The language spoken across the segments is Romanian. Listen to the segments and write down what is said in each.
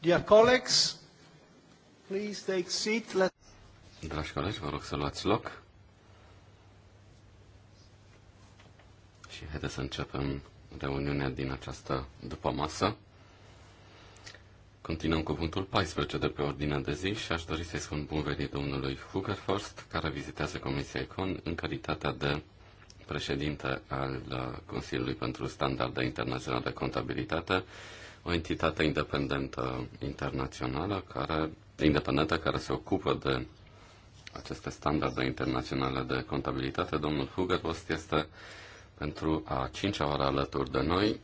Dear colleagues, please take seat. Let... Dragi colegi, vă rog să luați loc. Și haideți să începem reuniunea din această după masă. Continuăm cu punctul 14 de pe ordinea de zi și aș dori să-i spun bun venit domnului Hugerforst, care vizitează Comisia Econ în calitatea de președinte al uh, Consiliului pentru Standarde Internaționale de Contabilitate o entitate independentă internațională care, independentă care se ocupă de aceste standarde internaționale de contabilitate. Domnul Hugerbost este pentru a cincea oară alături de noi.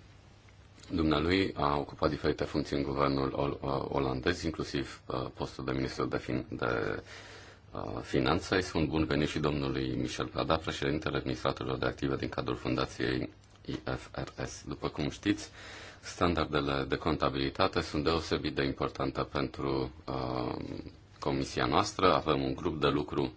Dumnealui a ocupat diferite funcții în guvernul uh, olandez, inclusiv uh, postul de ministru de, fin- de Îi uh, Sunt bun venit și domnului Michel Prada, președintele administratorilor de active din cadrul fundației IFRS. După cum știți, Standardele de contabilitate sunt deosebit de importante pentru uh, comisia noastră. Avem un grup de lucru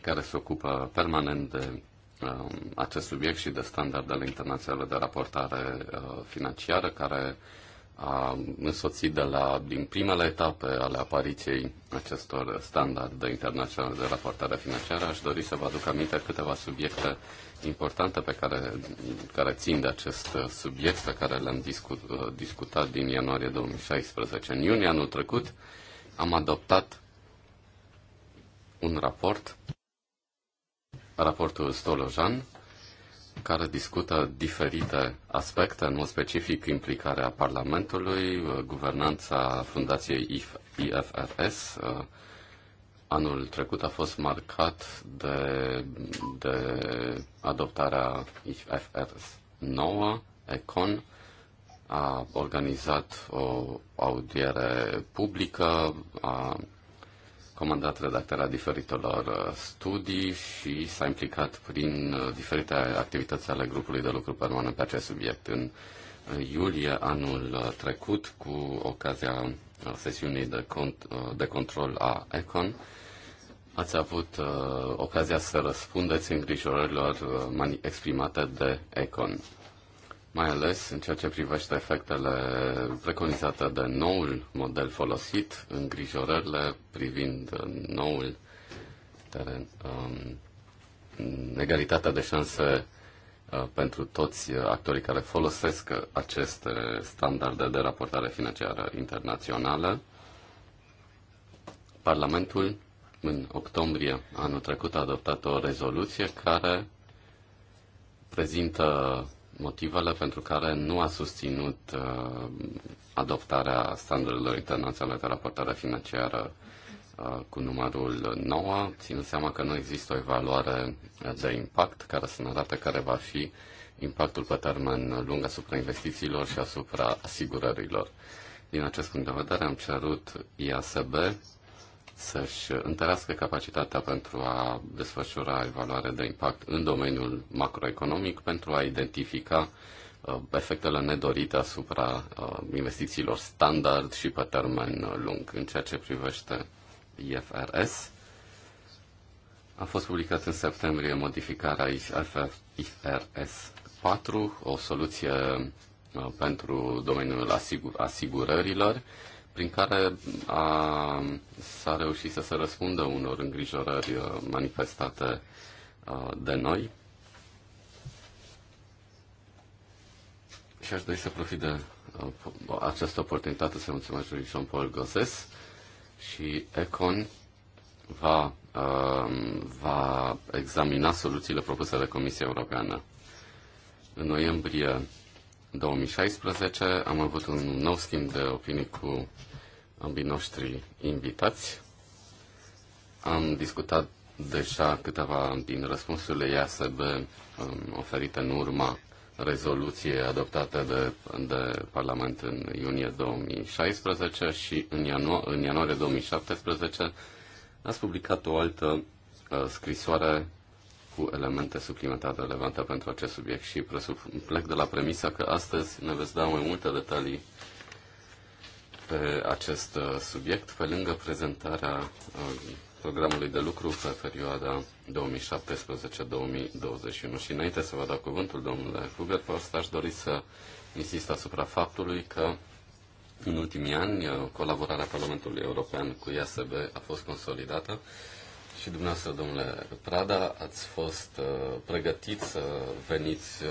care se ocupă permanent de uh, acest subiect și de standardele internaționale de raportare uh, financiară, care uh, a însoțit de la, din primele etape ale apariției acestor standarde internaționale de raportare financiară, aș dori să vă aduc aminte câteva subiecte importante pe care, care țin de acest subiect, pe care le-am discu- discutat din ianuarie 2016. În iunie anul trecut am adoptat un raport, raportul Stolojan, care discută diferite aspecte, în mod specific implicarea Parlamentului, uh, guvernanța Fundației IFRS. Uh, anul trecut a fost marcat de, de adoptarea IFRS 9, ECON, a organizat o audiere publică, a comandat redactarea diferitelor uh, studii și s-a implicat prin uh, diferite activități ale grupului de lucru permanent pe acest subiect. În iulie anul uh, trecut, cu ocazia sesiunii de, cont, de control a ECON, ați avut uh, ocazia să răspundeți îngrijorărilor uh, exprimate de ECON mai ales în ceea ce privește efectele preconizate de noul model folosit, îngrijorările privind noul teren, um, egalitatea de șanse uh, pentru toți actorii care folosesc aceste standarde de raportare financiară internațională. Parlamentul, în octombrie anul trecut, a adoptat o rezoluție care prezintă motivele pentru care nu a susținut uh, adoptarea standardelor internaționale de raportare financiară uh, cu numărul 9, ținând seama că nu există o evaluare de impact care să ne arate care va fi impactul pe termen lung asupra investițiilor și asupra asigurărilor. Din acest punct de vedere am cerut IASB să-și întărească capacitatea pentru a desfășura evaluare de impact în domeniul macroeconomic pentru a identifica uh, efectele nedorite asupra uh, investițiilor standard și pe termen uh, lung. În ceea ce privește IFRS, a fost publicat în septembrie modificarea IFRS 4, o soluție pentru domeniul asigur- asigurărilor prin care a, s-a reușit să se răspundă unor îngrijorări uh, manifestate uh, de noi. Și aș dori să profit de uh, această oportunitate să mulțumesc lui Jean-Paul Gozes și Econ va, va examina soluțiile propuse de Comisia Europeană. În noiembrie 2016 am avut un nou schimb de opinii cu ambii noștri invitați. Am discutat deja câteva din răspunsurile IASB um, oferite în urma rezoluție adoptată de, de Parlament în iunie 2016 și în, ianu- în ianuarie 2017 ați publicat o altă uh, scrisoare cu elemente suplimentare relevante pentru acest subiect și plec de la premisa că astăzi ne veți da mai multe detalii pe acest uh, subiect, pe lângă prezentarea um, programului de lucru pe perioada 2017-2021. Și înainte să vă dau cuvântul, domnule Huberpost, aș dori să insist asupra faptului că în ultimii ani uh, colaborarea Parlamentului European cu IASB a fost consolidată și dumneavoastră, domnule Prada, ați fost uh, pregătiți să veniți uh,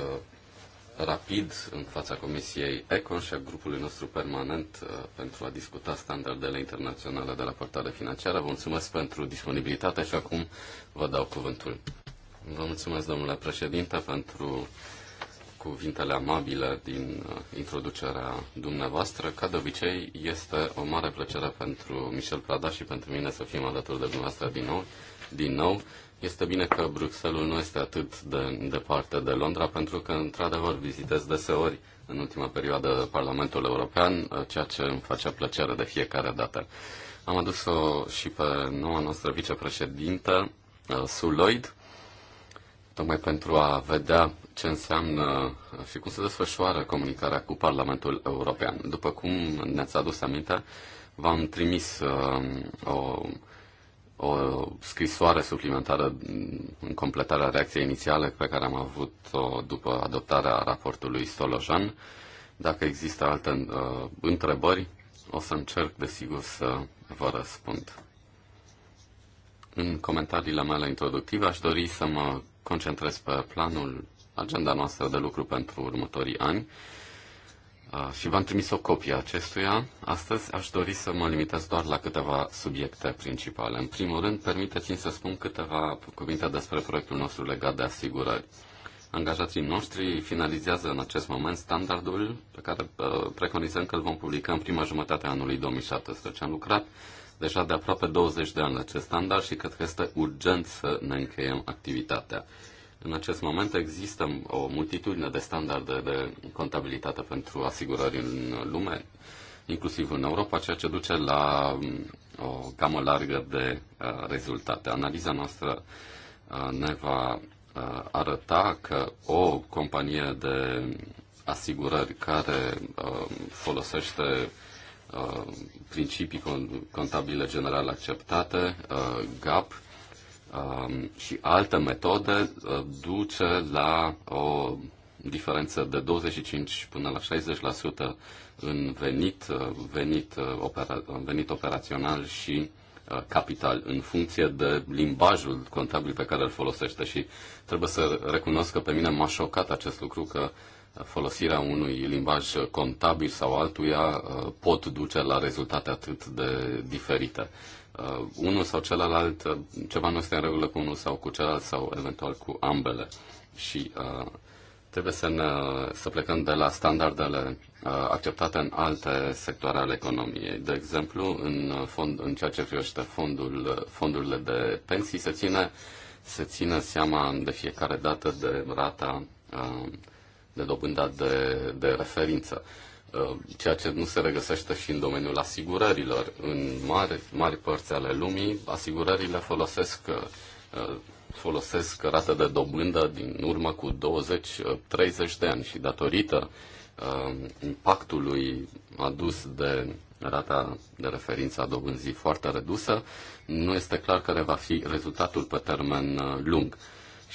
rapid în fața Comisiei ECON și a grupului nostru permanent uh, pentru a discuta standardele internaționale de raportare financiară. Vă mulțumesc pentru disponibilitate și acum vă dau cuvântul. Vă mulțumesc, domnule președinte, pentru cuvintele amabile din uh, introducerea dumneavoastră. Ca de obicei, este o mare plăcere pentru Michel Prada și pentru mine să fim alături de dumneavoastră din nou. Din nou. Este bine că Bruxelles nu este atât de departe de Londra, pentru că, într-adevăr, vizitez deseori în ultima perioadă Parlamentul European, uh, ceea ce îmi face plăcere de fiecare dată. Am adus-o și pe noua noastră vicepreședintă, uh, Sue Lloyd, tocmai pentru a vedea ce înseamnă și cum se desfășoară comunicarea cu Parlamentul European. După cum ne-ați adus aminte, v-am trimis uh, o, o scrisoare suplimentară în completarea reacției inițiale pe care am avut-o după adoptarea raportului Stolojan. Dacă există alte uh, întrebări, o să încerc, desigur, să vă răspund. În comentariile mele introductive aș dori să mă concentrez pe planul, agenda noastră de lucru pentru următorii ani și v-am trimis o copie a acestuia. Astăzi aș dori să mă limitez doar la câteva subiecte principale. În primul rând, permiteți-mi să spun câteva cuvinte despre proiectul nostru legat de asigurări. Angajații noștri finalizează în acest moment standardul pe care preconizăm că îl vom publica în prima jumătate a anului 2017. Am lucrat deja de aproape 20 de ani acest standard și cred că este urgent să ne încheiem activitatea. În acest moment există o multitudine de standarde de contabilitate pentru asigurări în lume, inclusiv în Europa, ceea ce duce la mm, o gamă largă de uh, rezultate. Analiza noastră uh, ne va uh, arăta că o companie de asigurări care folosește Uh, principii contabile general acceptate, uh, GAP, um, și alte metode uh, duce la o diferență de 25 până la 60% în venit, venit, opera, venit operațional și capital, în funcție de limbajul contabil pe care îl folosește și trebuie să recunosc că pe mine m-a șocat acest lucru că uh, folosirea unui limbaj contabil sau altuia uh, pot duce la rezultate atât de diferite. Uh, unul sau celălalt, uh, ceva nu este în regulă cu unul sau cu celălalt sau eventual cu ambele. Și trebuie să, ne, să plecăm de la standardele acceptate în alte sectoare ale economiei. De exemplu, în, fond, în ceea ce privește fondul, fondurile de pensii, se ține, se ține seama de fiecare dată de rata de dobânda de, de referință, uh, ceea ce nu se regăsește și în domeniul asigurărilor. În mari, mari părți ale lumii, asigurările folosesc uh, folosesc rată de dobândă din urmă cu 20-30 uh, de ani și datorită impactului adus de rata de referință a dobânzii foarte redusă, nu este clar care va fi rezultatul pe termen lung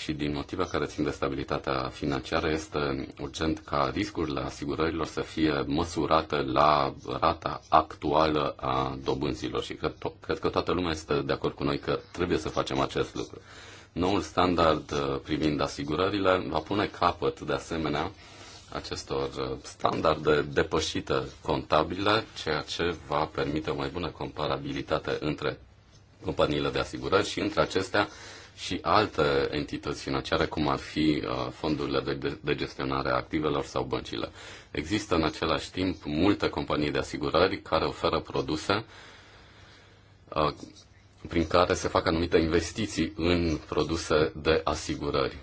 și din motive care țin de stabilitatea financiară este urgent ca riscurile asigurărilor să fie măsurate la rata actuală a dobânzilor și cred, cred că toată lumea este de acord cu noi că trebuie să facem acest lucru. Noul standard uh, privind asigurările va pune capăt de asemenea acestor uh, standarde depășite contabile, ceea ce va permite o mai bună comparabilitate între companiile de asigurări și între acestea și alte entități financiare, cum ar fi uh, fondurile de, gestionare a activelor sau băncile. Există în același timp multe companii de asigurări care oferă produse uh, prin care se fac anumite investiții în produse de asigurări.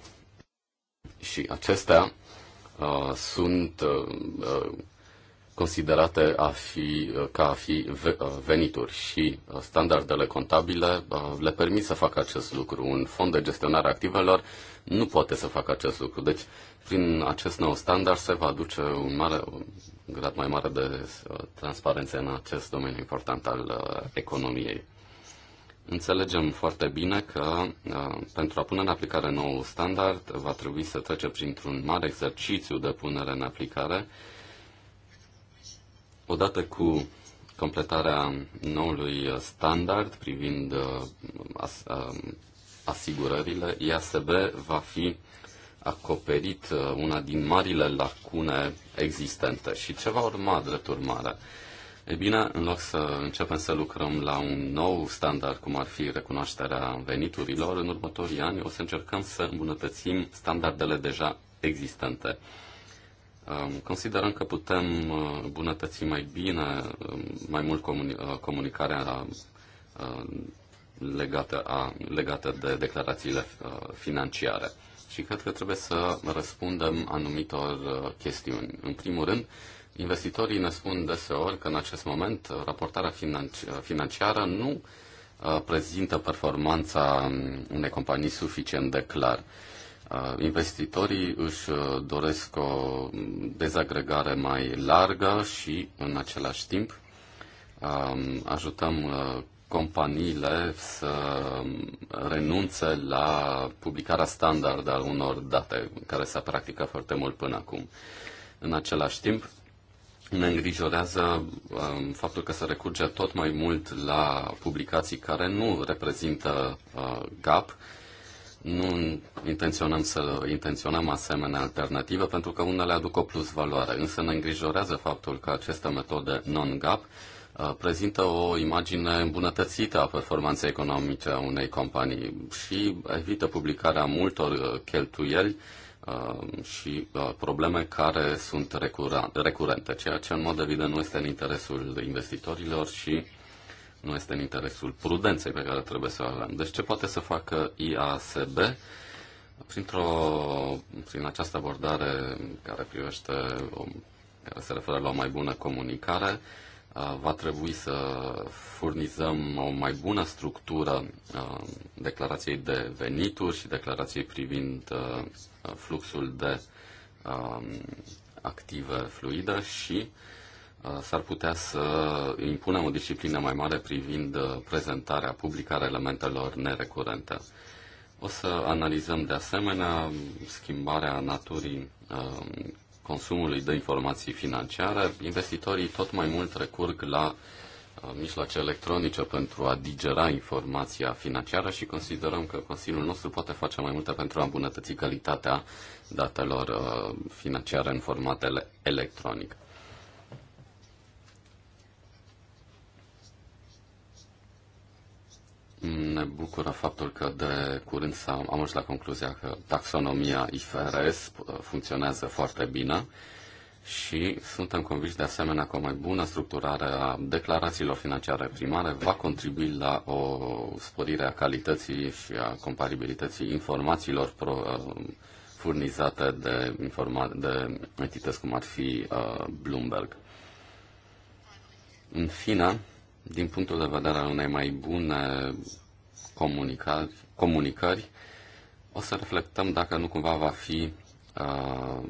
Și acestea uh, sunt considerate a fi, ca a fi venituri și standardele contabile le permit să facă acest lucru. Un fond de gestionare activelor nu poate să facă acest lucru. Deci, prin acest nou standard se va aduce un, mare, un grad mai mare de transparență în acest domeniu important al economiei. Înțelegem foarte bine că pentru a pune în aplicare nou standard va trebui să trecem printr-un mare exercițiu de punere în aplicare Odată cu completarea noului standard privind uh, as, uh, asigurările, IASB va fi acoperit uh, una din marile lacune existente. Și ce va urma drept urmare? E bine, în loc să începem să lucrăm la un nou standard, cum ar fi recunoașterea veniturilor, în următorii ani o să încercăm să îmbunătățim standardele deja existente. Um, considerăm că putem uh, bunătăți mai bine, um, mai mult uh, comunicarea uh, legată, a, legată de declarațiile financiare. Și cred că trebuie să răspundem anumitor chestiuni. În primul rând, investitorii ne spun deseori că în acest moment raportarea financi- financiară nu prezintă performanța um, unei companii suficient de clar. Uh, investitorii își uh, doresc o dezagregare mai largă și, în același timp, um, ajutăm uh, companiile să renunțe la publicarea standard a unor date, care s-a practicat foarte mult până acum. În același timp, ne îngrijorează um, faptul că se recurge tot mai mult la publicații care nu reprezintă uh, GAP nu intenționăm să intenționăm asemenea alternativă, pentru că unele aduc o plus valoare, însă ne îngrijorează faptul că aceste metode non-GAP uh, prezintă o imagine îmbunătățită a performanței economice a unei companii și evită publicarea multor uh, cheltuieli uh, și probleme care sunt recurente, ceea ce în mod evident nu este în interesul investitorilor și nu este în interesul prudenței pe care trebuie să o avem. Deci ce poate să facă IASB printr-o, prin această abordare care privește o, care se referă la o mai bună comunicare, va trebui să furnizăm o mai bună structură declarației de venituri și declarației privind fluxul de active fluide și uh, s-ar putea să impunem o disciplină mai mare privind uh, prezentarea publică a elementelor nerecurente. O să analizăm de asemenea schimbarea naturii uh, consumului de informații financiare. Investitorii tot mai mult recurg la uh, mijloace electronice pentru a digera informația financiară și considerăm că Consiliul nostru poate face mai multe pentru a îmbunătăți calitatea datelor financiare în format electronic. Ne bucură faptul că de curând am ajuns la concluzia că taxonomia IFRS uh, funcționează foarte bine și suntem convinși de asemenea că o mai bună structurare a declarațiilor financiare primare va contribui la o sporire a calității și a comparabilității informațiilor pro, uh, furnizate de, informa- de entități cum ar fi uh, Bloomberg. În fine, din punctul de vedere al unei mai bune comunicări, comunicări o să reflectăm dacă nu cumva va fi Uh,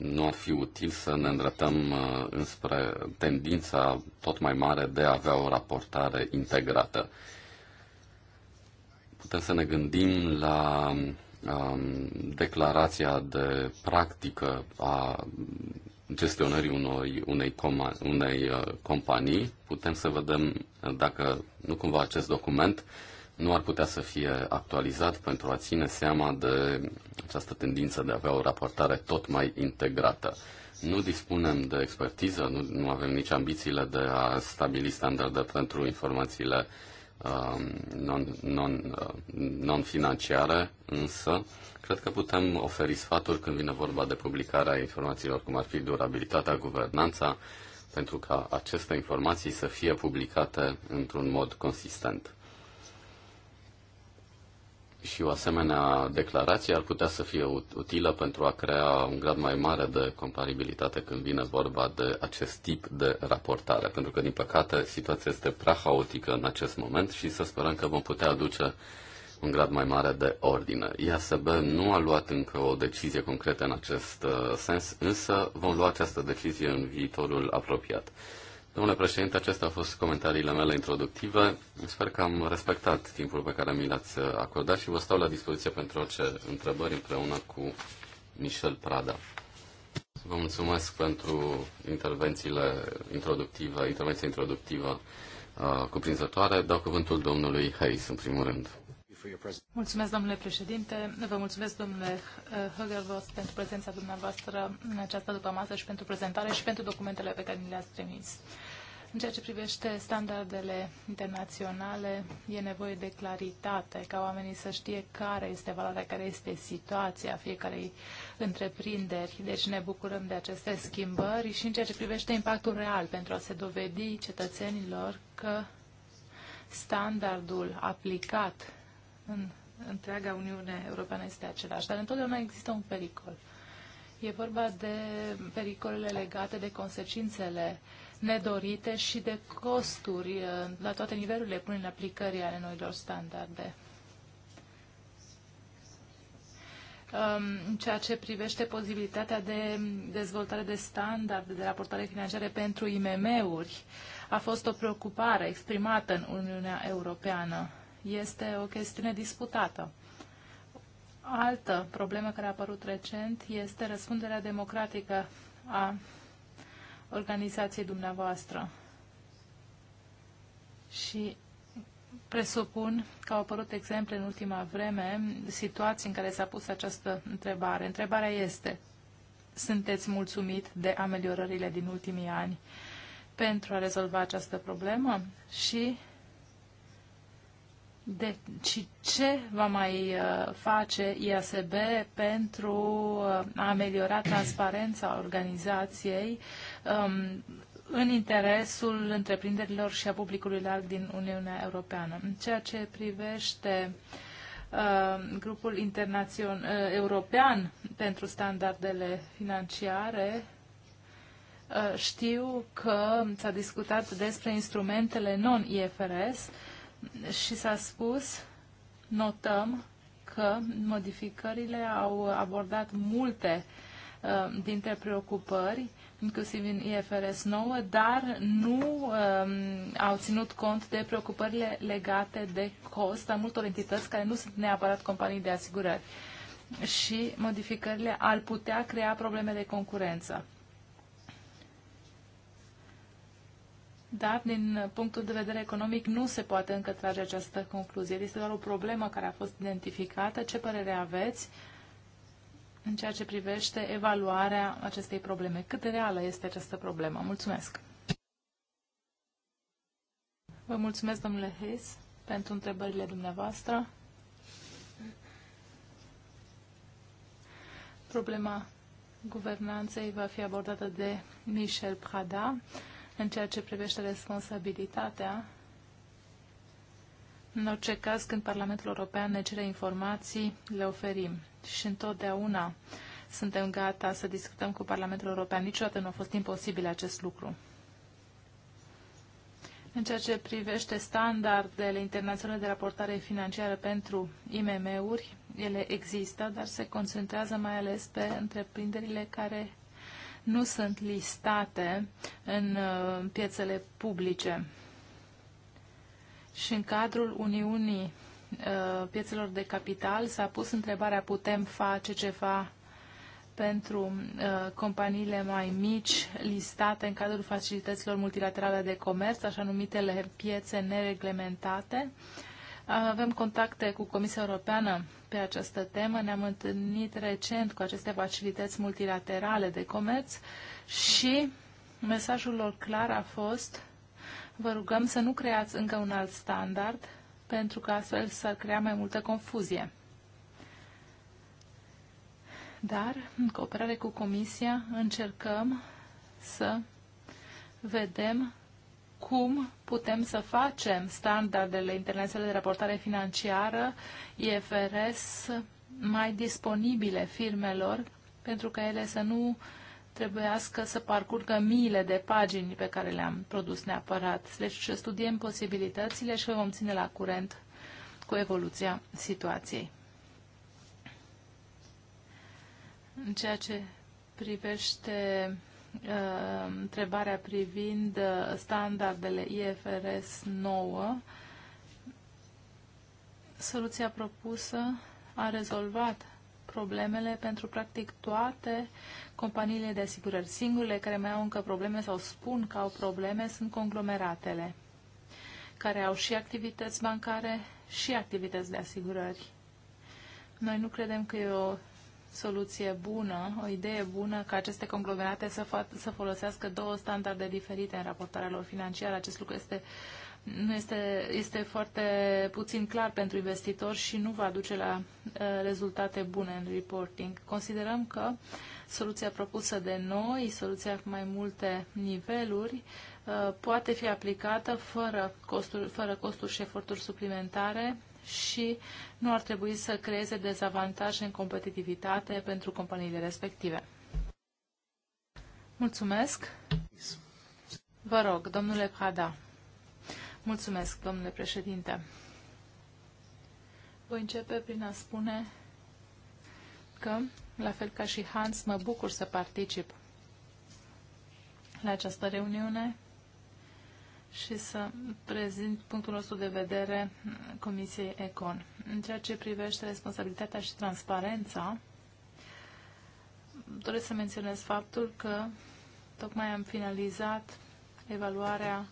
nu ar fi util să ne îndreptăm uh, înspre tendința tot mai mare de a avea o raportare integrată. Putem să ne gândim la uh, declarația de practică a gestionării unui, unei, coma, unei uh, companii, putem să vedem uh, dacă nu cumva acest document nu ar putea să fie actualizat pentru a ține seama de această tendință de a avea o raportare tot mai integrată. Nu dispunem de expertiză, nu, nu avem nici ambițiile de a stabili standarde pentru informațiile uh, non-financiare, um, non, non uh, însă cred că putem oferi sfaturi când vine vorba de publicarea informațiilor, cum ar fi durabilitatea, guvernanța, pentru ca aceste informații să fie publicate într-un mod consistent și o asemenea declarație ar putea să fie utilă pentru a crea un grad mai mare de comparabilitate când vine vorba de acest tip de raportare, pentru că, din păcate, situația este prea haotică în acest moment și să sperăm că vom putea aduce un grad mai mare de ordine. IASB nu a luat încă o decizie concretă în acest uh, sens, însă vom lua această decizie în viitorul apropiat. Domnule președinte, acestea au fost comentariile mele introductive. Sper că am respectat timpul pe care mi l-ați acordat și vă stau la dispoziție pentru orice întrebări împreună cu Michel Prada. Vă mulțumesc pentru intervențiile introductive, intervenția introductivă uh, cuprinzătoare. Dau cuvântul domnului Hayes, în primul rând. Mulțumesc, domnule președinte. Vă mulțumesc, domnule Högervos, eh, pentru prezența dumneavoastră în această dupămasă și pentru prezentare și pentru documentele pe care ni le-ați trimis. În ceea ce privește standardele internaționale, e nevoie de claritate, ca oamenii să știe care este valoarea, care este situația fiecarei întreprinderi. Deci ne bucurăm de aceste schimbări și în ceea ce privește impactul real pentru a se dovedi cetățenilor că standardul aplicat în întreaga Uniune Europeană este același, dar întotdeauna există un pericol. E vorba de pericolele legate de consecințele nedorite și de costuri uh, la toate nivelurile până în aplicării ale noilor standarde. Um, în ceea ce privește posibilitatea de dezvoltare de standarde de raportare financiare pentru IMM-uri, a fost o preocupare exprimată în Uniunea Europeană este o chestiune disputată. Altă problemă care a apărut recent este răspunderea democratică a organizației dumneavoastră. Și presupun că au apărut exemple în ultima vreme, situații în care s-a pus această întrebare. Întrebarea este, sunteți mulțumit de ameliorările din ultimii ani pentru a rezolva această problemă? Și deci ce va mai uh, face IASB pentru uh, a ameliora transparența organizației um, în interesul întreprinderilor și a publicului larg din Uniunea Europeană? În ceea ce privește uh, grupul internațion, european pentru standardele financiare, știu că s-a discutat despre instrumentele non-IFRS, și s-a spus, notăm că modificările au abordat multe uh, dintre preocupări, inclusiv în IFRS 9, dar nu um, au ținut cont de preocupările legate de cost a multor entități care nu sunt neapărat companii de asigurări. Și modificările ar putea crea probleme de concurență. Dar, din punctul de vedere economic, nu se poate încă trage această concluzie. Este doar o problemă care a fost identificată. Ce părere aveți în ceea ce privește evaluarea acestei probleme? Cât de reală este această problemă? Mulțumesc! Vă mulțumesc, domnule Hayes, pentru întrebările dumneavoastră. Problema guvernanței va fi abordată de Michel Prada în ceea ce privește responsabilitatea. În orice caz, când Parlamentul European ne cere informații, le oferim. Și întotdeauna suntem gata să discutăm cu Parlamentul European. Niciodată nu a fost imposibil acest lucru. În ceea ce privește standardele internaționale de raportare financiară pentru IMM-uri, ele există, dar se concentrează mai ales pe întreprinderile care nu sunt listate în uh, piețele publice. Și în cadrul Uniunii uh, piețelor de capital s-a pus întrebarea putem face ceva pentru uh, companiile mai mici listate în cadrul facilităților multilaterale de comerț, așa numitele piețe nereglementate. Avem contacte cu Comisia Europeană pe această temă. Ne-am întâlnit recent cu aceste facilități multilaterale de comerț și mesajul lor clar a fost vă rugăm să nu creați încă un alt standard pentru că astfel s-ar crea mai multă confuzie. Dar, în cooperare cu Comisia, încercăm să vedem cum putem să facem standardele internaționale de raportare financiară IFRS mai disponibile firmelor pentru că ele să nu trebuiască să parcurgă miile de pagini pe care le-am produs neapărat. Deci studiem posibilitățile și vom ține la curent cu evoluția situației. În ceea ce privește Uh, întrebarea privind uh, standardele IFRS 9, soluția propusă a rezolvat problemele pentru practic toate companiile de asigurări. Singurele care mai au încă probleme sau spun că au probleme sunt conglomeratele, care au și activități bancare și activități de asigurări. Noi nu credem că e o soluție bună, o idee bună ca aceste conglomerate să, să folosească două standarde diferite în raportarea lor financiară. Acest lucru este, nu este, este foarte puțin clar pentru investitori și nu va duce la uh, rezultate bune în reporting. Considerăm că soluția propusă de noi, soluția cu mai multe niveluri, uh, poate fi aplicată fără costuri, fără costuri și eforturi suplimentare și nu ar trebui să creeze dezavantaje în competitivitate pentru companiile respective. Mulțumesc. Vă rog, domnule Prada. Mulțumesc, domnule președinte. Voi începe prin a spune că, la fel ca și Hans, mă bucur să particip la această reuniune și să prezint punctul nostru de vedere Comisiei Econ. În ceea ce privește responsabilitatea și transparența, doresc să menționez faptul că tocmai am finalizat evaluarea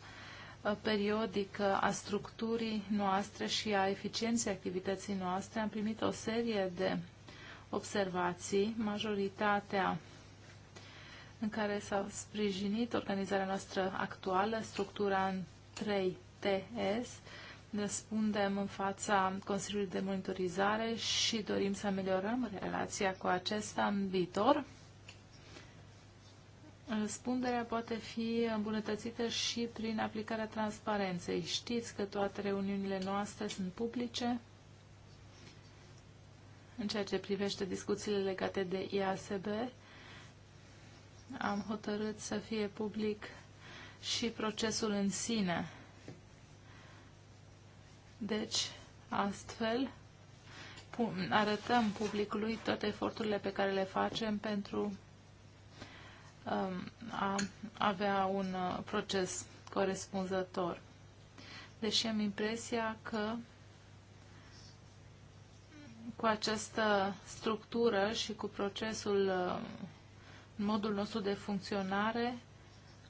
uh, periodică a structurii noastre și a eficienței activității noastre. Am primit o serie de observații, majoritatea în care s-a sprijinit organizarea noastră actuală, structura în 3TS. Răspundem în fața Consiliului de Monitorizare și dorim să ameliorăm relația cu acesta în viitor. Răspunderea poate fi îmbunătățită și prin aplicarea transparenței. Știți că toate reuniunile noastre sunt publice. În ceea ce privește discuțiile legate de IASB, am hotărât să fie public și procesul în sine. Deci, astfel, arătăm publicului toate eforturile pe care le facem pentru um, a avea un uh, proces corespunzător. Deși am impresia că cu această structură și cu procesul uh, în modul nostru de funcționare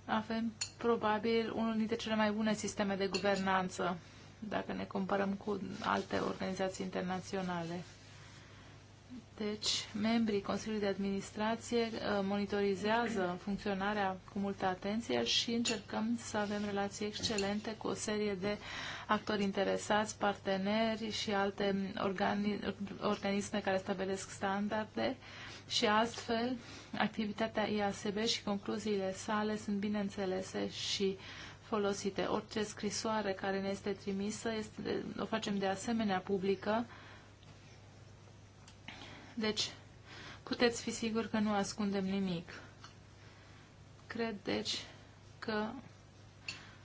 avem probabil unul dintre cele mai bune sisteme de guvernanță, dacă ne comparăm cu alte organizații internaționale. Deci, membrii Consiliului de Administrație uh, monitorizează funcționarea cu multă atenție și încercăm să avem relații excelente cu o serie de actori interesați, parteneri și alte organi organisme care stabilesc standarde și astfel activitatea IASB și concluziile sale sunt bineînțelese și folosite. Orice scrisoare care ne este trimisă este, o facem de asemenea publică. Deci, puteți fi siguri că nu ascundem nimic. Cred, deci, că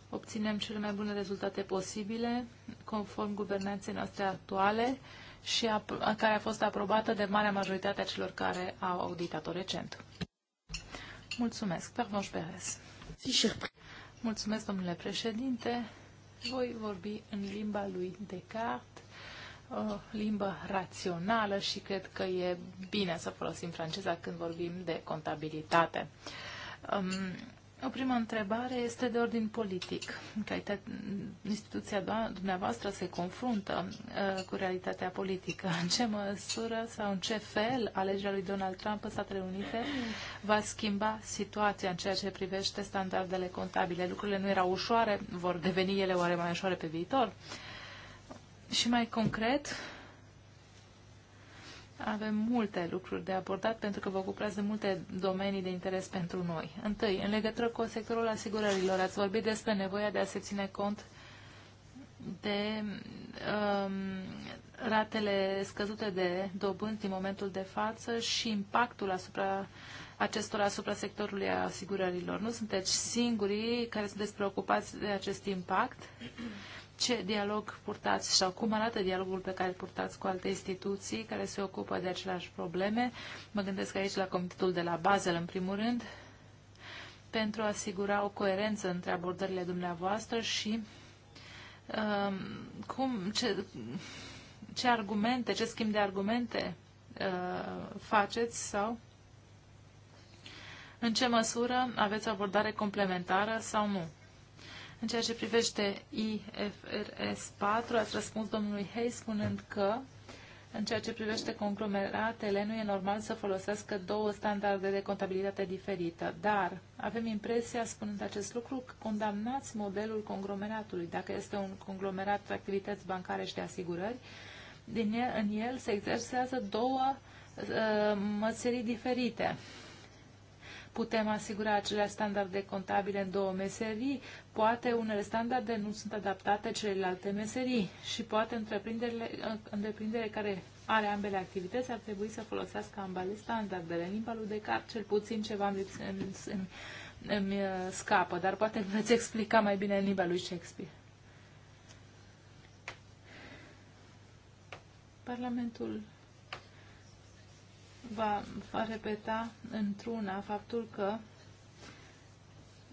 obținem cele mai bune rezultate posibile conform guvernanței noastre actuale și a, care a fost aprobată de marea majoritate a celor care au auditat-o recent. Mulțumesc. Pervanș Beres. Mulțumesc, domnule președinte. Voi vorbi în limba lui Descartes, o limbă rațională și cred că e bine să folosim franceza când vorbim de contabilitate. Um, o prima întrebare este de ordin politic. instituția dumneavoastră se confruntă uh, cu realitatea politică. În ce măsură sau în ce fel alegerea lui Donald Trump în Statele Unite va schimba situația în ceea ce privește standardele contabile? Lucrurile nu erau ușoare, vor deveni ele oare mai ușoare pe viitor? Și mai concret, avem multe lucruri de abordat pentru că vă ocupați de multe domenii de interes pentru noi. Întâi, în legătură cu sectorul asigurărilor, ați vorbit despre nevoia de a se ține cont de um, ratele scăzute de dobând din momentul de față și impactul asupra acestor asupra sectorului asigurărilor. Nu sunteți singurii care sunteți preocupați de acest impact ce dialog purtați sau cum arată dialogul pe care îl purtați cu alte instituții care se ocupă de aceleași probleme. Mă gândesc aici la comitetul de la Basel, în primul rând, pentru a asigura o coerență între abordările dumneavoastră și um, cum, ce, ce argumente, ce schimb de argumente uh, faceți sau în ce măsură aveți abordare complementară sau nu. În ceea ce privește IFRS 4, ați răspuns domnului Hayes spunând că în ceea ce privește conglomeratele, nu e normal să folosească două standarde de contabilitate diferită, dar avem impresia, spunând acest lucru, că condamnați modelul conglomeratului. Dacă este un conglomerat de activități bancare și de asigurări, din el, în el se exersează două uh, măsării diferite. Putem asigura acelea standarde contabile în două meserii? Poate unele standarde nu sunt adaptate celelalte meserii și poate întreprinderile, care are ambele activități ar trebui să folosească ambele standardele. În limba lui cap, cel puțin ceva îmi, îmi, îmi uh, scapă, dar poate veți explica mai bine în limba lui Shakespeare. Parlamentul va, va repeta într-una faptul că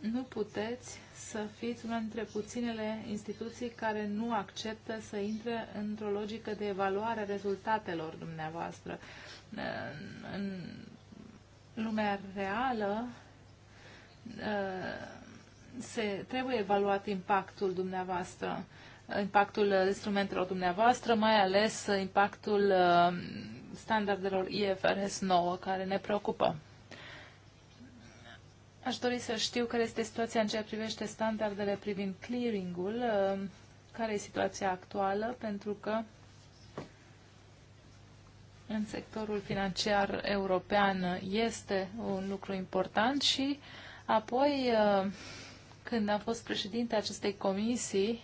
nu puteți să fiți una dintre puținele instituții care nu acceptă să intre într-o logică de evaluare a rezultatelor dumneavoastră. În lumea reală ă, se, trebuie evaluat impactul dumneavoastră, impactul instrumentelor dumneavoastră, mai ales impactul ă, standardelor IFRS 9 care ne preocupă. Aș dori să știu care este situația în ceea ce privește standardele privind clearing-ul, uh, care e situația actuală, pentru că în sectorul financiar european este un lucru important și apoi uh, când am fost președinte acestei comisii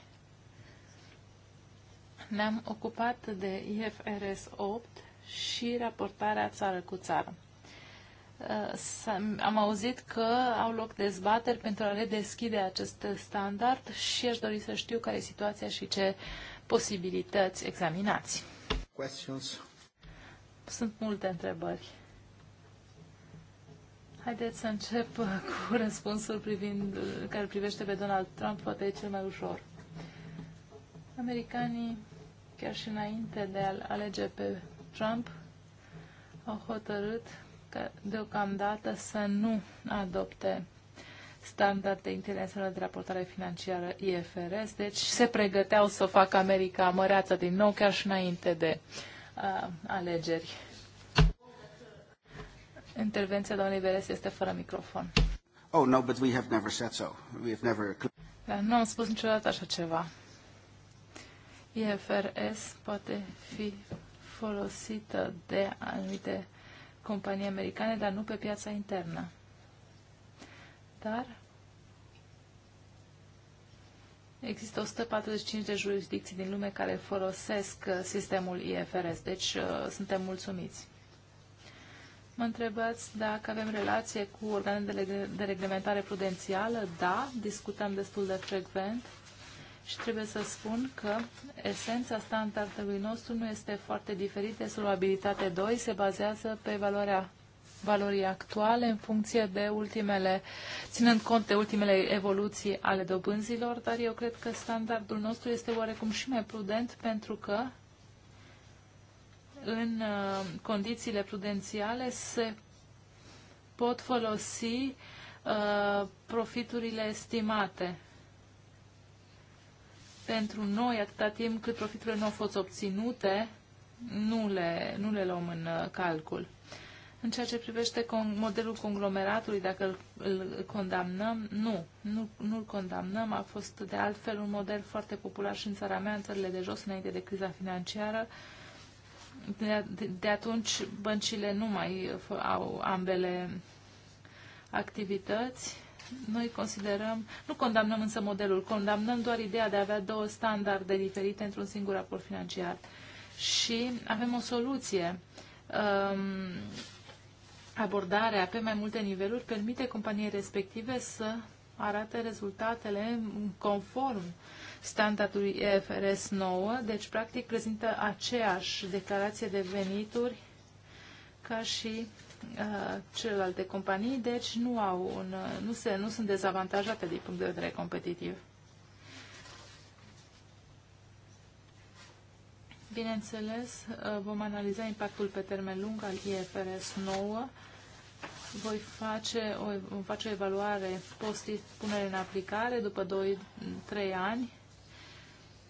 ne-am ocupat de IFRS 8 și raportarea țară cu țară. Uh, am auzit că au loc dezbateri pentru a redeschide acest standard și aș dori să știu care e situația și ce posibilități examinați. Questions? Sunt multe întrebări. Haideți să încep cu răspunsul privind, care privește pe Donald Trump, poate e cel mai ușor. Americanii, chiar și înainte de a alege pe Trump au hotărât că deocamdată să nu adopte standarde internaționale de raportare financiară IFRS, deci se pregăteau să o facă America măreață din nou chiar și înainte de uh, alegeri. Intervenția domnului Veres este fără microfon. Oh, no, but we have never said so. We have never... Dar nu am spus niciodată așa ceva. IFRS poate fi folosită de anumite companii americane, dar nu pe piața internă. Dar Există 145 de jurisdicții din lume care folosesc uh, sistemul IFRS, deci uh, suntem mulțumiți. Mă întrebați dacă avem relație cu organele de reglementare prudențială? Da, discutăm destul de frecvent și trebuie să spun că esența standardului nostru nu este foarte diferită. Solvabilitate 2 se bazează pe valoarea valorii actuale în funcție de ultimele, ținând cont de ultimele evoluții ale dobânzilor, dar eu cred că standardul nostru este oarecum și mai prudent pentru că în uh, condițiile prudențiale se pot folosi uh, profiturile estimate pentru noi, atâta timp cât profiturile nu au fost obținute, nu le, nu le luăm în uh, calcul. În ceea ce privește con modelul conglomeratului, dacă îl, îl condamnăm, nu, nu, nu-l condamnăm. A fost de altfel un model foarte popular și în țara mea, în țările de jos, înainte de criza financiară. De, de, de atunci băncile nu mai uh, au ambele activități noi considerăm, nu condamnăm însă modelul, condamnăm doar ideea de a avea două standarde diferite într-un singur raport financiar. Și avem o soluție. Um, abordarea pe mai multe niveluri permite companiei respective să arate rezultatele conform standardului EFRS 9, deci practic prezintă aceeași declarație de venituri ca și Uh, celelalte companii, deci nu, au un, uh, nu, se, nu sunt dezavantajate din punct de vedere competitiv. Bineînțeles, uh, vom analiza impactul pe termen lung al IFRS 9. Voi face o, vom face o evaluare post-punere în aplicare după 2-3 ani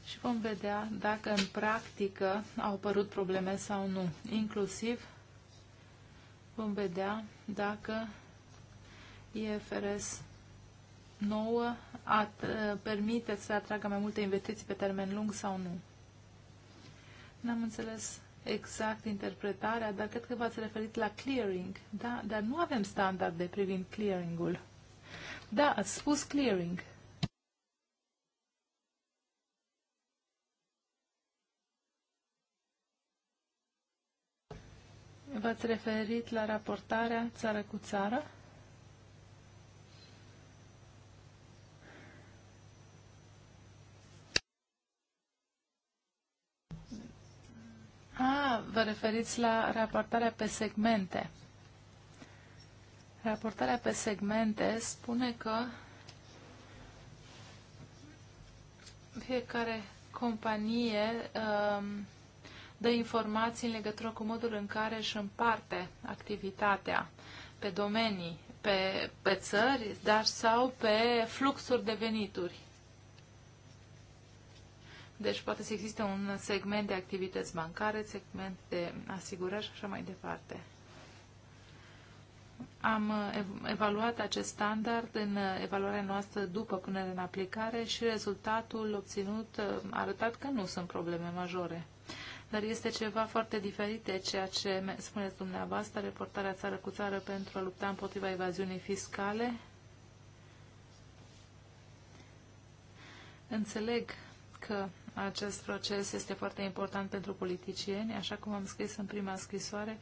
și vom vedea dacă în practică au apărut probleme sau nu, inclusiv vom vedea dacă IFRS 9 at, ă, permite să atragă mai multe investiții pe termen lung sau nu. N-am înțeles exact interpretarea, dar cred că v-ați referit la clearing. Da, dar nu avem standarde privind clearing-ul. Da, ați spus clearing. V-ați referit la raportarea țară cu țară? A, vă referiți la raportarea pe segmente. Raportarea pe segmente spune că fiecare companie um, dă informații în legătură cu modul în care își împarte activitatea pe domenii, pe, pe țări, dar sau pe fluxuri de venituri. Deci poate să existe un segment de activități bancare, segment de asigurări și așa mai departe. Am uh, evaluat acest standard în uh, evaluarea noastră după punerea în aplicare și rezultatul obținut uh, a arătat că nu sunt probleme majore dar este ceva foarte diferit de ceea ce spuneți dumneavoastră, reportarea țară cu țară pentru a lupta împotriva evaziunii fiscale. Înțeleg că acest proces este foarte important pentru politicieni, așa cum am scris în prima scrisoare,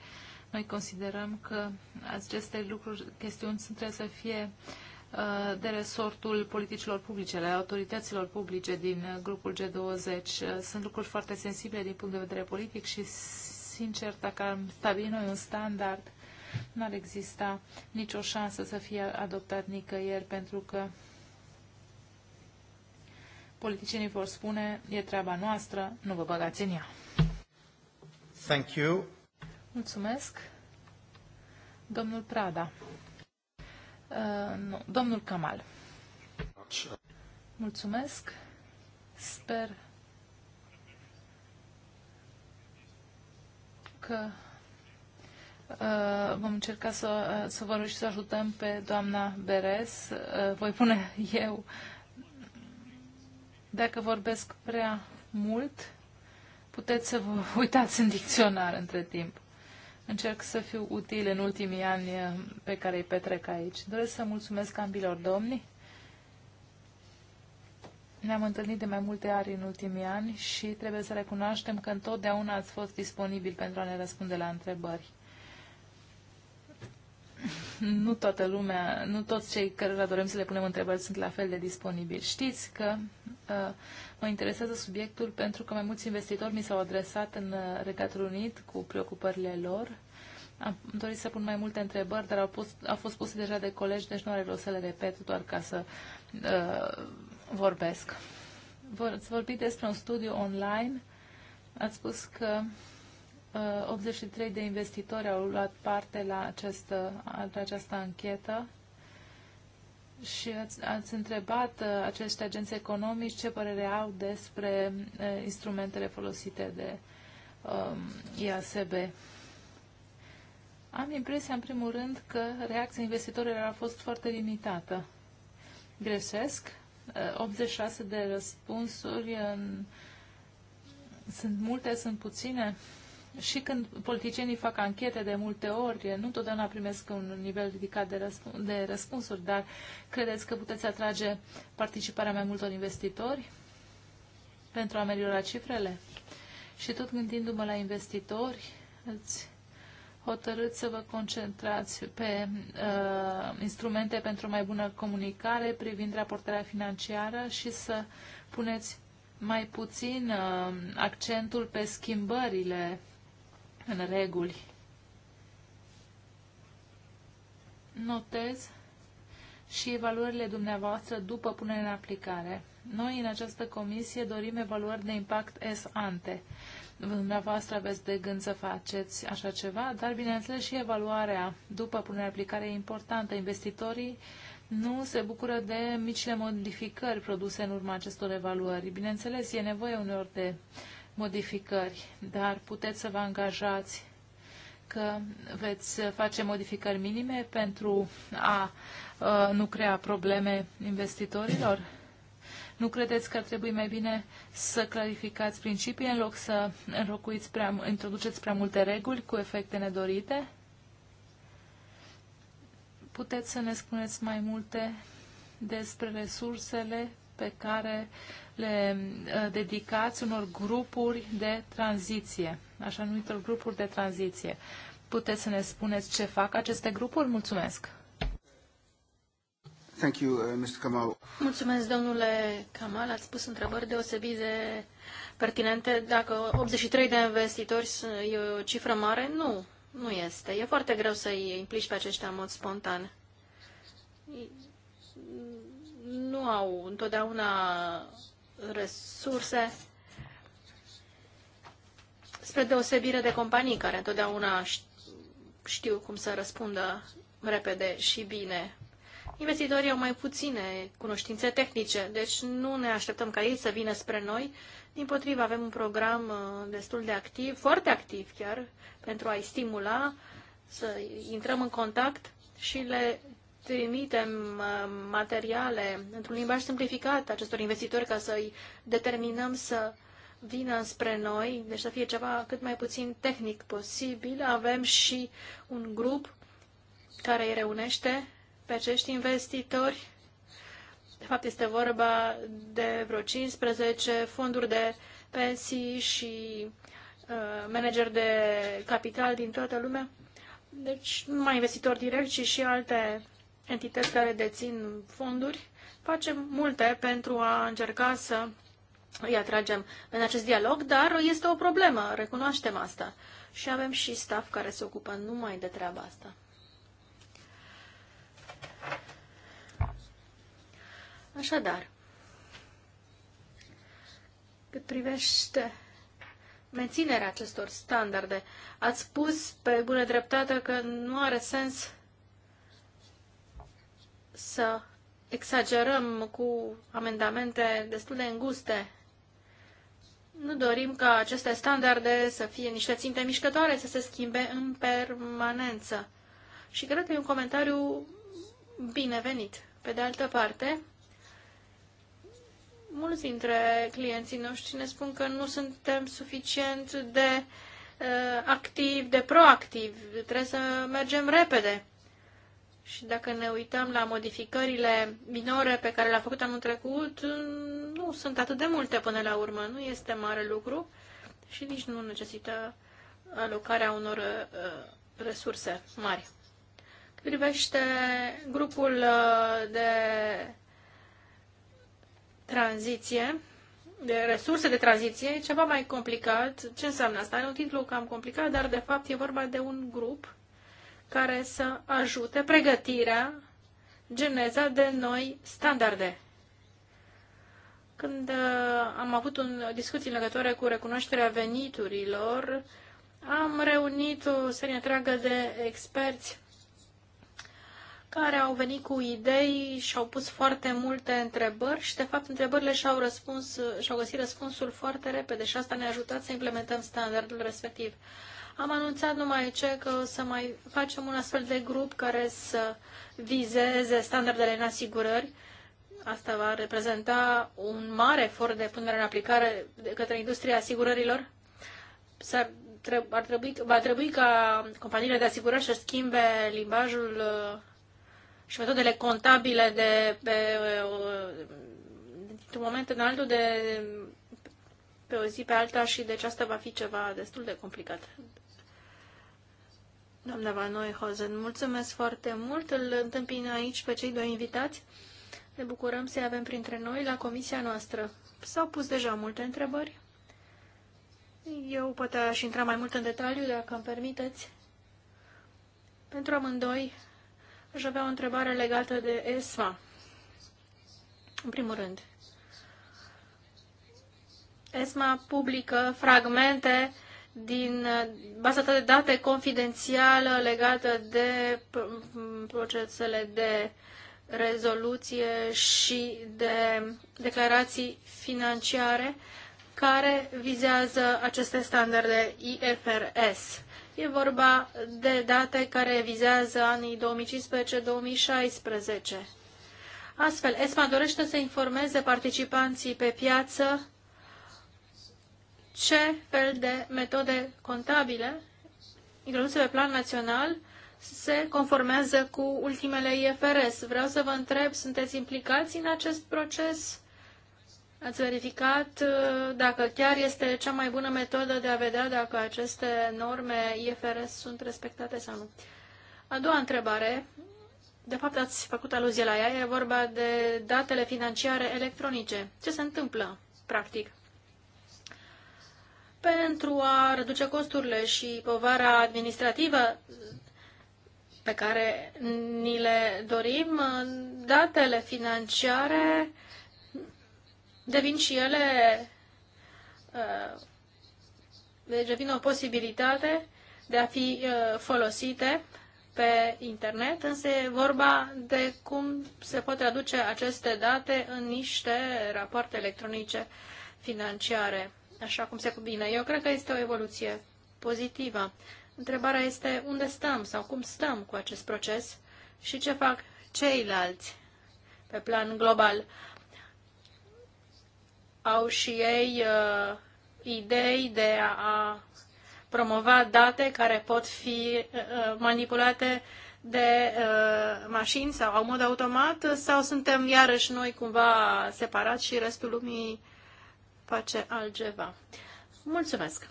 noi considerăm că aceste lucruri, chestiuni trebuie să fie uh, Uh, de resortul politicilor publice, ale autorităților publice din grupul G20. Uh, sunt lucruri foarte sensibile din punct de vedere politic și, sincer, dacă am stabili noi un standard, n-ar exista nicio șansă să fie adoptat nicăieri, pentru că politicienii vor spune, e treaba noastră, nu vă băgați în ea. Thank you. Mulțumesc. Domnul Prada. Uh, nu, domnul Kamal. Mulțumesc. Sper că uh, vom încerca să, uh, să vă rog și să ajutăm pe doamna Beres. Uh, voi pune eu, dacă vorbesc prea mult, puteți să vă uitați în dicționar între timp. Încerc să fiu util în ultimii ani eh, pe care îi petrec aici. Doresc să mulțumesc ambilor domni. Ne-am întâlnit de mai multe ori în ultimii ani și trebuie să recunoaștem că întotdeauna ați fost disponibil pentru a ne răspunde la întrebări nu toată lumea, nu toți cei cărora dorim să le punem întrebări sunt la fel de disponibili. Știți că uh, mă interesează subiectul pentru că mai mulți investitori mi s-au adresat în uh, Regatul Unit cu preocupările lor. Am dorit să pun mai multe întrebări, dar au, pus, au fost puse deja de colegi, deci nu are rost să le repet doar ca să uh, vorbesc. Vor, ați vorbit despre un studiu online. Ați spus că 83 uh, de investitori au luat parte la această, uh, la această anchetă și ați, ați întrebat uh, aceste agenți economici ce părere au despre instrumentele folosite de um, IASB. Am impresia, în primul rând, că reacția investitorilor a fost foarte limitată. Greșesc. 86 de răspunsuri în... sunt multe, sunt puține și când politicienii fac anchete de multe ori, nu întotdeauna primesc un nivel ridicat de, răsp- de răspunsuri, dar credeți că puteți atrage participarea mai multor investitori pentru a ameliora cifrele? Și tot gândindu-mă la investitori, îți hotărât să vă concentrați pe uh, instrumente pentru mai bună comunicare privind raportarea financiară și să puneți mai puțin uh, accentul pe schimbările în reguli. Notez și evaluările dumneavoastră după punerea în aplicare. Noi, în această comisie, dorim evaluări de impact S ante. Dumneavoastră aveți de gând să faceți așa ceva, dar, bineînțeles, și evaluarea după punerea în aplicare e importantă. Investitorii nu se bucură de micile modificări produse în urma acestor evaluări. Bineînțeles, e nevoie uneori de modificări, dar puteți să vă angajați că veți face modificări minime pentru a nu crea probleme investitorilor? Nu credeți că ar trebui mai bine să clarificați principii în loc să înlocuiți prea, introduceți prea multe reguli cu efecte nedorite? Puteți să ne spuneți mai multe despre resursele pe care le uh, dedicați unor grupuri de tranziție, așa numitor grupuri de tranziție. Puteți să ne spuneți ce fac aceste grupuri? Mulțumesc! Thank you, uh, Mr. Kamal. Mulțumesc, domnule Kamal. Ați pus întrebări deosebit de pertinente. Dacă 83 de investitori e o cifră mare, nu, nu este. E foarte greu să-i implici pe aceștia în mod spontan. Nu au întotdeauna resurse spre deosebire de companii care întotdeauna știu cum să răspundă repede și bine. Investitorii au mai puține cunoștințe tehnice, deci nu ne așteptăm ca ei să vină spre noi. Din potrivă, avem un program uh, destul de activ, foarte activ chiar, pentru a-i stimula să intrăm în contact și le trimitem uh, materiale într-un limbaj simplificat acestor investitori ca să-i determinăm să vină spre noi, deci să fie ceva cât mai puțin tehnic posibil. Avem și un grup care îi reunește pe acești investitori. De fapt, este vorba de vreo 15 fonduri de pensii și uh, manageri de capital din toată lumea. Deci, nu numai investitori direct, ci și alte entități care dețin fonduri, facem multe pentru a încerca să îi atragem în acest dialog, dar este o problemă, recunoaștem asta. Și avem și staff care se ocupă numai de treaba asta. Așadar, cât privește menținerea acestor standarde, ați spus pe bună dreptate că nu are sens să exagerăm cu amendamente destul de înguste. Nu dorim ca aceste standarde să fie niște ținte mișcătoare, să se schimbe în permanență. Și cred că e un comentariu binevenit. Pe de altă parte, mulți dintre clienții noștri ne spun că nu suntem suficient de uh, activi, de proactivi. Trebuie să mergem repede și dacă ne uităm la modificările minore pe care le-a făcut anul trecut, nu sunt atât de multe până la urmă, nu este mare lucru și nici nu necesită alocarea unor uh, resurse mari. Cât privește grupul uh, de tranziție, de resurse de tranziție, e ceva mai complicat. Ce înseamnă asta? E un titlu cam complicat, dar de fapt e vorba de un grup care să ajute pregătirea, geneza de noi standarde. Când uh, am avut un discuție în legătură cu recunoașterea veniturilor, am reunit o serie întreagă de experți care au venit cu idei și au pus foarte multe întrebări și, de fapt, întrebările și-au, răspuns, și-au găsit răspunsul foarte repede și asta ne-a ajutat să implementăm standardul respectiv. Am anunțat numai ce că o să mai facem un astfel de grup care să vizeze standardele în asigurări. Asta va reprezenta un mare efort de punere în aplicare de către industria asigurărilor. S-ar treb- ar trebui, va trebui ca companiile de asigurări să schimbe limbajul uh, și metodele contabile de pe, uh, dintr-un moment în altul de pe o zi pe alta și deci asta va fi ceva destul de complicat Doamna Van Hozen, mulțumesc foarte mult. Îl întâmpin aici pe cei doi invitați. Ne bucurăm să-i avem printre noi la comisia noastră. S-au pus deja multe întrebări. Eu poate aș intra mai mult în detaliu, dacă îmi permiteți. Pentru amândoi, aș avea o întrebare legată de ESMA. În primul rând, ESMA publică fragmente din uh, baza de date confidențială legată de procesele de rezoluție și de declarații financiare care vizează aceste standarde IFRS. E vorba de date care vizează anii 2015-2016. Astfel, ESMA dorește să informeze participanții pe piață ce fel de metode contabile introduse pe plan național se conformează cu ultimele IFRS. Vreau să vă întreb, sunteți implicați în acest proces? Ați verificat uh, dacă chiar este cea mai bună metodă de a vedea dacă aceste norme IFRS sunt respectate sau nu? A doua întrebare, de fapt ați făcut aluzie la ea, e vorba de datele financiare electronice. Ce se întâmplă, practic? pentru a reduce costurile și povara administrativă pe care ni le dorim, datele financiare devin și ele uh, deci devin o posibilitate de a fi uh, folosite pe internet, însă e vorba de cum se pot traduce aceste date în niște rapoarte electronice financiare așa cum se cuvine. Eu cred că este o evoluție pozitivă. Întrebarea este unde stăm sau cum stăm cu acest proces și ce fac ceilalți pe plan global. Au și ei uh, idei de a promova date care pot fi uh, manipulate de uh, mașini sau în mod automat sau suntem iarăși noi cumva separați și restul lumii uh, face altceva. Mulțumesc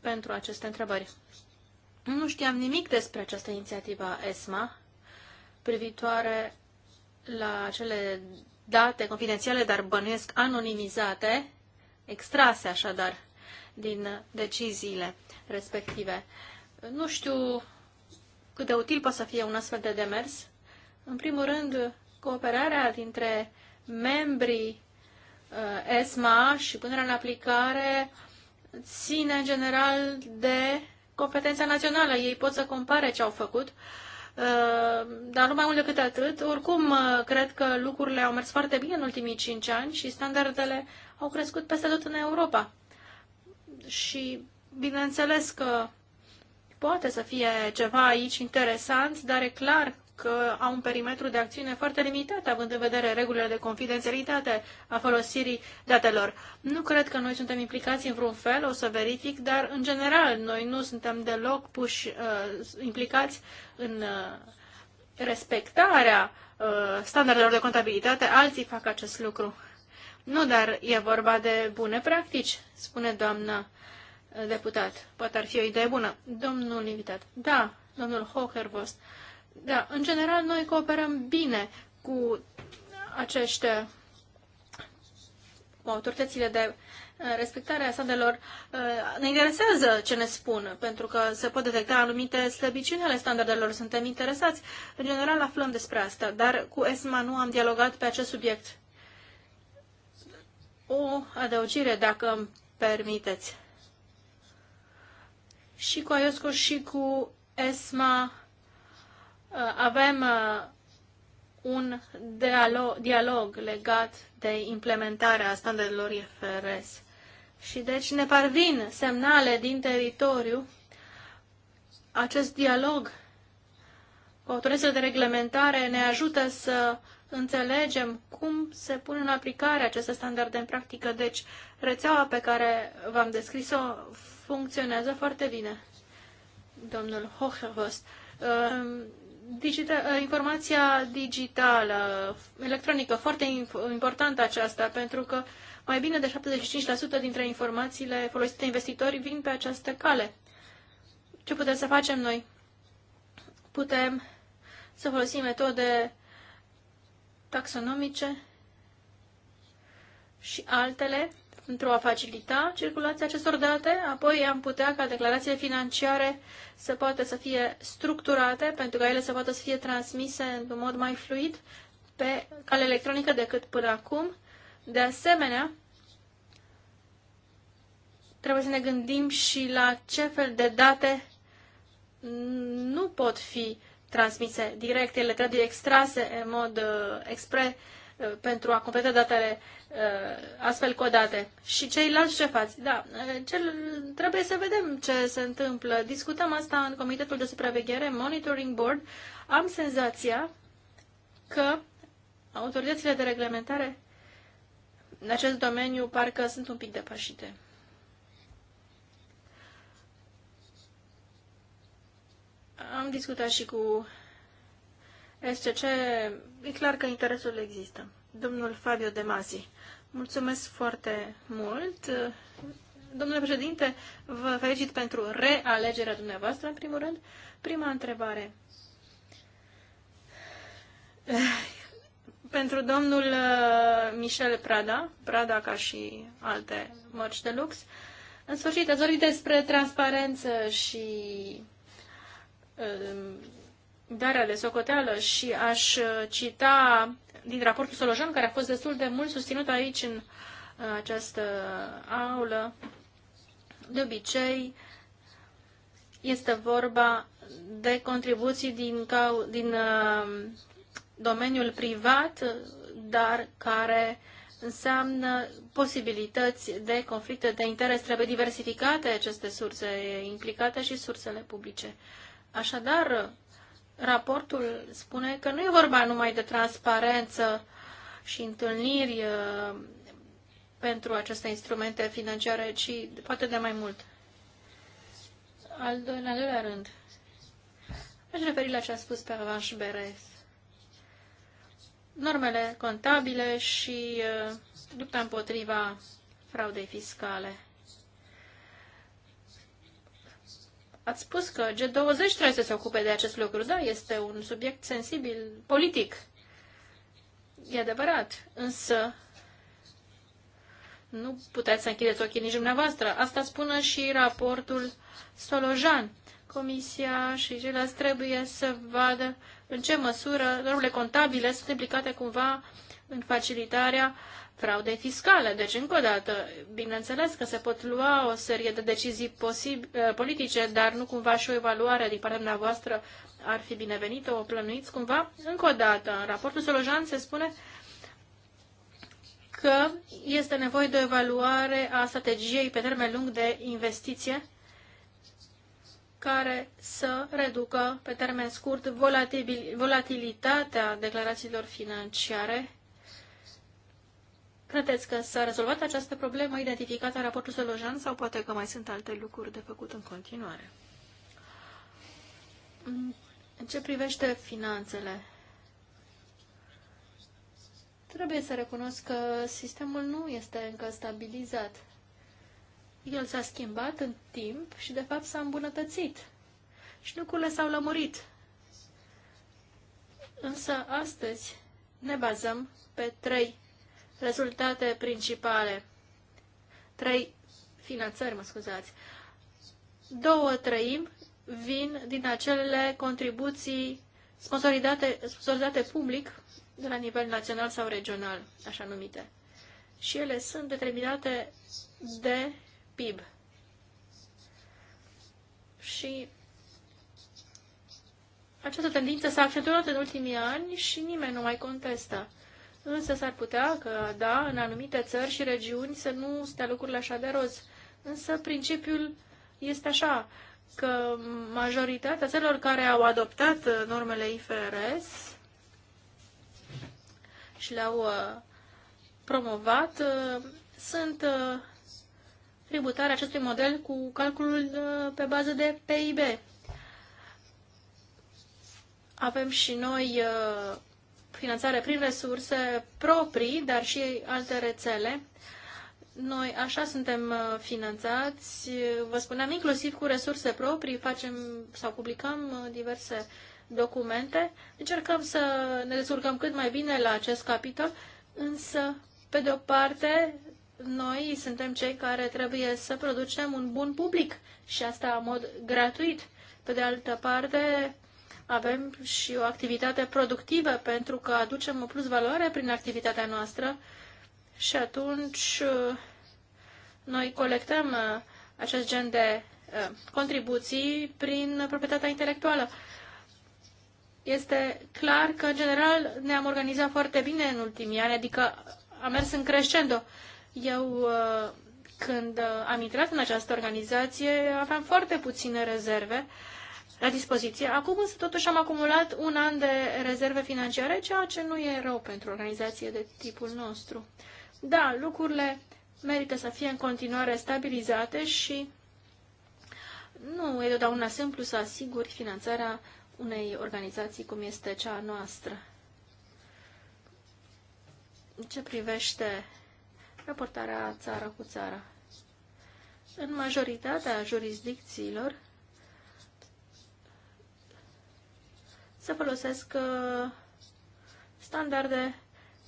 pentru aceste întrebări. Nu știam nimic despre această inițiativă ESMA privitoare la cele date confidențiale, dar bănuiesc anonimizate, extrase așadar din deciziile respective. Nu știu cât de util poate să fie un astfel de demers. În primul rând, cooperarea dintre membrii Uh, ESMA și punerea în aplicare ține în general de competența națională. Ei pot să compare ce au făcut, uh, dar nu mai mult decât atât. Oricum, uh, cred că lucrurile au mers foarte bine în ultimii cinci ani și standardele au crescut peste tot în Europa. Și bineînțeles că poate să fie ceva aici interesant, dar e clar că au un perimetru de acțiune foarte limitat, având în vedere regulile de confidențialitate a folosirii datelor. Nu cred că noi suntem implicați în vreun fel, o să verific, dar în general noi nu suntem deloc puși uh, implicați în uh, respectarea uh, standardelor de contabilitate, alții fac acest lucru. Nu, dar e vorba de bune practici, spune doamna uh, deputat. Poate ar fi o idee bună. Domnul invitat. Da, domnul Hochervost. Uh, da, în general noi cooperăm bine cu acești cu autoritățile de uh, respectare a standelor. Uh, ne interesează ce ne spun, pentru că se pot detecta anumite slăbiciuni ale standardelor, suntem interesați. În general aflăm despre asta, dar cu ESMA nu am dialogat pe acest subiect. O adăugire, dacă îmi permiteți. Și cu Aiosco și cu ESMA Uh, avem uh, un dialog, dialog legat de implementarea standardelor IFRS. Și deci ne parvin semnale din teritoriu acest dialog cu autoritățile de reglementare ne ajută să înțelegem cum se pun în aplicare aceste standarde în practică. Deci, rețeaua pe care v-am descris-o funcționează foarte bine, domnul Hochervost. Uh, Digita- uh, informația digitală, electronică, foarte importantă aceasta, pentru că mai bine de 75% dintre informațiile folosite investitori vin pe această cale. Ce putem să facem noi? Putem să folosim metode taxonomice și altele pentru a facilita circulația acestor date, apoi am putea ca declarațiile financiare să poată să fie structurate pentru ca ele să poată să fie transmise într-un mod mai fluid pe cale electronică decât până acum. De asemenea, trebuie să ne gândim și la ce fel de date nu pot fi transmise direct, ele trebuie extrase în mod uh, expre Uh, pentru a completa datele uh, astfel codate. Și ceilalți ce fați? Da, uh, cel, trebuie să vedem ce se întâmplă. Discutăm asta în Comitetul de Supraveghere, Monitoring Board. Am senzația că autoritățile de reglementare în acest domeniu parcă sunt un pic depășite. Am discutat și cu SCC, e clar că interesul există. Domnul Fabio De Masi, mulțumesc foarte mult. Domnule președinte, vă felicit pentru realegerea dumneavoastră, în primul rând. Prima întrebare. Pentru domnul uh, Michel Prada, Prada ca și alte mărci de lux, în sfârșit ați vorbit despre transparență și um, darea de socoteală și aș uh, cita din raportul Solojan, care a fost destul de mult susținut aici în uh, această aulă. De obicei, este vorba de contribuții din, din uh, domeniul privat, dar care înseamnă posibilități de conflicte de interes. Trebuie diversificate aceste surse implicate și sursele publice. Așadar, raportul spune că nu e vorba numai de transparență și întâlniri uh, pentru aceste instrumente financiare, ci poate de mai mult. Al doilea, al doilea rând, aș referi la ce a spus pe Avanș Beres. Normele contabile și uh, lupta împotriva fraudei fiscale. Ați spus că G20 trebuie să se ocupe de acest lucru. Da, este un subiect sensibil politic. E adevărat, însă nu puteți să închideți ochii nici dumneavoastră. Asta spune și raportul Solojan. Comisia și ceilalți trebuie să vadă în ce măsură normele contabile sunt implicate cumva în facilitarea fraude fiscale. Deci, încă o dată, bineînțeles că se pot lua o serie de decizii uh, politice, dar nu cumva și o evaluare din partea dumneavoastră ar fi binevenită, o plănuiți cumva. Încă o dată, în raportul Solojan se spune că este nevoie de o evaluare a strategiei pe termen lung de investiție care să reducă pe termen scurt volatilitatea declarațiilor financiare Credeți că s-a rezolvat această problemă identificată în raportul Solojan sau poate că mai sunt alte lucruri de făcut în continuare? În ce privește finanțele, trebuie să recunosc că sistemul nu este încă stabilizat. El s-a schimbat în timp și, de fapt, s-a îmbunătățit. Și lucrurile s-au lămurit. Însă, astăzi, ne bazăm pe trei Rezultate principale. Trei finanțări, mă scuzați. Două trăim vin din acele contribuții sponsorizate, sponsorizate public de la nivel național sau regional, așa numite. Și ele sunt determinate de PIB. Și această tendință s-a accentuat în ultimii ani și nimeni nu mai contestă. Însă s-ar putea că, da, în anumite țări și regiuni să nu stea lucrurile așa de roz. Însă principiul este așa, că majoritatea țărilor care au adoptat uh, normele IFRS și le-au uh, promovat uh, sunt tributare acestui model cu calculul pe bază de PIB. Avem și noi finanțare prin resurse proprii, dar și alte rețele. Noi așa suntem uh, finanțați, vă spuneam, inclusiv cu resurse proprii, facem sau publicăm uh, diverse documente. Încercăm să ne descurcăm cât mai bine la acest capitol, însă, pe de o parte, noi suntem cei care trebuie să producem un bun public și asta în mod gratuit. Pe de altă parte, avem și o activitate productivă pentru că aducem o plus valoare prin activitatea noastră și atunci uh, noi colectăm uh, acest gen de uh, contribuții prin proprietatea intelectuală. Este clar că, în general, ne-am organizat foarte bine în ultimii ani, adică a mers în crescendo. Eu, când am intrat în această organizație, aveam foarte puține rezerve, uh, la dispoziție. Acum însă totuși am acumulat un an de rezerve financiare, ceea ce nu e rău pentru organizație de tipul nostru. Da, lucrurile merită să fie în continuare stabilizate și nu e deodată simplu să asiguri finanțarea unei organizații cum este cea noastră. În ce privește raportarea țară cu țară? În majoritatea jurisdicțiilor, să folosesc uh, standarde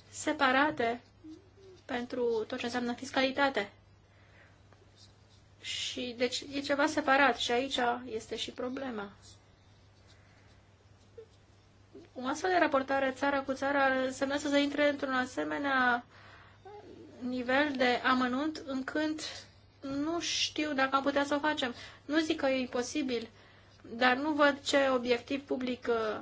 separate pentru tot ce înseamnă fiscalitate. Și deci e ceva separat și aici este și problema. O astfel de raportare țară cu țară înseamnă să se intre într-un asemenea nivel de amănunt încât nu știu dacă am putea să o facem. Nu zic că e imposibil, dar nu văd ce obiectiv public uh,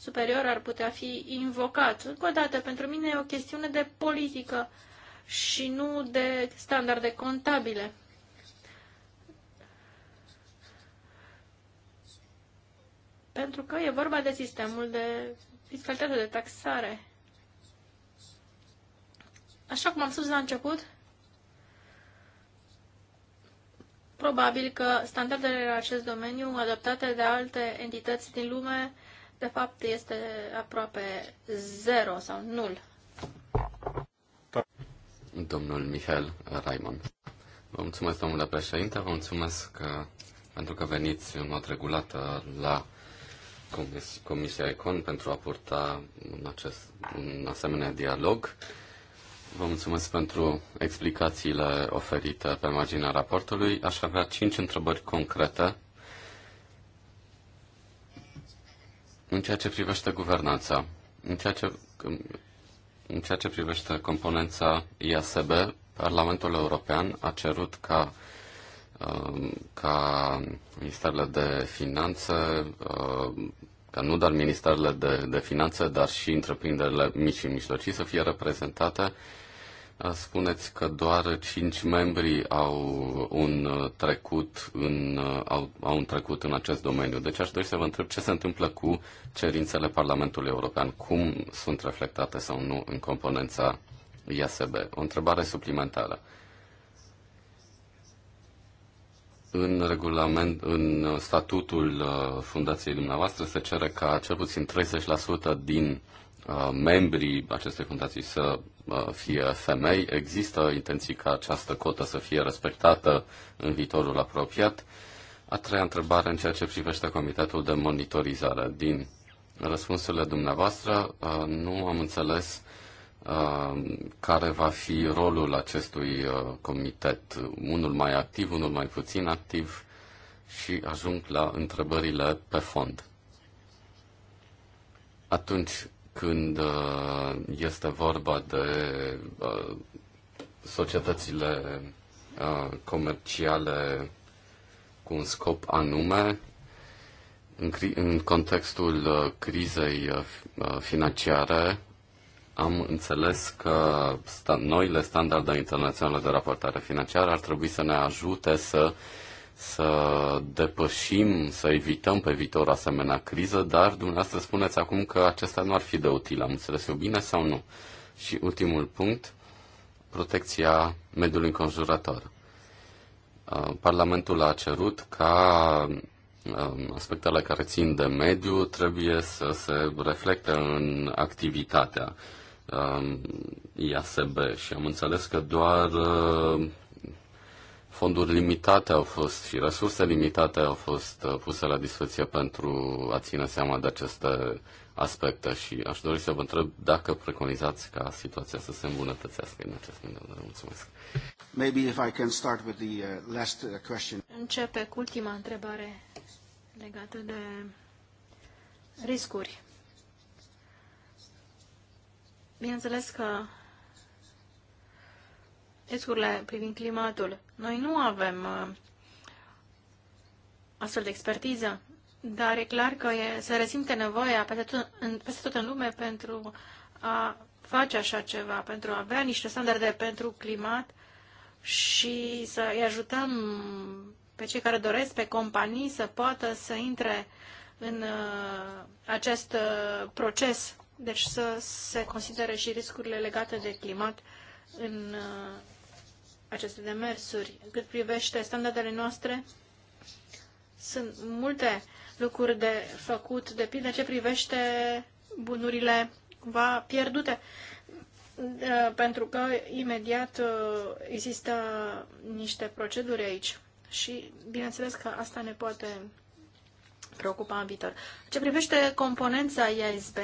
superior ar putea fi invocat. Încă o dată, pentru mine e o chestiune de politică și nu de standarde contabile. Pentru că e vorba de sistemul de fiscalitate, de taxare. Așa cum am spus la început, Probabil că standardele în acest domeniu, adoptate de alte entități din lume, de fapt este aproape zero sau nul. Domnul Mihail Raimon. Vă mulțumesc, domnule președinte, vă mulțumesc că, uh, pentru că veniți în mod regulat uh, la Comisia Econ pentru a purta un, acest, un asemenea dialog. Vă mulțumesc pentru explicațiile oferite pe marginea raportului. Aș avea cinci întrebări concrete în ceea ce privește guvernanța, în ceea ce, în ceea ce privește componența IASB, Parlamentul European a cerut ca um, ca Ministerul de Finanțe, uh, reprezentate, nu doar ministerele de, de finanțe, dar și întreprinderile mici și mijlocii să fie reprezentate. Uh, spuneți că doar cinci membri au un uh, trecut în, uh, au, au un trecut în acest domeniu. Deci aș dori să vă întreb ce se întâmplă cu cerințele Parlamentului European, cum sunt reflectate sau nu în componența ISB. O întrebare suplimentară. în regulament, în uh, statutul uh, fundației dumneavoastră se cere ca cel puțin 30% din uh, membrii acestei fundații să fie femei. Există intenții ca această cotă să fie respectată în viitorul apropiat. A treia întrebare în ceea ce privește Comitetul de Monitorizare. Din răspunsurile dumneavoastră nu am înțeles Uh, care va fi rolul acestui uh, comitet, unul mai activ, unul mai puțin activ și ajung la întrebările pe fond. Atunci când uh, este vorba de societățile comerciale cu un scop anume, în, contextul crizei financiare, am înțeles că sta- noile standarde internaționale de raportare financiară ar trebui să ne ajute să, să depășim, să evităm pe viitor asemenea criză, dar dumneavoastră spuneți acum că acestea nu ar fi de util. Am înțeles eu bine sau nu? Și ultimul punct, protecția mediului înconjurător. Uh, Parlamentul a cerut ca um, aspectele care țin de mediu trebuie să se reflecte în activitatea Um, IASB și am înțeles că doar uh, fonduri limitate au fost și resurse limitate au fost uh, puse la dispoziție pentru a ține seama de aceste aspecte și aș dori să vă întreb dacă preconizați ca situația să se îmbunătățească în acest moment. Mulțumesc. Maybe if I can start with the uh, last question. Începe cu ultima întrebare legată de riscuri. Bineînțeles că riscurile privind climatul. Noi nu avem uh, astfel de expertiză, dar e clar că e, se resimte nevoia peste tot, în, peste tot în lume pentru a face așa ceva, pentru a avea niște standarde pentru climat și să îi ajutăm pe cei care doresc, pe companii, să poată să intre în uh, acest uh, proces deci să se considere și riscurile legate de climat în uh, aceste demersuri. Cât privește standardele noastre, sunt multe lucruri de făcut, De pildă, ce privește bunurile cumva pierdute, uh, pentru că imediat uh, există niște proceduri aici și bineînțeles că asta ne poate preocupa în viitor. Ce privește componența ISB,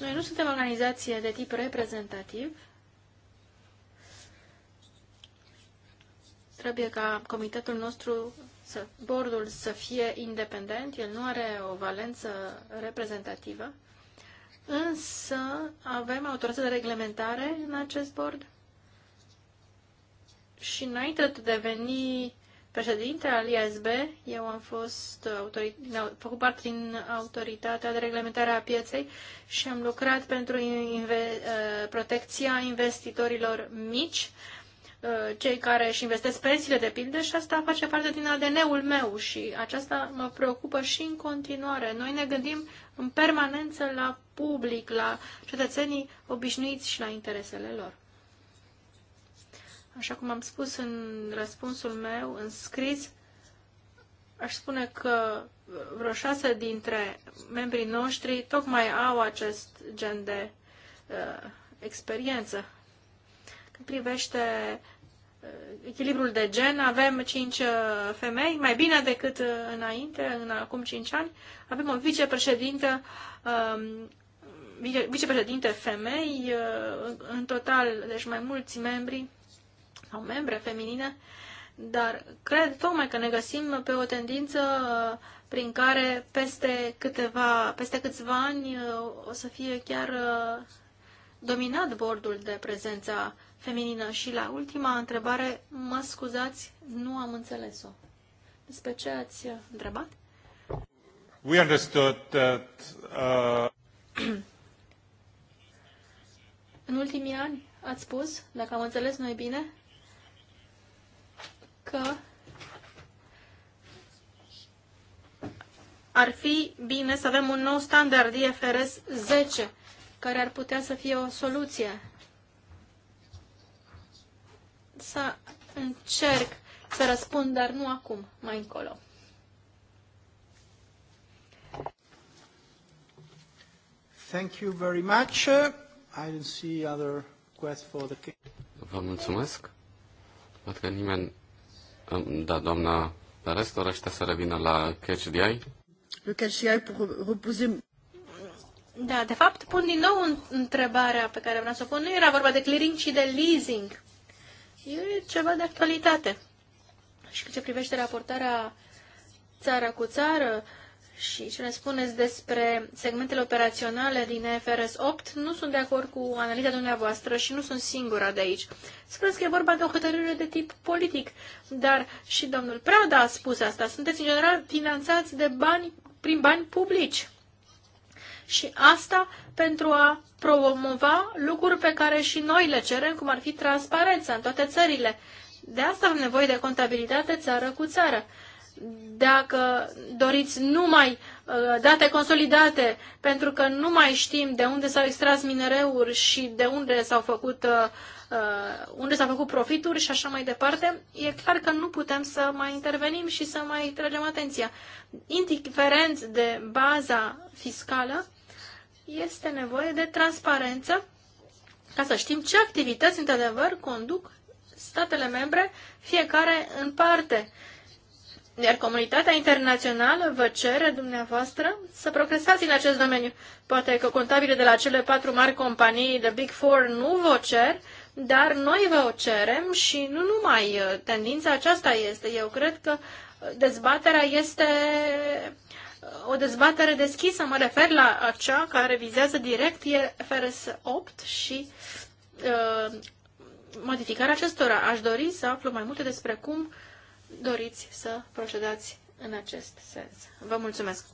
noi nu suntem organizație de tip reprezentativ. Trebuie ca comitetul nostru, să, bordul să fie independent, el nu are o valență reprezentativă, însă avem autorizație de reglementare în acest bord și înainte de deveni președinte al ISB. Eu am fost făcut parte din autoritatea de reglementare a pieței și am lucrat pentru inve, uh, protecția investitorilor mici, uh, cei care își investesc pensiile de pildă și asta face parte din ADN-ul meu și aceasta mă preocupă și în continuare. Noi ne gândim în permanență la public, la cetățenii obișnuiți și la interesele lor. Așa cum am spus în răspunsul meu, în scris, aș spune că vreo șase dintre membrii noștri tocmai au acest gen de uh, experiență. Când privește uh, echilibrul de gen, avem cinci uh, femei, mai bine decât uh, înainte, în acum cinci ani. Avem o vicepreședintă, uh, vicepreședinte femei, uh, în total, deci mai mulți membri sau membre feminine, dar cred tocmai că ne găsim pe o tendință uh, prin care peste, câteva, peste câțiva ani uh, o să fie chiar uh, dominat bordul de prezența feminină. Și la ultima întrebare, mă scuzați, nu am înțeles-o. Despre ce ați întrebat? We understood that, uh... În ultimii ani, ați spus, dacă am înțeles noi bine, că ar fi bine să avem un nou standard IFRS 10, care ar putea să fie o soluție. Să încerc să răspund, dar nu acum, mai încolo. Thank you very much. I don't see other quest for the Vă mulțumesc. Văd că nimeni da, doamna Perez dorește să revină la CatchDI. Le CatchDI pour reposer... Da, de fapt, pun din nou întrebarea pe care vreau să o pun. Nu era vorba de clearing, ci de leasing. E ceva de actualitate. Și cât ce privește raportarea țară cu țară, și ce ne spuneți despre segmentele operaționale din FRS 8, nu sunt de acord cu analiza dumneavoastră și nu sunt singura de aici. Spuneți că e vorba de o hotărâre de tip politic, dar și domnul Prada a spus asta. Sunteți, în general, finanțați de bani, prin bani publici. Și asta pentru a promova lucruri pe care și noi le cerem, cum ar fi transparența în toate țările. De asta avem nevoie de contabilitate țară cu țară dacă doriți numai uh, date consolidate, pentru că nu mai știm de unde s-au extras minereuri și de unde s-au făcut, uh, uh, unde s-au făcut profituri și așa mai departe, e clar că nu putem să mai intervenim și să mai tragem atenția. Indiferent de baza fiscală, este nevoie de transparență ca să știm ce activități, într-adevăr, conduc statele membre, fiecare în parte iar comunitatea internațională vă cere dumneavoastră să progresați în acest domeniu. Poate că contabile de la cele patru mari companii de Big Four nu vă cer, dar noi vă o cerem și nu numai uh, tendința aceasta este. Eu cred că dezbaterea este uh, o dezbatere deschisă. Mă refer la acea care vizează direct IFRS 8 și uh, modificarea acestora. Aș dori să aflu mai multe despre cum uh, doriți să procedați în acest sens. Vă mulțumesc!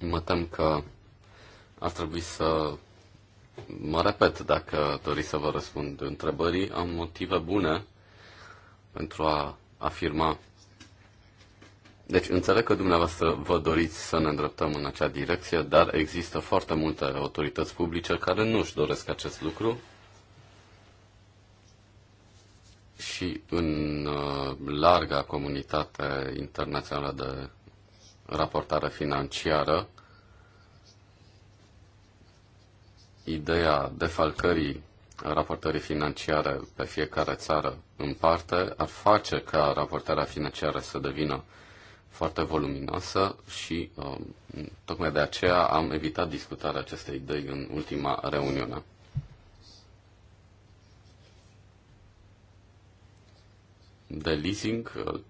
Mă tem că ar trebui să mă repet dacă doriți să vă răspund întrebării. Am motive bune pentru a afirma. Deci înțeleg că dumneavoastră vă doriți să ne îndreptăm în acea direcție, dar există foarte multe autorități publice care nu își doresc acest lucru și în uh, larga comunitate internațională de raportare financiară, ideea defalcării raportării financiare pe fiecare țară în parte ar face ca raportarea financiară să devină foarte voluminoasă și uh, tocmai de aceea am evitat discutarea acestei idei în ultima reuniune. de leasing, uh,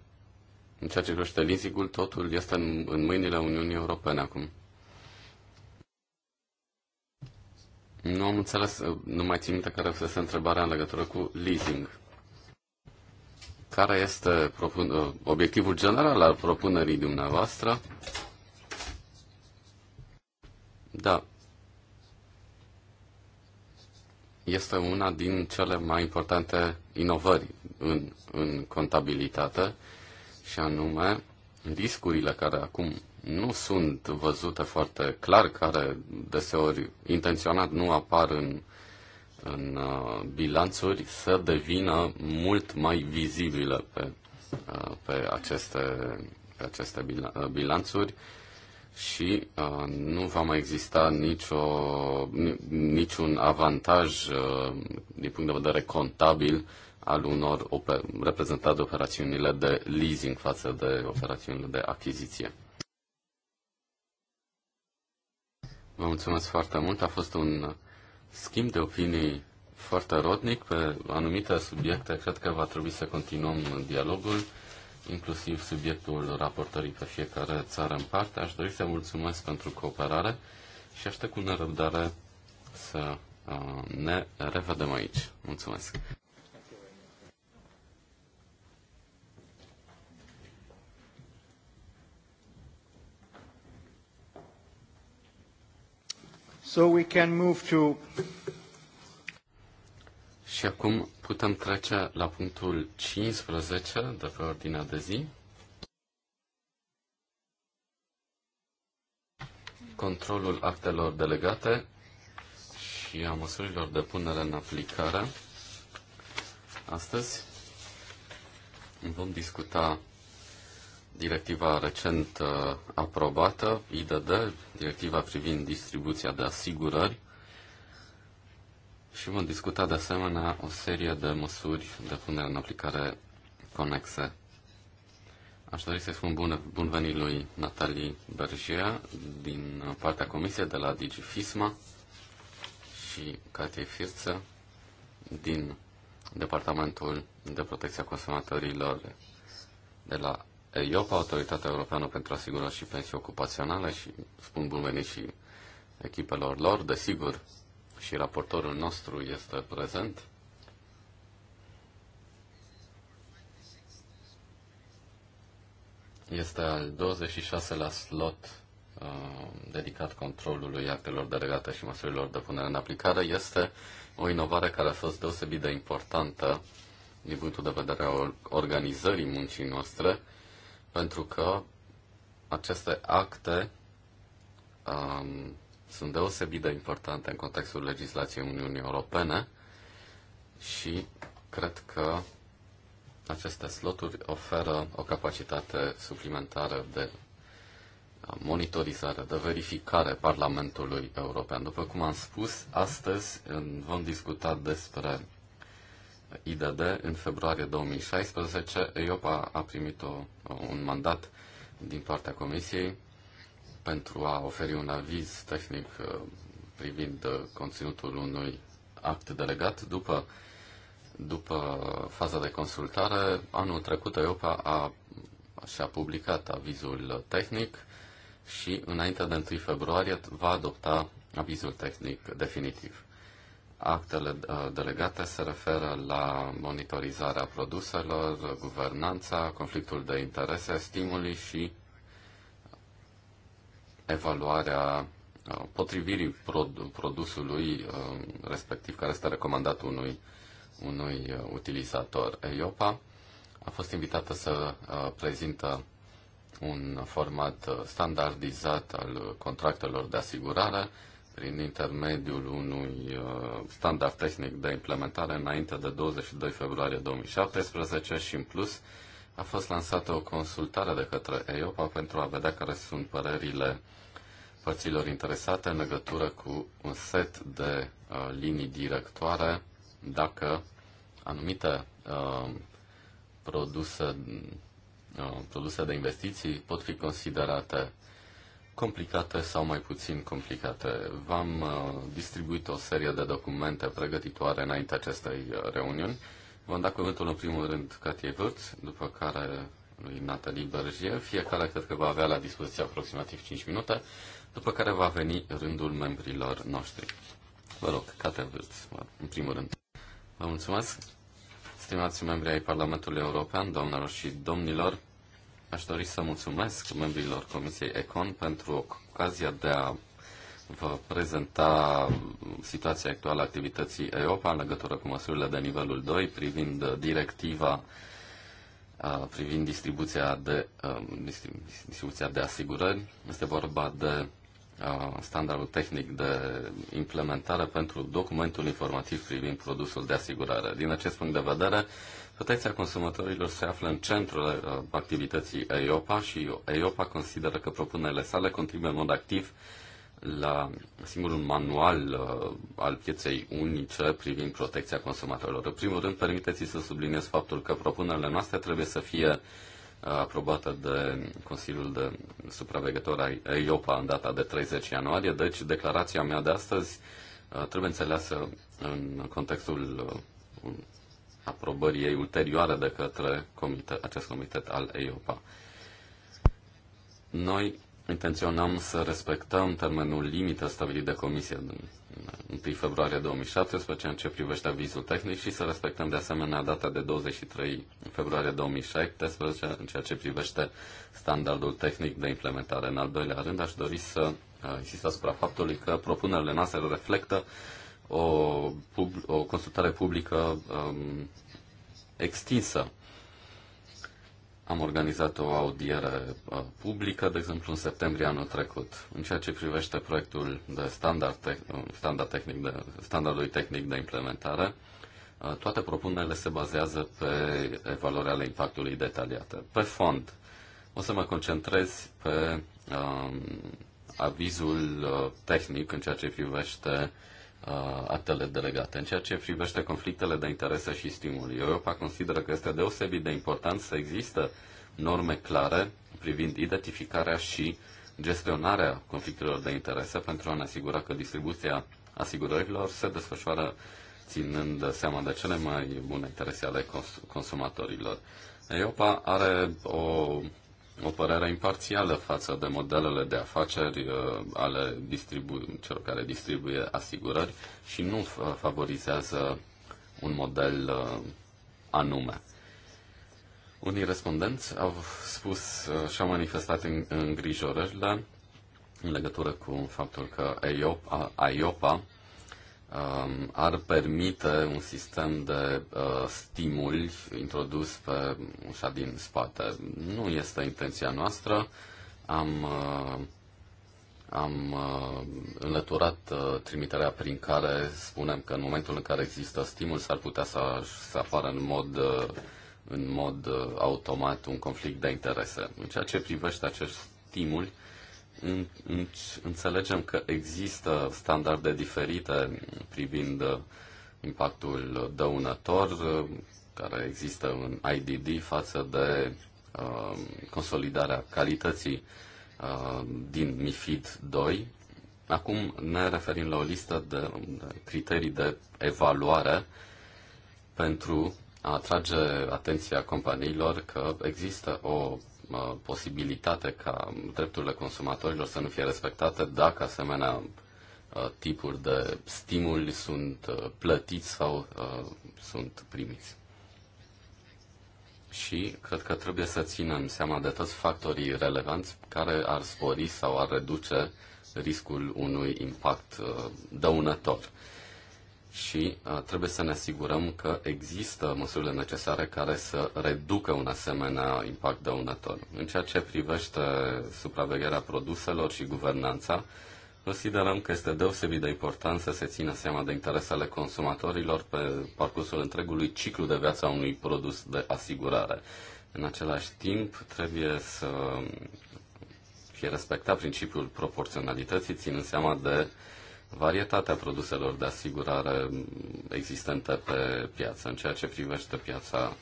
în ceea ce privește leasingul, totul este în, în mâinile Uniunii Europene acum. Nu am înțeles, uh, nu mai țin minte care este întrebarea în legătură cu leasing. Care este propun, uh, obiectivul general al propunerii dumneavoastră? Da, este una din cele mai importante inovări în, în contabilitate și anume riscurile care acum nu sunt văzute foarte clar, care deseori intenționat nu apar în, în uh, bilanțuri, să devină mult mai vizibile pe, uh, pe aceste, pe aceste uh, bilanțuri și uh, nu va mai exista nicio, niciun avantaj uh, din punct de vedere contabil al unor oper- reprezentat de operațiunile de leasing față de operațiunile de achiziție. Vă mulțumesc foarte mult. A fost un schimb de opinii foarte rodnic pe anumite subiecte. Cred că va trebui să continuăm dialogul inclusiv subiectul raportării pe fiecare țară în parte. Aș dori să mulțumesc pentru cooperare și aștept cu nerăbdare să uh, ne revedem aici. Mulțumesc! So we can move to și acum putem trece la punctul 15 de pe ordinea de zi. Controlul actelor delegate și a măsurilor de punere în aplicare. Astăzi vom discuta directiva recent uh, aprobată, IDD, directiva privind distribuția de asigurări și vom discuta de asemenea o serie de măsuri de punere în aplicare conexe. Aș dori să-i spun bun, bun venit lui Natalie Bergea din partea comisiei de la DigiFisma și Catei Firță din Departamentul de Protecție a Consumatorilor de la EIOPA, Autoritatea Europeană pentru Asigurări și Pensii Ocupaționale și spun bun venit și echipelor lor, desigur, și raportorul nostru este prezent. Este al 26-lea slot uh, dedicat controlului actelor delegate și măsurilor de punere în aplicare. Este o inovare care a fost deosebit de importantă din punctul de vedere al organizării muncii noastre, pentru că aceste acte um, sunt deosebit de importante în contextul legislației Uniunii Europene și cred că aceste sloturi oferă o capacitate suplimentară de monitorizare, de verificare Parlamentului European. După cum am spus, astăzi vom discuta despre IDD. În februarie 2016, EIOPA a primit o, un mandat din partea Comisiei pentru a oferi un aviz tehnic uh, privind uh, conținutul unui act delegat. După, după faza de consultare, anul trecut EOPA a, și-a publicat avizul tehnic și înainte de 1 februarie va adopta avizul tehnic definitiv. Actele uh, delegate se referă la monitorizarea produselor, guvernanța, conflictul de interese, stimuli și evaluarea uh, potrivirii produsului uh, respectiv care este recomandat unui, unui uh, utilizator. EIOPA a fost invitată să prezintă un format standardizat al contractelor de asigurare prin intermediul unui standard tehnic de implementare înainte de 22 februarie 2017 și în plus a fost lansată o consultare de către EIOPA pentru a vedea care sunt părerile uh, părților interesate în legătură cu un set de uh, linii directoare dacă anumite uh, produse, uh, produse de investiții pot fi considerate complicate sau mai puțin complicate. V-am uh, distribuit o serie de documente pregătitoare înainte acestei uh, reuniuni. Vom da cuvântul în primul rând Catiei Vârț, după care lui Natalie Berger. Fiecare cred că va avea la dispoziție aproximativ 5 minute după care va veni rândul membrilor noștri. Vă rog, Cate Vârț, în primul rând. Vă mulțumesc. Stimați membri ai Parlamentului European, doamnelor și domnilor, aș dori să mulțumesc membrilor Comisiei ECON pentru ocazia de a vă prezenta situația actuală a activității EOPA în legătură cu măsurile de nivelul 2 privind directiva privind distribuția de, distribuția de asigurări. Este vorba de standardul tehnic de implementare pentru documentul informativ privind produsul de asigurare. Din acest punct de vedere, protecția consumatorilor se află în centrul activității EIOPA și EIOPA consideră că propunerile sale contribuie în mod activ la singurul manual al pieței unice privind protecția consumatorilor. În primul rând, permiteți să subliniez faptul că propunerile noastre trebuie să fie uh, aprobată de Consiliul de Supraveghetor a EIOPA în data de 30 ianuarie, deci declarația mea de astăzi uh, trebuie înțeleasă în contextul uh, aprobării ei ulterioare de către comite, acest comitet al EIOPA. Noi intenționăm să respectăm termenul limită stabilit de comisie 1 februarie 2017 în ce privește avizul tehnic și să respectăm de asemenea data de 23 februarie 2017 în ceea ce privește standardul tehnic de implementare. În al doilea rând aș dori să uh, insist asupra faptului că propunerile noastre reflectă o, pub- o consultare publică um, extinsă am organizat o audiere uh, publică, de exemplu, în septembrie anul trecut, în ceea ce privește proiectul de standard, te- uh, standard tehnic de, standardului tehnic de implementare. Uh, toate propunerile se bazează pe evaluarea ale impactului detaliată. Pe fond, o să mă concentrez pe um, avizul tehnic în ceea ce privește uh, actele delegate. În ceea ce privește conflictele de interese și stimuli, Europa consideră că este deosebit de important să există norme clare privind identificarea și gestionarea conflictelor de interese pentru a ne asigura că distribuția asigurărilor se desfășoară ținând seama de cele mai bune interese ale cons- consumatorilor. Europa are o o părere imparțială față de modelele de afaceri uh, ale distribu- celor care distribuie asigurări și nu favorizează un model uh, anume. Unii respondenți au spus uh, și-au manifestat îngrijorările în legătură cu faptul că Aiopa AIOPA Um, ar permite un sistem de uh, stimuli introdus pe ușa din spate. Nu este intenția noastră. Am, uh, am uh, înlăturat uh, trimiterea prin care spunem că în momentul în care există stimul s-ar putea să, să apară în mod, uh, în mod uh, automat un conflict de interese. În ceea ce privește acești stimuli, uh, Înțelegem că există standarde diferite privind uh, impactul dăunător uh, care există în IDD față de uh, consolidarea calității din MIFID 2. Acum ne referim la o listă de, de criterii de evaluare pentru a atrage atenția companiilor că există o Uh, posibilitate ca drepturile consumatorilor să nu fie respectate dacă asemenea uh, tipuri de stimuli sunt uh, plătiți sau sunt primiți. Și cred că trebuie să ținem seama de toți factorii relevanți care ar spori sau ar reduce riscul unui impact dăunător și uh, trebuie să ne asigurăm că există măsurile necesare care să reducă un asemenea impact dăunător. În ceea ce privește supravegherea produselor și guvernanța, considerăm că este deosebit de important să se țină seama de interesele consumatorilor pe parcursul întregului ciclu de viață a unui produs de asigurare. În același timp, trebuie să fie respectat principiul proporționalității, ținând seama de uh, varietatea produselor de asigurare existente pe piață. În ceea ce privește piața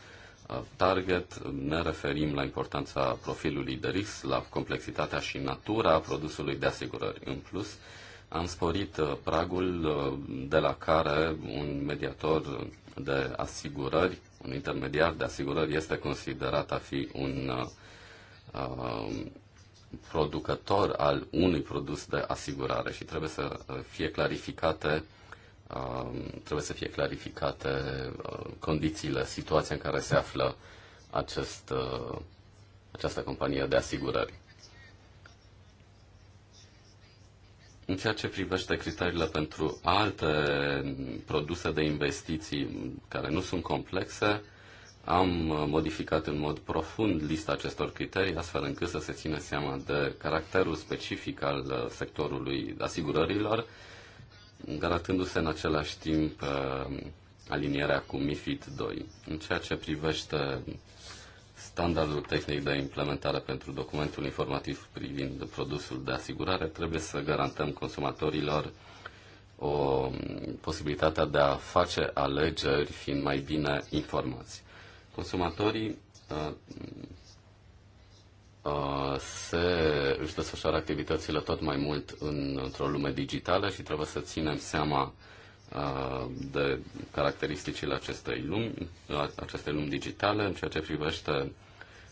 target, ne referim la importanța profilului de risc, la complexitatea și natura produsului de asigurări. În plus, am sporit pragul de la care un mediator de asigurări, un intermediar de asigurări, este considerat a fi un producător al unui produs de asigurare și trebuie să uh, fie clarificate uh, trebuie să fie clarificate uh, condițiile, situația în care se află acest, această companie de asigurări. În ceea ce privește criteriile pentru alte produse de investiții care nu sunt complexe, am uh, modificat în mod profund lista acestor criterii, astfel încât să se țină seama de caracterul specific al uh, sectorului asigurărilor, garantându-se în același timp uh, alinierea cu MIFID 2. În ceea ce privește standardul tehnic de implementare pentru documentul informativ privind produsul de asigurare, trebuie să garantăm consumatorilor o um, posibilitatea de a face alegeri fiind mai bine informați. Consumatorii uh, uh, se, își desfășoară activitățile tot mai mult în, într-o lume digitală și trebuie să ținem seama uh, de caracteristicile acestei lumi, uh, acestei lumi digitale în ceea ce privește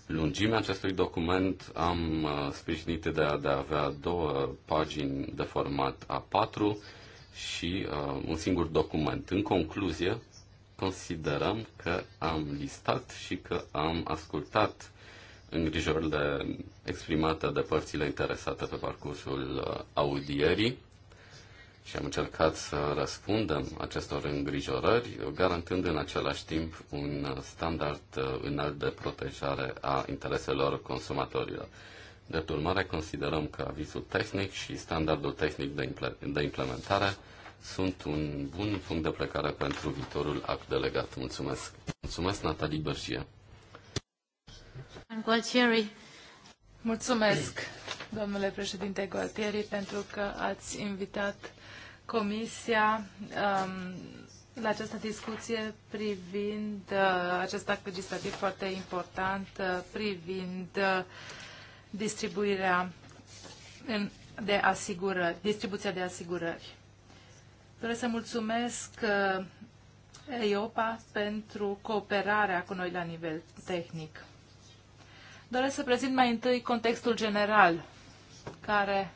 lungimea acestui document am uh, sprijinit ideea de a avea două pagini de format A4 și uh, un singur document. În concluzie, considerăm că am listat și că am ascultat îngrijorările exprimate de părțile interesate pe parcursul uh, audierii și am încercat să răspundem acestor îngrijorări, garantând în același timp un standard uh, înalt de protejare a intereselor consumatorilor. De urmare, considerăm că avizul tehnic și standardul tehnic de implementare sunt un bun punct de plecare pentru viitorul act delegat. Mulțumesc. Mulțumesc, Natalie Bărșie. Mulțumesc, domnule președinte Gualtieri, pentru că ați invitat Comisia um, la această discuție privind uh, acest act legislativ foarte important, uh, privind uh, distribuirea în, de asigurări, distribuția de asigurări. Doresc să mulțumesc uh, EIOPA pentru cooperarea cu noi la nivel tehnic. Doresc să prezint mai întâi contextul general care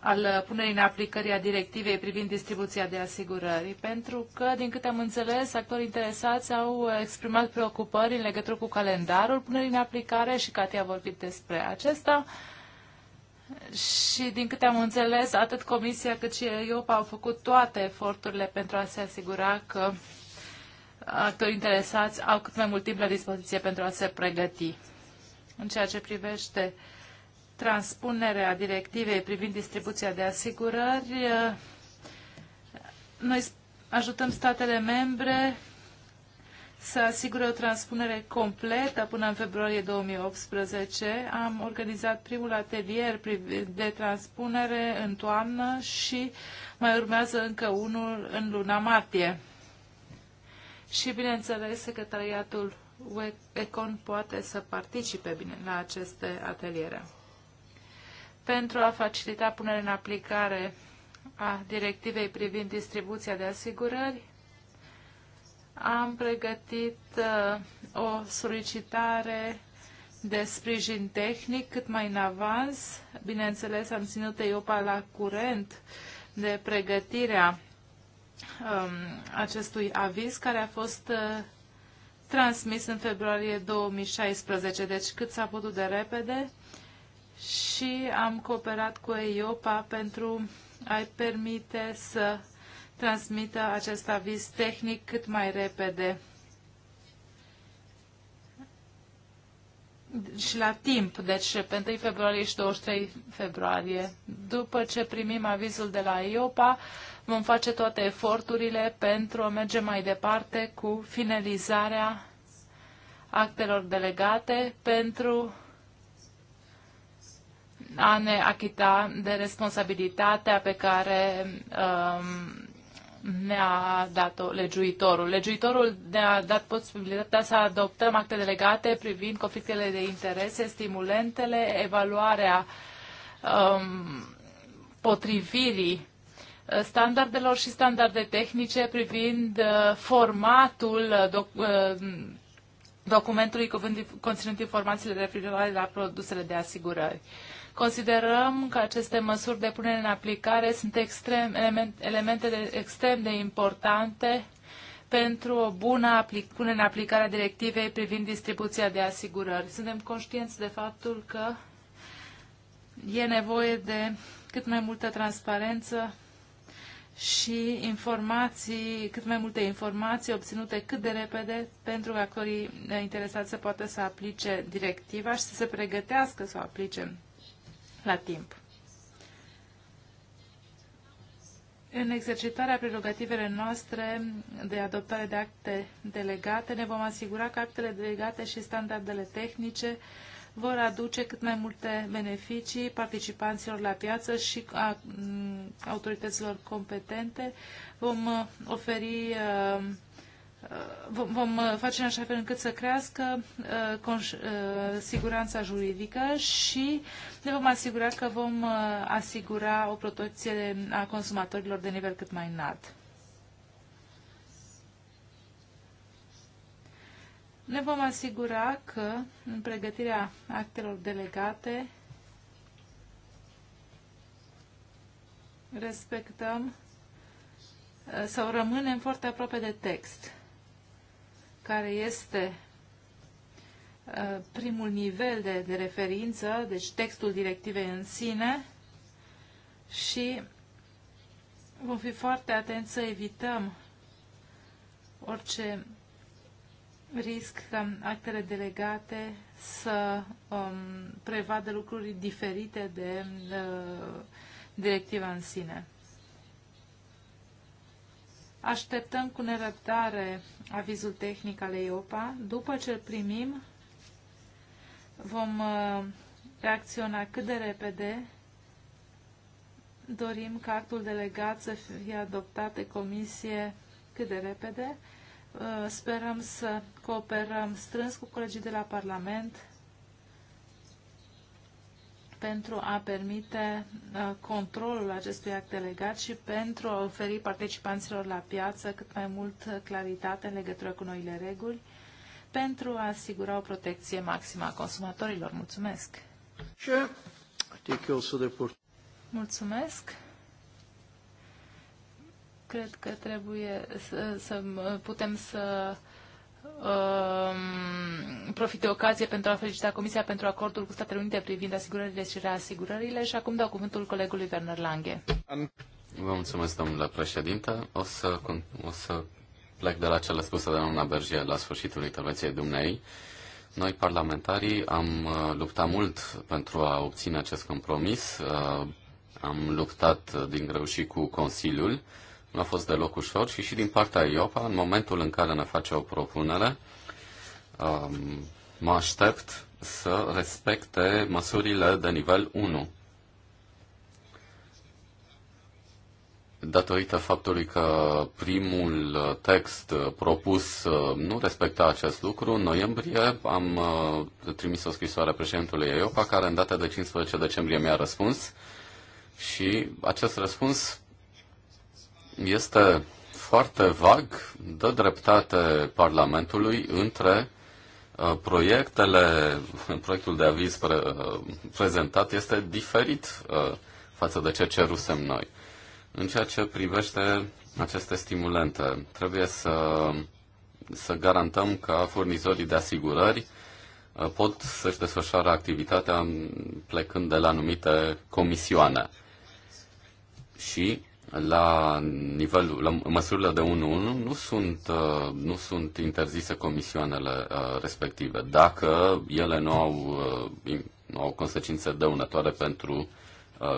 al punerii în aplicării a directivei privind distribuția de asigurări, pentru că, din câte am înțeles, actorii interesați au exprimat preocupări în legătură cu calendarul punerii în aplicare și Cati a vorbit despre acesta. Uh, și din câte am înțeles, atât Comisia cât și EIOPA au făcut toate eforturile pentru a se asigura că actorii interesați au cât mai mult timp la dispoziție pentru a se pregăti. În ceea ce privește transpunerea directivei privind distribuția de asigurări, eh, noi ajutăm statele membre să asigure o transpunere completă până în februarie 2018. Am organizat primul atelier de transpunere în toamnă și mai urmează încă unul în luna martie. Și, bineînțeles, secretariatul ECON poate să participe bine la aceste ateliere. Pentru a facilita punerea în aplicare a directivei privind distribuția de asigurări, am pregătit uh, o solicitare de sprijin tehnic cât mai în avans. Bineînțeles, am ținut EIOPA la curent de pregătirea um, acestui aviz care a fost uh, transmis în februarie 2016, deci cât s-a putut de repede și am cooperat cu EIOPA pentru a-i permite să uh, transmită acest aviz tehnic cât mai repede și la timp, deci pe 1 februarie și 23 februarie. După ce primim avizul de la IOPA, vom face toate eforturile pentru a merge mai departe cu finalizarea actelor delegate pentru a ne achita de responsabilitatea pe care um, ne-a dat-o legiuitorul. Legiuitorul ne-a dat posibilitatea să adoptăm acte delegate privind conflictele de interese, stimulentele, evaluarea um, potrivirii uh, standardelor și standarde tehnice privind uh, formatul uh, doc, uh, documentului conținut informațiile referitoare la produsele de asigurări. Uh, Considerăm că aceste măsuri de punere în aplicare sunt extrem, element, elemente de, extrem de importante pentru o bună aplic, punere în aplicare a directivei privind distribuția de asigurări. Suntem conștienți de faptul că e nevoie de cât mai multă transparență și informații, cât mai multe informații obținute cât de repede pentru că actorii interesați să poată să aplice directiva și să se pregătească să o aplice la timp. În exercitarea prerogativele noastre de adoptare de acte delegate, ne vom asigura că actele delegate și standardele tehnice vor aduce cât mai multe beneficii participanților la piață și a autorităților competente. Vom uh, oferi uh, Uh, vom, uh, face în așa fel încât să crească uh, siguranța juridică și ne vom asigura că vom asigura o protecție a consumatorilor de nivel cât mai înalt. Ne vom asigura că în pregătirea actelor delegate respectăm sau rămânem foarte aproape de text care este uh, primul nivel de, de referință, deci textul directivei în sine și vom fi foarte atenți să evităm orice risc ca actele delegate să um, prevadă lucruri diferite de uh, directiva în sine. Așteptăm cu nerăbdare avizul tehnic al EIOPA. După ce îl primim, vom uh, reacționa cât de repede. Dorim ca actul delegat să fie adoptat de comisie cât de repede. Uh, sperăm să cooperăm strâns cu colegii de la Parlament pentru a permite uh, controlul acestui act delegat și pentru a oferi participanților la piață cât mai mult claritate în legătură cu noile reguli, pentru a asigura o protecție maximă a consumatorilor. Mulțumesc! Mulțumesc! Cred că trebuie să, să putem să Um, profit de ocazie pentru a felicita Comisia pentru acordul cu Statele Unite privind asigurările și reasigurările și acum dau cuvântul colegului Werner Lange. Vă mulțumesc, domnule președinte. O să, o să plec de la cele spuse de doamna Berger la sfârșitul intervenției dumnei. Noi, parlamentarii, am uh, luptat mult pentru a obține acest compromis. Uh, am luptat uh, din greu și cu Consiliul. Nu a fost deloc ușor și și din partea IOPA, în momentul în care ne face o propunere, um, mă aștept să respecte măsurile de nivel 1. Datorită faptului că primul text propus uh, nu respecta acest lucru, în noiembrie am uh, trimis o scrisoare președintului IOPA, care în data de 15 decembrie mi-a răspuns și acest răspuns este foarte vag, dă dreptate Parlamentului între uh, proiectele, proiectul de aviz pre, uh, prezentat este diferit uh, față de ce cerusem noi. În ceea ce privește aceste stimulente, trebuie să, să garantăm că furnizorii de asigurări pot să-și desfășoare activitatea plecând de la anumite comisioane. Și la nivelul, la măsurile de 1-1 nu sunt, uh, nu sunt interzise comisioanele uh, respective, dacă ele nu au, uh, nu au consecințe dăunătoare pentru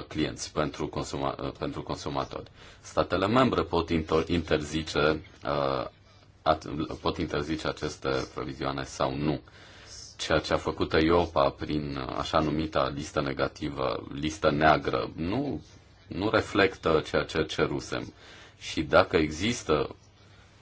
clienți, pentru, consuma, pentru consumatori. Statele membre pot interzice, pot interzice aceste provizioane sau nu. Ceea ce a făcut EIOPA prin așa numita listă negativă, listă neagră, nu nu reflectă ceea ce cerusem. Și dacă există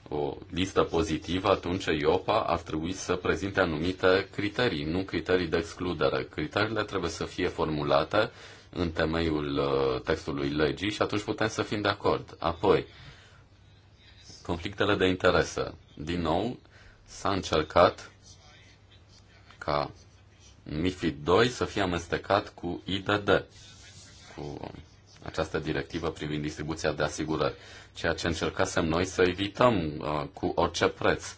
o listă pozitivă, atunci IOPA ar trebui să prezinte anumite criterii, nu criterii de excludere. Criteriile trebuie să fie formulate în temeiul uh, textului legii și atunci putem să fim de acord. Apoi, conflictele de interese. Din nou, s-a încercat ca MIFID 2 să fie amestecat cu IDD, cu această directivă privind distribuția de asigurări, ceea ce încercasem noi să evităm uh, cu orice preț,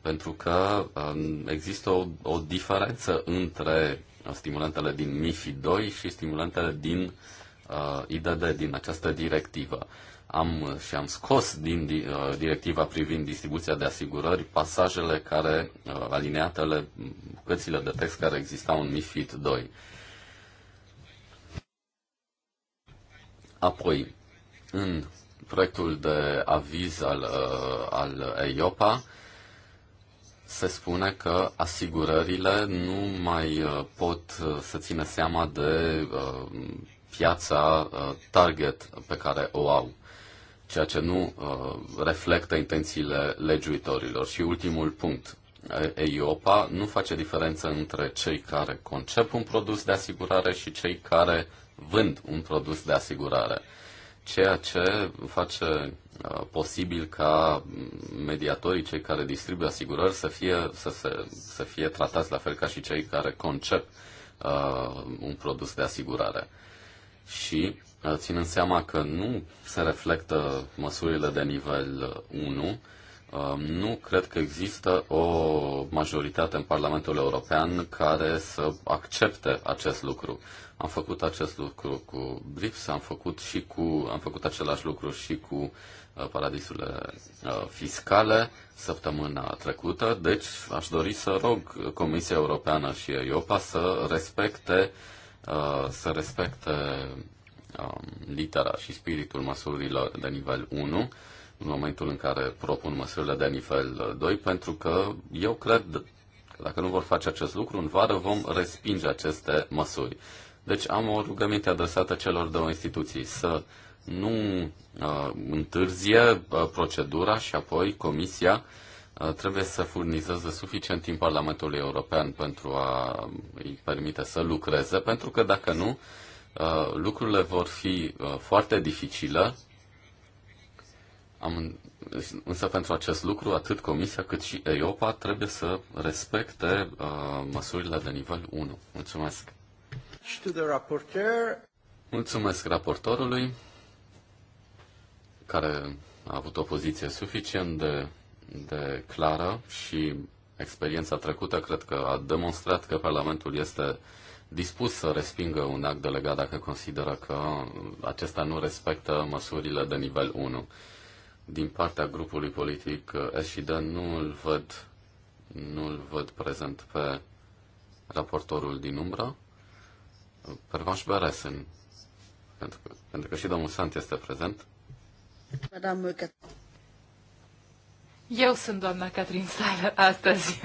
pentru că uh, există o, o diferență între stimulantele din MIFID 2 și stimulantele din uh, IDD, din această directivă. Am și am scos din uh, directiva privind distribuția de asigurări pasajele care, uh, alineatele, bucățile de text care existau în MIFID 2 Apoi, în proiectul de aviz al, uh, al EIOPA, se spune că asigurările nu mai uh, pot uh, să țină seama de piața target pe care o au, ceea ce nu reflectă intențiile legiuitorilor. Și ultimul punct, EIOPA nu face diferență între cei care concep un produs de asigurare și cei care vând un produs de asigurare, ceea ce face uh, posibil ca mediatorii, cei care distribuie asigurări, să fie, să, se, să fie tratați la fel ca și cei care concep uh, un produs de asigurare. Și uh, ținând seama că nu se reflectă măsurile de nivel 1, uh, Um, nu cred că există o majoritate în Parlamentul European care să accepte acest lucru. Am făcut acest lucru cu BRICS, am făcut, și cu, am făcut același lucru și cu uh, paradisurile uh, fiscale săptămâna trecută, deci aș dori să rog Comisia Europeană și EIOPA să respecte, uh, să respecte um, litera și spiritul măsurilor de nivel 1 în momentul în care propun măsurile de nivel 2, pentru că eu cred că dacă nu vor face acest lucru, în vară vom respinge aceste măsuri. Deci am o rugăminte adresată celor două instituții să nu uh, întârzie uh, procedura și apoi Comisia uh, trebuie să furnizeze suficient timp Parlamentului European pentru a îi permite să lucreze, pentru că dacă nu, uh, lucrurile vor fi uh, foarte dificile am, însă pentru acest lucru, atât Comisia cât și EIOPA trebuie să respecte uh, măsurile de nivel 1. Mulțumesc! Mulțumesc raportorului, care a avut o poziție suficient de, de clară și experiența trecută cred că a demonstrat că Parlamentul este dispus să respingă un act delegat dacă consideră că acesta nu respectă măsurile de nivel 1 din partea grupului politic uh, SID nu îl văd, nu îl văd prezent pe raportorul din umbră, Pervaș Beresen, pentru că, pentru că și domnul Sant este prezent. Eu sunt doamna Catrin Sailer astăzi.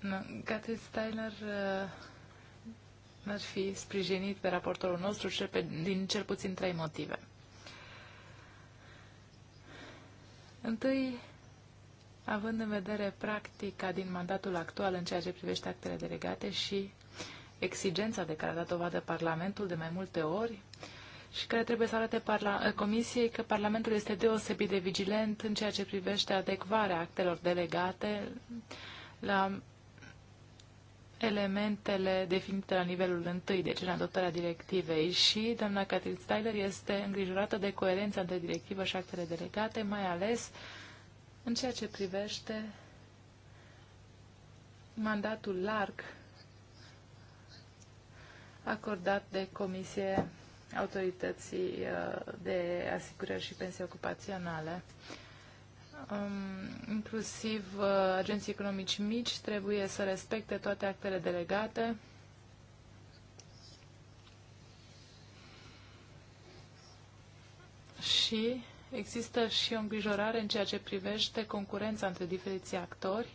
No, Catherine Steiner uh, ar fi sprijinit pe raportorul nostru și pe, din cel puțin trei motive. Întâi, având în vedere practica din mandatul actual în ceea ce privește actele delegate și exigența de care a dat dovadă Parlamentul de mai multe ori și care trebuie să arate Comisiei că Parlamentul este deosebit de vigilent în ceea ce privește adecvarea actelor delegate la elementele definite la nivelul întâi, deci în adoptarea directivei și doamna Catherine Styler este îngrijorată de coerența între directivă și actele delegate, mai ales în ceea ce privește mandatul larg acordat de Comisie Autorității uh, de Asigurări și Pensii Ocupaționale um, inclusiv uh, agenții economici mici, trebuie să respecte toate actele delegate. Și există și o îngrijorare în ceea ce privește concurența între diferiții actori.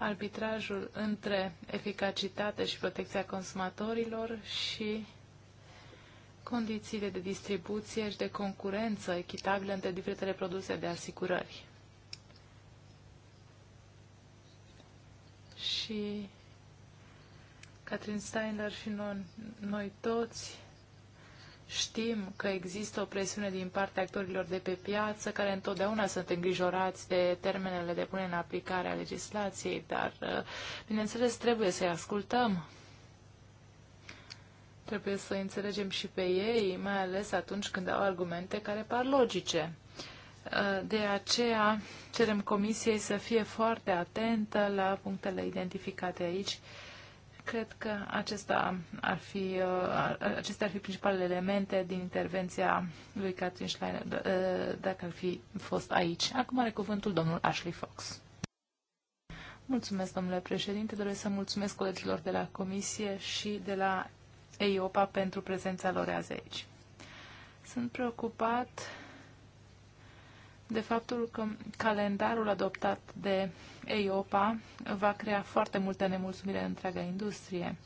arbitrajul între eficacitate și protecția consumatorilor și condițiile de distribuție și de concurență echitabile între diferitele produse de asigurări. Și Catherine Steiner și noi, noi toți Știm că există o presiune din partea actorilor de pe piață care întotdeauna sunt îngrijorați de termenele de punere în aplicare a legislației, dar, uh, bineînțeles, trebuie să-i ascultăm. Trebuie să înțelegem și pe ei, mai ales atunci când au argumente care par logice. Uh, de aceea cerem Comisiei să fie foarte atentă la punctele identificate aici. Cred că acesta ar fi, uh, acestea ar fi principalele elemente din intervenția lui Catherine Schleiner, uh, dacă ar fi fost aici. Acum are cuvântul domnul Ashley Fox. Mulțumesc, domnule președinte. Doresc să mulțumesc colegilor de la Comisie și de la EIOPA pentru prezența lor azi aici. Sunt preocupat de faptul că calendarul adoptat de EIOPA va crea foarte multe nemulțumire în întreaga industrie.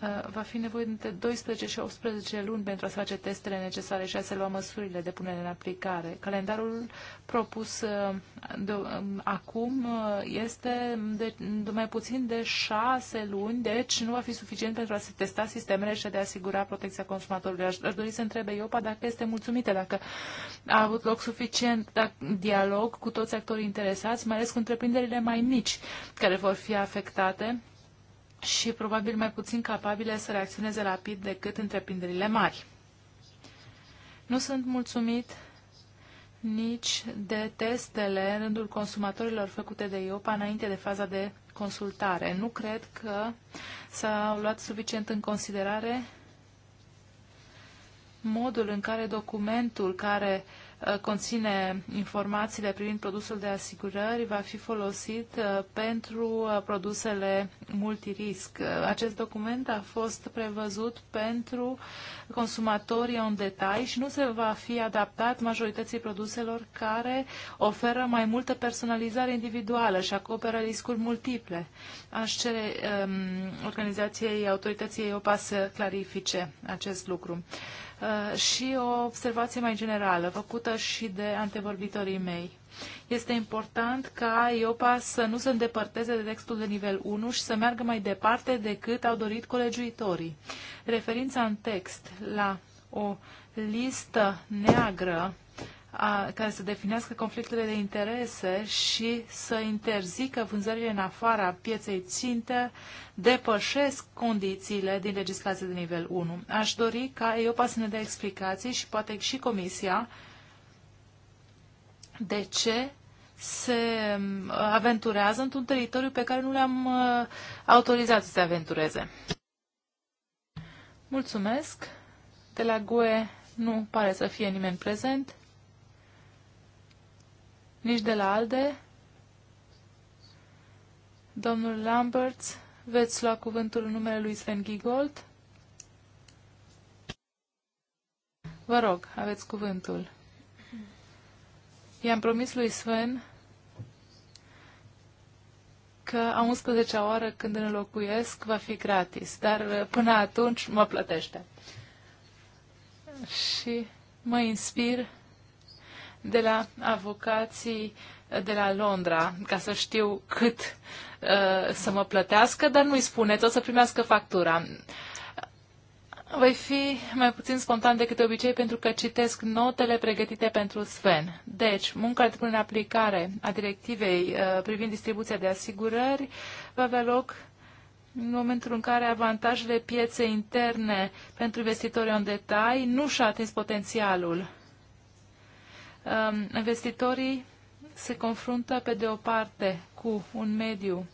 Uh, va fi nevoie între 12 și 18 luni pentru a se face testele necesare și a se lua măsurile de punere în aplicare. Calendarul propus uh, de, uh, acum este de, de mai puțin de 6 luni, deci nu va fi suficient pentru a se testa sistemele și de a asigura protecția consumatorului. Aș, aș dori să întrebe Iopa dacă este mulțumită, dacă a avut loc suficient dacă, dialog cu toți actorii interesați, mai ales cu întreprinderile mai mici care vor fi afectate și probabil mai puțin capabile să reacționeze rapid decât întreprinderile mari. Nu sunt mulțumit nici de testele în rândul consumatorilor făcute de IOPA înainte de faza de consultare. Nu cred că s-au luat suficient în considerare modul în care documentul care uh, Uh, conține informațiile privind produsul de asigurări va fi folosit uh, pentru uh, produsele multirisc. Acest document a fost prevăzut pentru consumatorii în detaliu și nu se va fi adaptat majorității produselor care oferă mai multă personalizare individuală și acoperă riscuri multiple. Aș cere um, organizației autorității EOPA să clarifice acest lucru. Uh, și o observație mai generală, făcută și de antevorbitorii mei. Este important ca IOPA să nu se îndepărteze de textul de nivel 1 și să meargă mai departe decât au dorit colegiuitorii. Referința în text la o listă neagră a, care să definească conflictele de interese și să interzică vânzările în afara pieței ținte depășesc condițiile din legislație de nivel 1. Aș dori ca EIOPA să ne dea explicații și poate și Comisia de ce se aventurează într-un teritoriu pe care nu le-am uh, autorizat să se aventureze. Mulțumesc. De la GUE nu pare să fie nimeni prezent nici de la ALDE. Domnul Lamberts, veți lua cuvântul în numele lui Sven Gigold? Vă rog, aveți cuvântul. I-am promis lui Sven că a 11-a oară când ne locuiesc va fi gratis, dar până atunci mă plătește. Și mă inspir de la avocații de la Londra ca să știu cât uh, să mă plătească, dar nu-i spune o să primească factura. Voi fi mai puțin spontan decât de obicei pentru că citesc notele pregătite pentru Sven. Deci, munca de până în aplicare a directivei uh, privind distribuția de asigurări va avea loc în momentul în care avantajele pieței interne pentru investitorii în detai nu și-a atins potențialul Um, investitorii se confruntă pe de o parte cu un mediu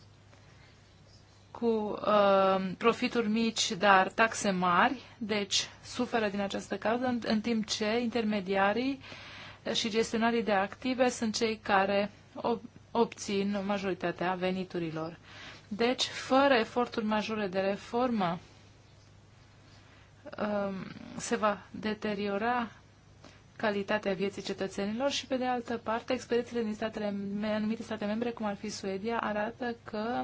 cu um, profituri mici, dar taxe mari, deci suferă din această cauză, în, în timp ce intermediarii și gestionarii de active sunt cei care ob obțin majoritatea veniturilor. Deci, fără eforturi majore de reformă, um, se va deteriora calitatea vieții cetățenilor și, pe de altă parte, experiențele din statele, anumite state membre, cum ar fi Suedia, arată că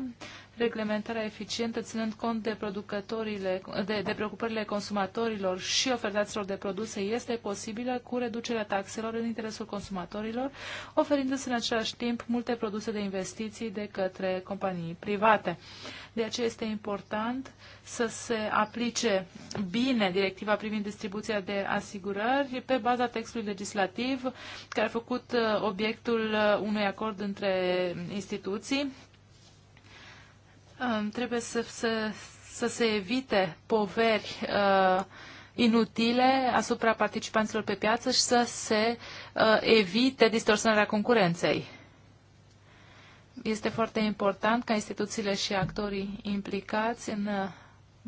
reglementarea eficientă, ținând cont de, producătorile, de, de preocupările consumatorilor și ofertaților de produse, este posibilă cu reducerea taxelor în interesul consumatorilor, oferindu-se în același timp multe produse de investiții de către companii private. De aceea este important să se aplice bine directiva privind distribuția de asigurări pe baza textului legislativ care a făcut uh, obiectul uh, unui acord între instituții Um, trebuie să, să, să se evite poveri uh, inutile asupra participanților pe piață și să se uh, evite distorsionarea concurenței. Este foarte important ca instituțiile și actorii implicați în uh,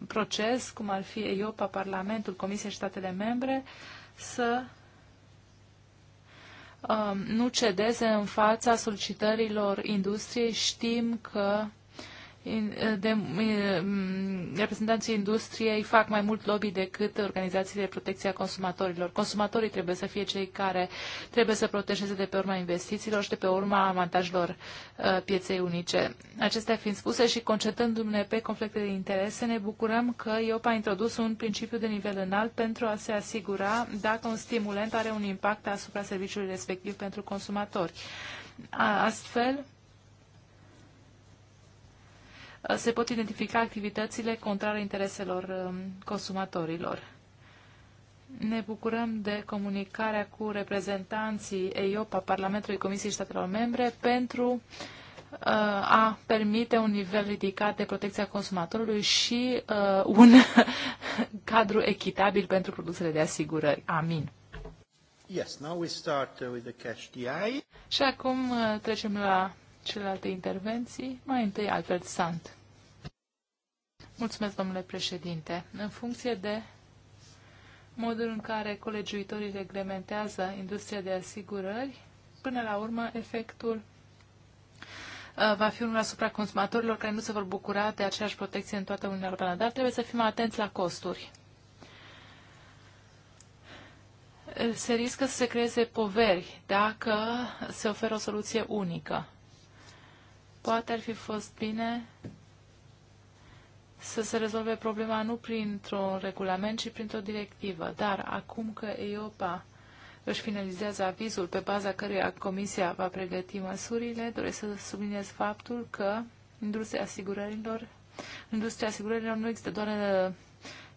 proces, cum ar fi EIOPA, Parlamentul, Comisia și statele membre, să um, nu cedeze în fața solicitărilor industriei. Știm că uh, Uh, de, uh, mm, reprezentanții industriei fac mai mult lobby decât organizațiile de protecție a consumatorilor. Consumatorii trebuie să fie cei care trebuie să protejeze de pe urma investițiilor și de pe urma avantajelor uh, pieței unice. Acestea fiind spuse și concentrându-ne pe conflicte de interese, ne bucurăm că IOPA a introdus un principiu de nivel înalt pentru a se asigura dacă un stimulant are un impact asupra serviciului respectiv pentru consumatori. Astfel, Uh, se pot identifica activitățile contrare intereselor um, consumatorilor. Ne bucurăm de comunicarea cu reprezentanții EIOPA, Parlamentului Comisiei Statelor Membre, pentru uh, a permite un nivel ridicat de protecție a consumatorului și uh, un cadru echitabil pentru produsele de asigurări. Amin. Yes, now we start uh, with the cash DI. Și acum trecem la celelalte intervenții. Mai întâi Albert Sant. Mulțumesc, domnule președinte. În funcție de modul în care colegiuitorii reglementează industria de asigurări, până la urmă efectul uh, va fi unul asupra consumatorilor care nu se vor bucura de aceeași protecție în toată Uniunea Europeană. Dar trebuie să fim atenți la costuri. Se riscă să se creeze poveri dacă se oferă o soluție unică. Poate ar fi fost bine să se rezolve problema nu printr-un regulament, ci printr-o directivă. Dar acum că EIOPA își finalizează avizul pe baza căruia Comisia va pregăti măsurile, doresc să subliniez faptul că industria asigurărilor, industria asigurărilor nu există doar uh,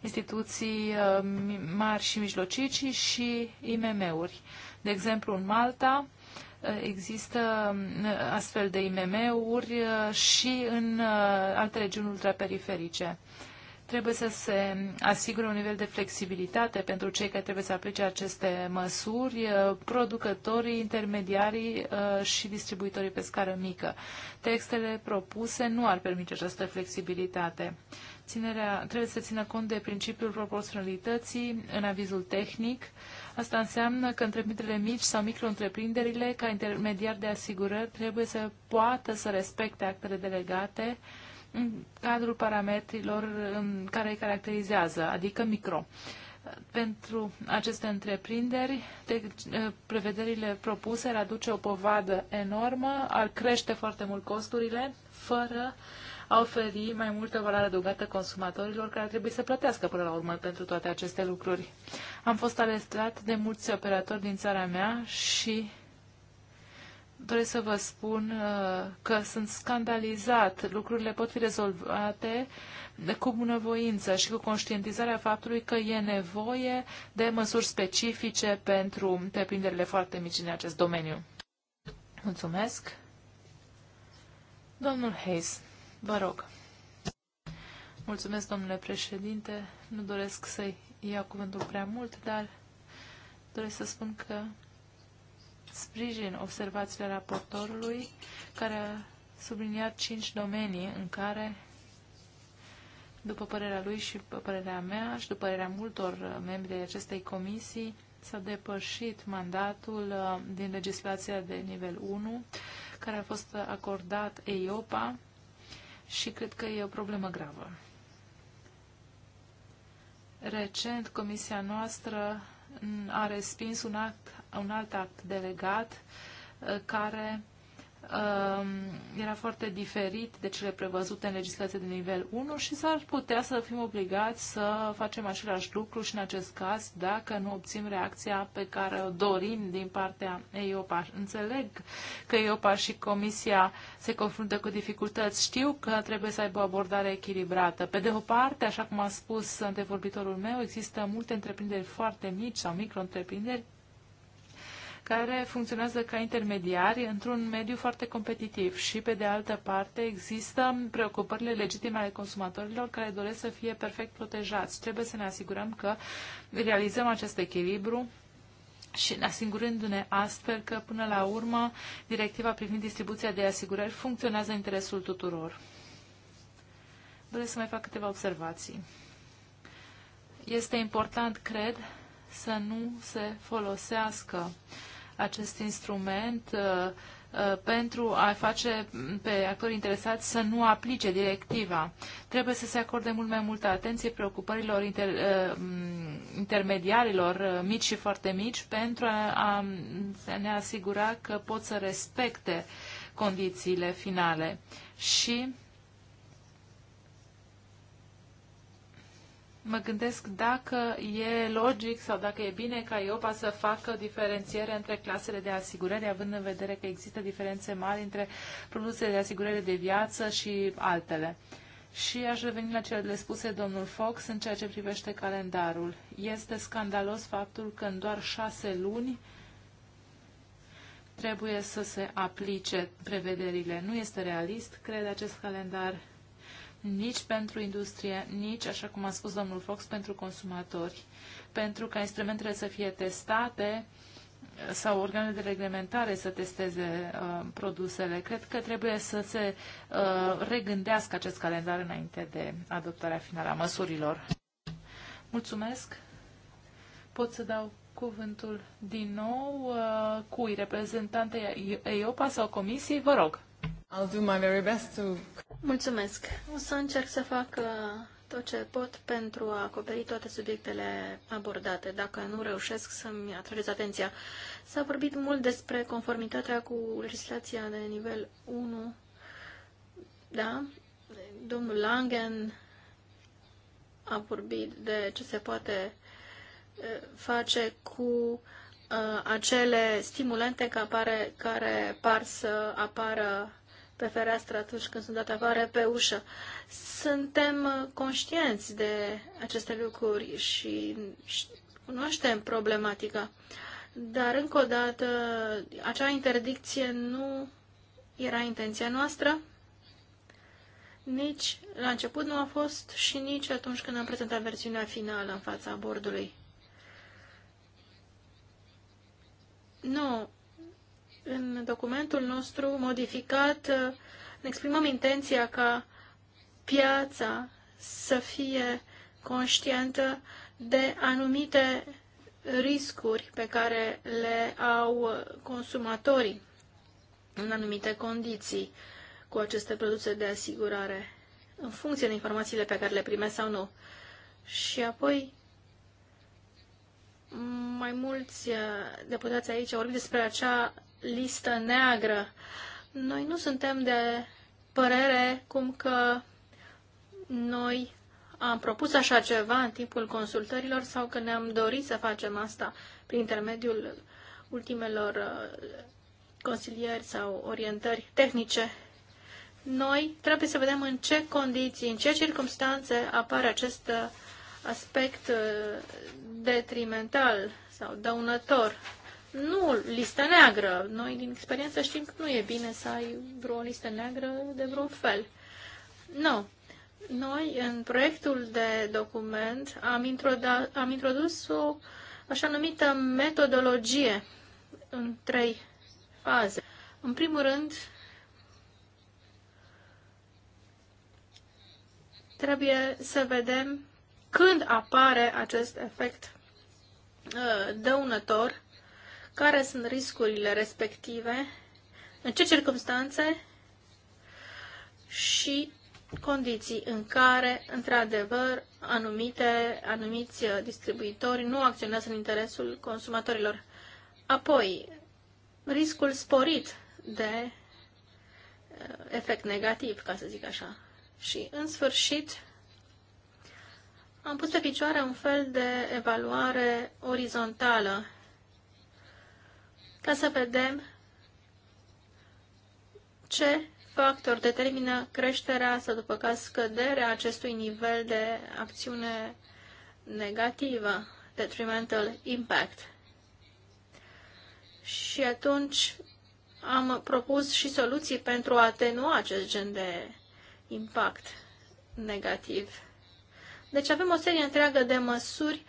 instituții uh, mari și mijlocii, ci și IMM-uri. De exemplu, în Malta, există mm, astfel de IMM-uri uh, și în uh, alte regiuni ultraperiferice. Trebuie să se asigure un nivel de flexibilitate pentru cei care trebuie să aplice aceste măsuri, uh, producătorii, intermediarii și distribuitorii pe scară mică. Textele propuse nu ar permite această flexibilitate. Ținerea, trebuie să țină cont de principiul proporționalității în avizul tehnic, Asta înseamnă că întreprinderile mici sau micro-întreprinderile, ca intermediar de asigurări, trebuie să poată să respecte actele delegate în cadrul parametrilor care îi caracterizează, adică micro. Pentru aceste întreprinderi, de, eh, prevederile propuse ar aduce o povadă enormă, ar crește foarte mult costurile, fără a oferi mai multă valoare adăugată consumatorilor care trebuie să plătească până la urmă pentru toate aceste lucruri. Am fost alestrat de mulți operatori din țara mea și doresc să vă spun uh, că sunt scandalizat. Lucrurile pot fi rezolvate cu bunăvoință și cu conștientizarea faptului că e nevoie de măsuri specifice pentru întreprinderile foarte mici în acest domeniu. Mulțumesc. Domnul Hayes. Vă rog. Mulțumesc, domnule președinte. Nu doresc să iau cuvântul prea mult, dar doresc să spun că sprijin observațiile raportorului care a subliniat cinci domenii în care, după părerea lui și după părerea mea și după părerea multor membri ai acestei comisii, s-a depășit mandatul uh, din legislația de nivel 1 care a fost acordat EIOPA și cred că e o problemă gravă. Recent, comisia noastră a respins un, act, un alt act delegat uh, care uh, Um, era foarte diferit de cele prevăzute în legislație de nivel 1 și s-ar putea să fim obligați să facem același lucru și în acest caz dacă nu obțim reacția pe care o dorim din partea EIOPA. Înțeleg că EIOPA și Comisia se confruntă cu dificultăți. Știu că trebuie să aibă o abordare echilibrată. Pe de o parte, așa cum a spus antevorbitorul meu, există multe întreprinderi foarte mici sau micro-întreprinderi care funcționează ca intermediari într-un mediu foarte competitiv și, pe de altă parte, există preocupările legitime ale consumatorilor care doresc să fie perfect protejați. Trebuie să ne asigurăm că realizăm acest echilibru și asigurându-ne astfel că, până la urmă, directiva privind distribuția de asigurări funcționează în interesul tuturor. Doresc să mai fac câteva observații. Este important, cred, să nu se folosească acest instrument uh, uh, pentru a face pe actorii interesați să nu aplice directiva. Trebuie să se acorde mult mai multă atenție preocupărilor inter, uh, intermediarilor mici și foarte mici pentru a ne asigura că pot să respecte condițiile finale. Și mă gândesc dacă e logic sau dacă e bine ca IOPA să facă diferențiere între clasele de asigurări, având în vedere că există diferențe mari între produsele de asigurare de viață și altele. Și aș reveni la cele spuse domnul Fox în ceea ce privește calendarul. Este scandalos faptul că în doar șase luni trebuie să se aplice prevederile. Nu este realist, cred, acest calendar nici pentru industrie, nici, așa cum a spus domnul Fox, pentru consumatori. Pentru ca instrumentele să fie testate eh, sau organele de reglementare să testeze uh, produsele. Cred că trebuie să se uh, regândească acest calendar înainte de adoptarea finală a măsurilor. Mulțumesc. Pot să dau cuvântul din nou uh, cui reprezentante EIOPA sau Comisiei, vă rog. I'll do my very best to... Mulțumesc. O să încerc să fac uh, tot ce pot pentru a acoperi toate subiectele abordate, dacă nu reușesc să-mi atrez atenția. S-a vorbit mult despre conformitatea cu legislația de nivel 1, da? Domnul Langen a vorbit de ce se poate uh, face cu uh, acele stimulente care, care par să apară pe fereastră atunci când sunt dat afară pe ușă. Suntem uh, conștienți de aceste lucruri și cunoaștem problematica. Dar, încă o dată, acea interdicție nu era intenția noastră, nici la început nu a fost și nici atunci când am prezentat versiunea finală în fața bordului. Nu în documentul nostru modificat ne exprimăm intenția ca piața să fie conștientă de anumite riscuri pe care le au consumatorii în anumite condiții cu aceste produse de asigurare, în funcție de informațiile pe care le primesc sau nu. Și apoi, mai mulți uh, deputați aici au vorbit despre acea listă neagră. Noi nu suntem de părere cum că noi am propus așa ceva în timpul consultărilor sau că ne-am dorit să facem asta prin intermediul ultimelor uh, consilieri sau orientări tehnice. Noi trebuie să vedem în ce condiții, în ce circunstanțe apare acest uh, aspect uh, detrimental sau dăunător nu listă neagră. Noi din experiență știm că nu e bine să ai vreo listă neagră de vreun fel. Nu. Noi, în proiectul de document, am, introdu- am introdus o așa numită metodologie în trei faze. În primul rând, trebuie să vedem când apare acest efect uh, dăunător care sunt riscurile respective, în ce circunstanțe și condiții în care, într-adevăr, anumite, anumiți distribuitori nu acționează în interesul consumatorilor. Apoi, riscul sporit de uh, efect negativ, ca să zic așa. Și, în sfârșit, am pus pe picioare un fel de evaluare orizontală ca să vedem ce factor determină creșterea sau după caz scăderea acestui nivel de acțiune negativă, detrimental impact. Și atunci am propus și soluții pentru a atenua acest gen de impact negativ. Deci avem o serie întreagă de măsuri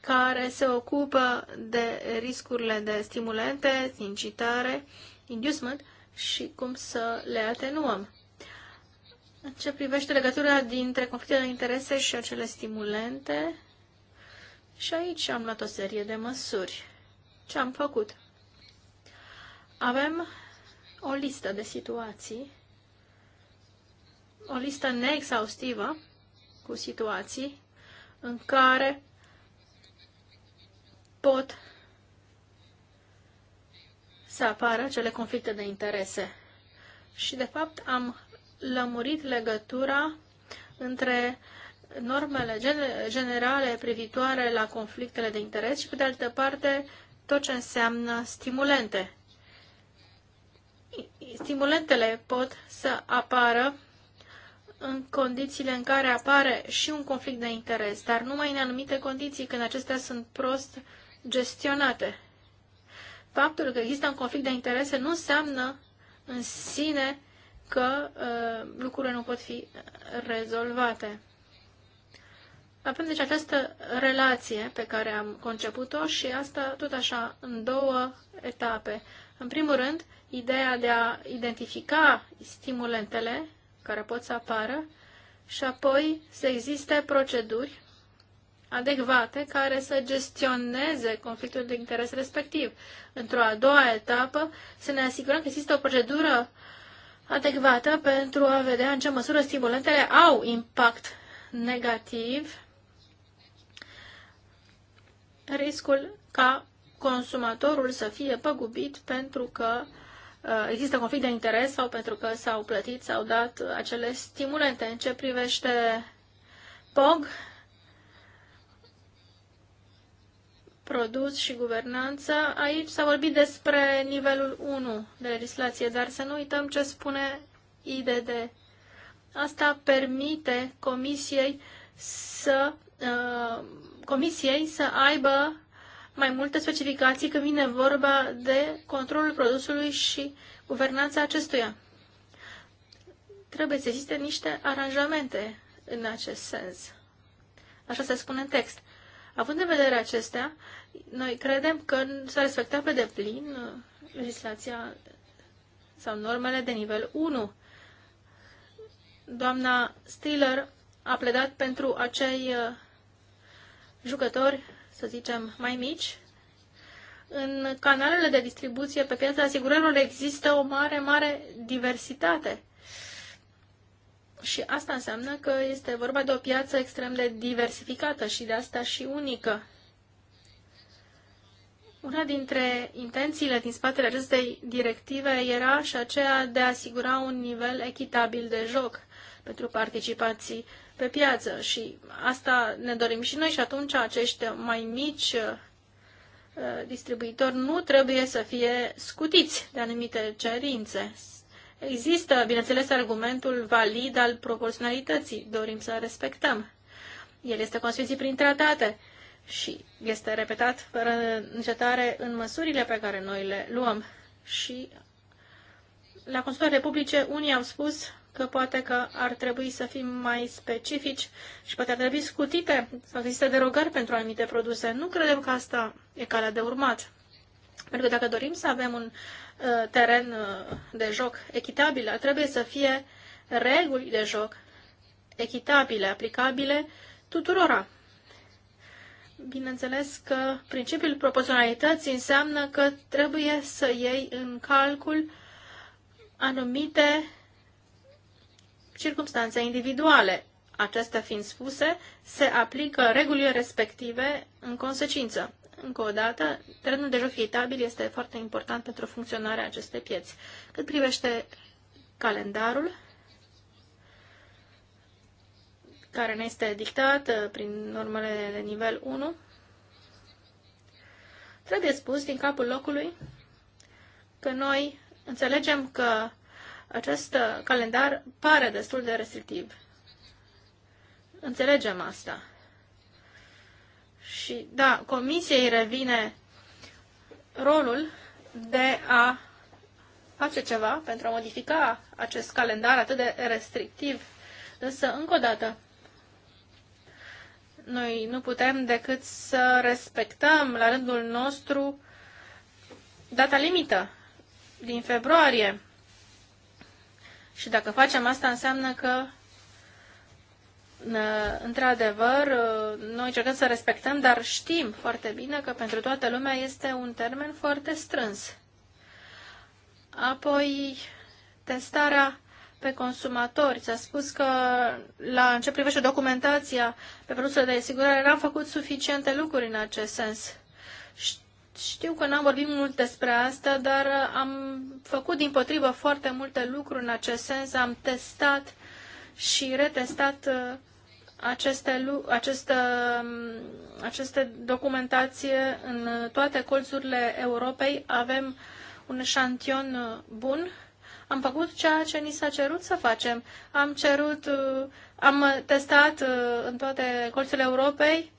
care se ocupă de riscurile de stimulente, incitare, inducement și cum să le atenuăm. În ce privește legătura dintre conflictele de interese și acele stimulente, și aici am luat o serie de măsuri. Ce am făcut? Avem o listă de situații, o listă neexhaustivă cu situații în care pot să apară acele conflicte de interese. Și, de fapt, am lămurit legătura între normele generale privitoare la conflictele de interes și, pe de altă parte, tot ce înseamnă stimulente. Stimulentele pot să apară în condițiile în care apare și un conflict de interes, dar numai în anumite condiții, când acestea sunt prost gestionate. Faptul că există un conflict de interese nu înseamnă în sine că uh, lucrurile nu pot fi rezolvate. Avem deci această relație pe care am conceput-o și asta tot așa în două etape. În primul rând, ideea de a identifica stimulentele care pot să apară și apoi să existe proceduri adecvate care să gestioneze conflictul de interes respectiv. Într-o a doua etapă, să ne asigurăm că există o procedură adecvată pentru a vedea în ce măsură stimulantele au impact negativ, riscul ca consumatorul să fie păgubit pentru că uh, există conflict de interes sau pentru că s-au plătit sau dat uh, acele stimulente. În ce privește POG, produs și guvernanță. Aici s-a vorbit despre nivelul 1 de legislație, dar să nu uităm ce spune IDD. Asta permite comisiei să, uh, comisiei să aibă mai multe specificații când vine vorba de controlul produsului și guvernanța acestuia. Trebuie să existe niște aranjamente în acest sens. Așa se spune în text. Având în vedere acestea, noi credem că s-a respectat pe deplin uh, legislația sau normele de nivel 1. Doamna Stiller a pledat pentru acei uh, jucători, să zicem, mai mici. În canalele de distribuție pe piața asigurărilor există o mare, mare diversitate. Și asta înseamnă că este vorba de o piață extrem de diversificată și de asta și unică. Una dintre intențiile din spatele acestei directive era și aceea de a asigura un nivel echitabil de joc pentru participații pe piață și asta ne dorim și noi și atunci acești mai mici uh, distribuitori nu trebuie să fie scutiți de anumite cerințe. Există, bineînțeles, argumentul valid al proporționalității. Dorim să respectăm. El este construit prin tratate și este repetat fără încetare în măsurile pe care noi le luăm. Și la consultările publice unii au spus că poate că ar trebui să fim mai specifici și poate ar trebui scutite sau există derogări pentru anumite produse. Nu credem că asta e calea de urmat. Pentru că dacă dorim să avem un uh, teren uh, de joc echitabil, trebuie să fie reguli de joc echitabile, aplicabile tuturora Bineînțeles că principiul proporționalității înseamnă că trebuie să iei în calcul anumite circunstanțe individuale. Acestea fiind spuse, se aplică regulile respective în consecință. Încă o dată, terenul de joc echitabil este foarte important pentru funcționarea acestei pieți. Cât privește calendarul, care ne este dictată uh, prin normele de nivel 1, trebuie spus din capul locului că noi înțelegem că acest uh, calendar pare destul de restrictiv. Înțelegem asta. Și da, comisiei revine rolul de a face ceva pentru a modifica acest calendar atât de restrictiv. Însă, încă o dată, noi nu putem decât să respectăm la rândul nostru data limită din februarie. Și dacă facem asta, înseamnă că, într-adevăr, noi încercăm să respectăm, dar știm foarte bine că pentru toată lumea este un termen foarte strâns. Apoi, testarea pe consumatori. S-a spus că la ce privește documentația pe produsele de asigurare n-am făcut suficiente lucruri în acest sens. Știu că n-am vorbit mult despre asta, dar am făcut din potrivă foarte multe lucruri în acest sens. Am testat și retestat uh, aceste, aceste, um, aceste documentație în toate colțurile Europei. Avem un șantion uh, bun am făcut ceea ce ni s-a cerut să facem. Am cerut, uh, am testat uh, în toate colțurile Europei,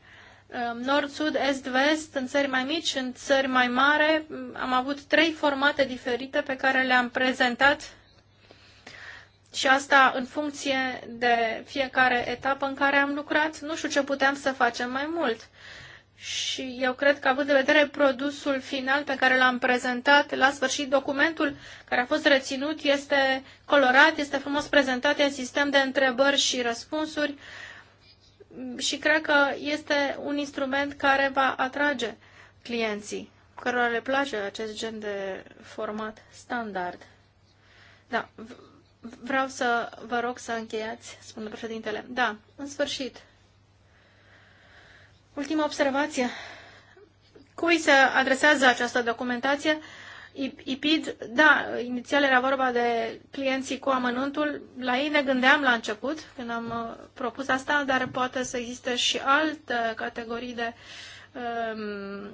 uh, nord, sud, est, vest, în țări mai mici, în țări mai mare. Mm, am avut trei formate diferite pe care le-am prezentat și asta în funcție de fiecare etapă în care am lucrat. Nu știu ce puteam să facem mai mult și eu cred că având în vedere produsul final pe care l-am prezentat la sfârșit, documentul care a fost reținut este colorat, este frumos prezentat, e un sistem de întrebări și răspunsuri și cred că este un instrument care va atrage clienții cărora le place acest gen de format standard. Da, vreau să vă rog să încheiați, spune președintele. Da, în sfârșit Ultima observație. Cui se adresează această documentație? IPID, da, inițial era vorba de clienții cu amănuntul. La ei ne gândeam la început, când am uh, propus asta, dar poate să existe și alte categorii de um,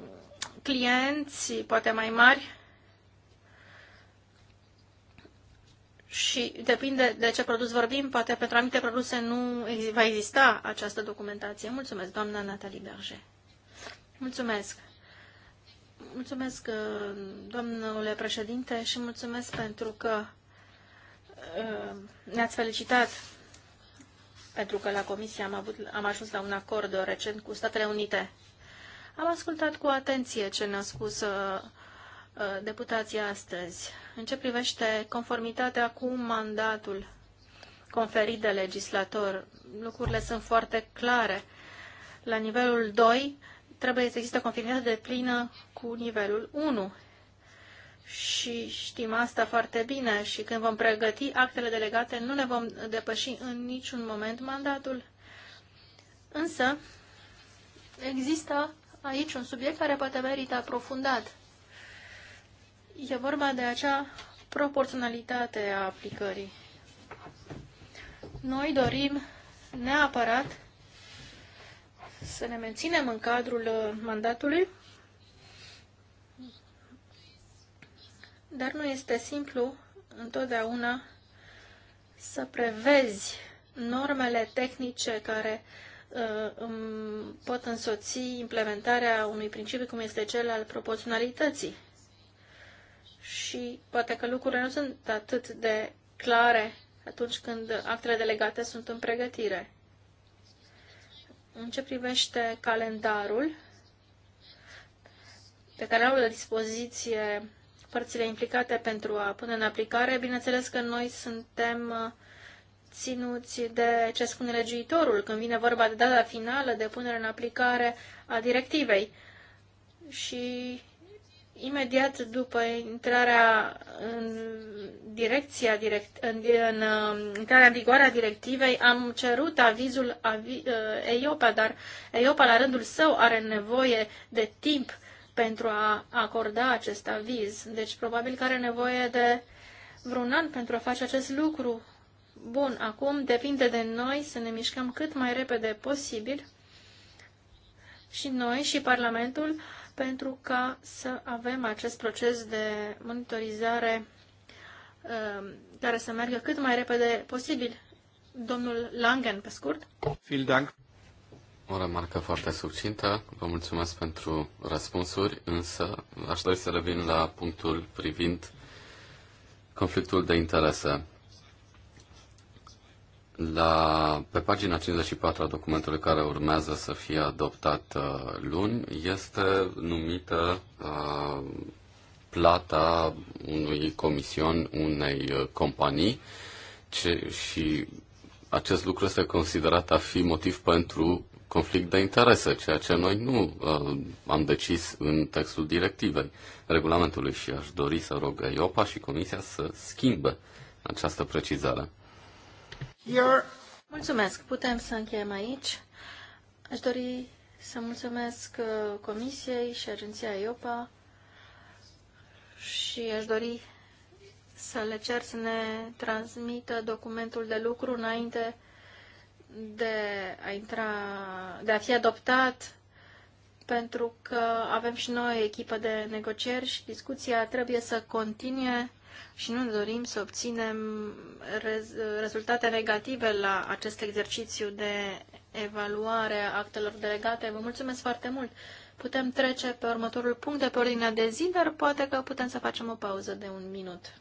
clienți, poate mai mari, și depinde de ce produs vorbim, poate pentru anumite produse nu va exista această documentație. Mulțumesc, doamna Natalie Berger. Mulțumesc. Mulțumesc, uh, domnule președinte, și mulțumesc pentru că uh, ne-ați felicitat pentru că la comisie am, avut, am ajuns la un acord recent cu Statele Unite. Am ascultat cu atenție ce ne-a spus uh, Uh, deputații astăzi. În ce privește conformitatea cu mandatul conferit de legislator, lucrurile sunt foarte clare. La nivelul 2 trebuie să existe conformitate de plină cu nivelul 1. Și știm asta foarte bine și când vom pregăti actele delegate nu ne vom depăși în niciun moment mandatul. Însă există aici un subiect care poate merita aprofundat E vorba de acea proporționalitate a aplicării. Noi dorim neapărat să ne menținem în cadrul uh, mandatului, dar nu este simplu întotdeauna să prevezi normele tehnice care uh, pot însoți implementarea unui principiu cum este cel al proporționalității și poate că lucrurile nu sunt atât de clare atunci când actele delegate sunt în pregătire. În ce privește calendarul pe care au la dispoziție părțile implicate pentru a pune în aplicare, bineînțeles că noi suntem uh, ținuți de ce spune legiuitorul când vine vorba de data finală de punere în aplicare a directivei. Și Imediat după intrarea în direcția direct, în, în, în um, intrarea în vigoare a directivei, am cerut avizul avi, uh, EIOPA, dar EIOPA la rândul său are nevoie de timp pentru a acorda acest aviz. Deci probabil că are nevoie de vreun an pentru a face acest lucru. Bun, acum depinde de noi să ne mișcăm cât mai repede posibil și noi și Parlamentul pentru ca să avem acest proces de monitorizare um, care să meargă cât mai repede posibil. Domnul Langen, pe scurt. Vielen O remarcă foarte succintă. Vă mulțumesc pentru răspunsuri, însă aș dori să revin la punctul privind conflictul de interese. La, pe pagina 54 a documentului care urmează să fie adoptat uh, luni este numită a, uh, plata unui comision unei uh, companii ce, și acest lucru este considerat a fi motiv pentru conflict de interese, ceea ce noi nu uh, am decis în textul directivei regulamentului și aș dori să rog EIOPA și Comisia să schimbe această precizare. Here. Mulțumesc. Putem să încheiem aici. Aș dori să mulțumesc uh, Comisiei și Agenția IOPA și aș dori să le cer să ne transmită documentul de lucru înainte de a, intra, de a fi adoptat, pentru că avem și noi echipă de negocieri și discuția trebuie să continue și nu dorim să obținem rez- rezultate negative la acest exercițiu de evaluare a actelor delegate. Vă mulțumesc foarte mult! Putem trece pe următorul punct de pe ordinea de zi, dar poate că putem să facem o pauză de un minut.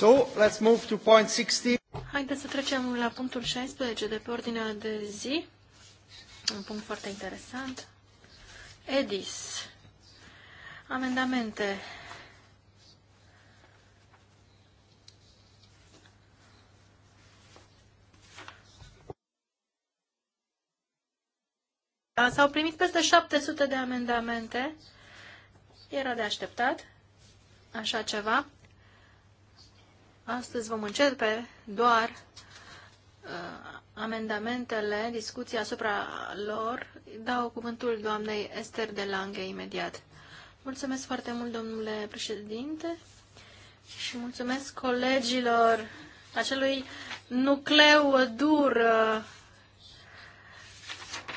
So, let's move to point 16. Haideți să trecem la punctul 16 de pe ordinea de zi. Un punct foarte interesant. EDIS. Amendamente. S-au primit peste 700 de amendamente. Era de așteptat așa ceva. Astăzi vom începe doar uh, amendamentele, discuția asupra lor. Dau cuvântul doamnei Esther de Lange imediat. Mulțumesc foarte mult, domnule președinte, și mulțumesc colegilor acelui nucleu dur uh,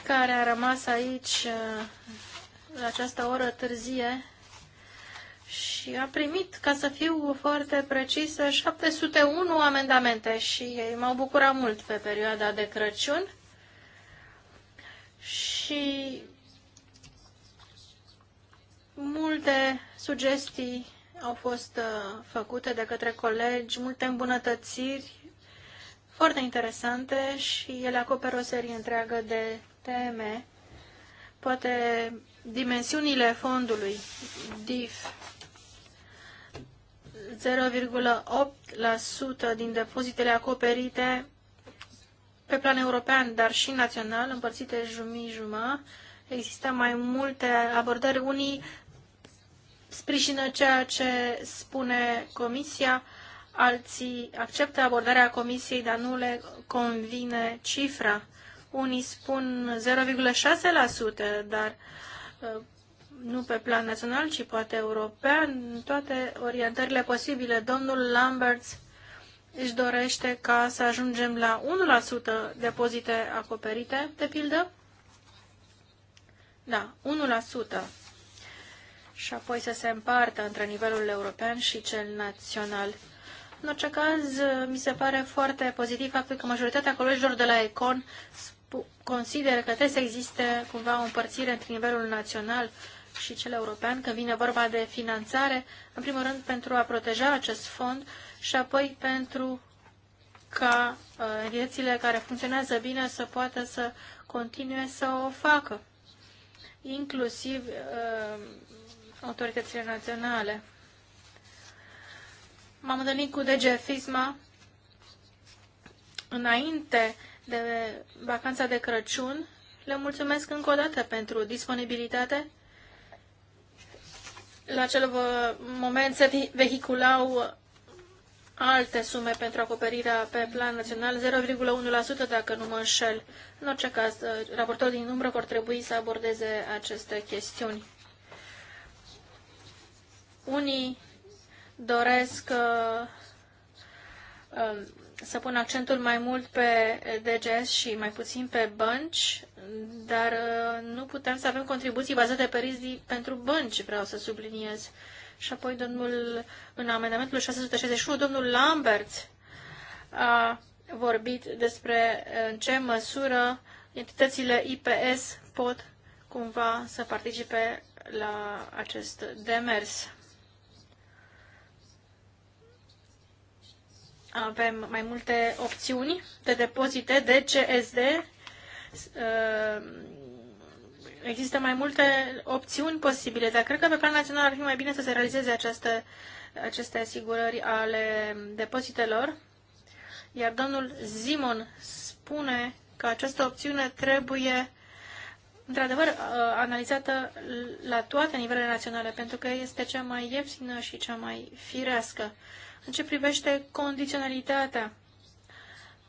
care a rămas aici uh, la această oră târzie și a primit, ca să fiu foarte precisă, 701 amendamente și ei m-au bucurat mult pe perioada de Crăciun. Și multe sugestii au fost uh, făcute de către colegi, multe îmbunătățiri foarte interesante și ele acoperă o serie întreagă de teme. Poate dimensiunile fondului DIF 0,8% din depozitele acoperite pe plan european, dar și național, împărțite jumii-juma. Există mai multe abordări. Unii sprijină ceea ce spune Comisia, alții acceptă abordarea Comisiei, dar nu le convine cifra. Unii spun 0,6%, dar uh, nu pe plan național, ci poate european, în toate orientările posibile. Domnul Lamberts își dorește ca să ajungem la 1% depozite acoperite, de pildă. Da, 1%. Și apoi să se împartă între nivelul european și cel național. În orice caz, mi se pare foarte pozitiv faptul că majoritatea colegilor de la Econ consideră că trebuie să existe cumva o împărțire între nivelul național și cel european când vine vorba de finanțare, în primul rând pentru a proteja acest fond și apoi pentru ca viețile uh, care funcționează bine să poată să continue să o facă, inclusiv uh, autoritățile naționale. M-am întâlnit cu DG FISMA înainte de vacanța de Crăciun. Le mulțumesc încă o dată pentru disponibilitate la acel moment se vehiculau alte sume pentru acoperirea pe plan național, 0,1% dacă nu mă înșel. În orice caz, uh, raportorul din umbră vor trebui să abordeze aceste chestiuni. Unii doresc uh, um, să pun accentul mai mult pe DGS și mai puțin pe bănci, dar uh, nu putem să avem contribuții bazate pe risc pentru bănci, vreau să subliniez. Și apoi domnul, în amendamentul 661, domnul Lambert a vorbit despre uh, în ce măsură entitățile IPS pot cumva să participe la acest demers. Avem mai multe opțiuni de depozite de CSD. Ă, există mai multe opțiuni posibile, dar cred că pe plan național ar fi mai bine să se realizeze aceste, aceste asigurări ale depozitelor. Iar domnul Zimon spune că această opțiune trebuie într-adevăr ă, analizată la toate nivelele naționale, pentru că este cea mai ieftină și cea mai firească. În ce privește condiționalitatea,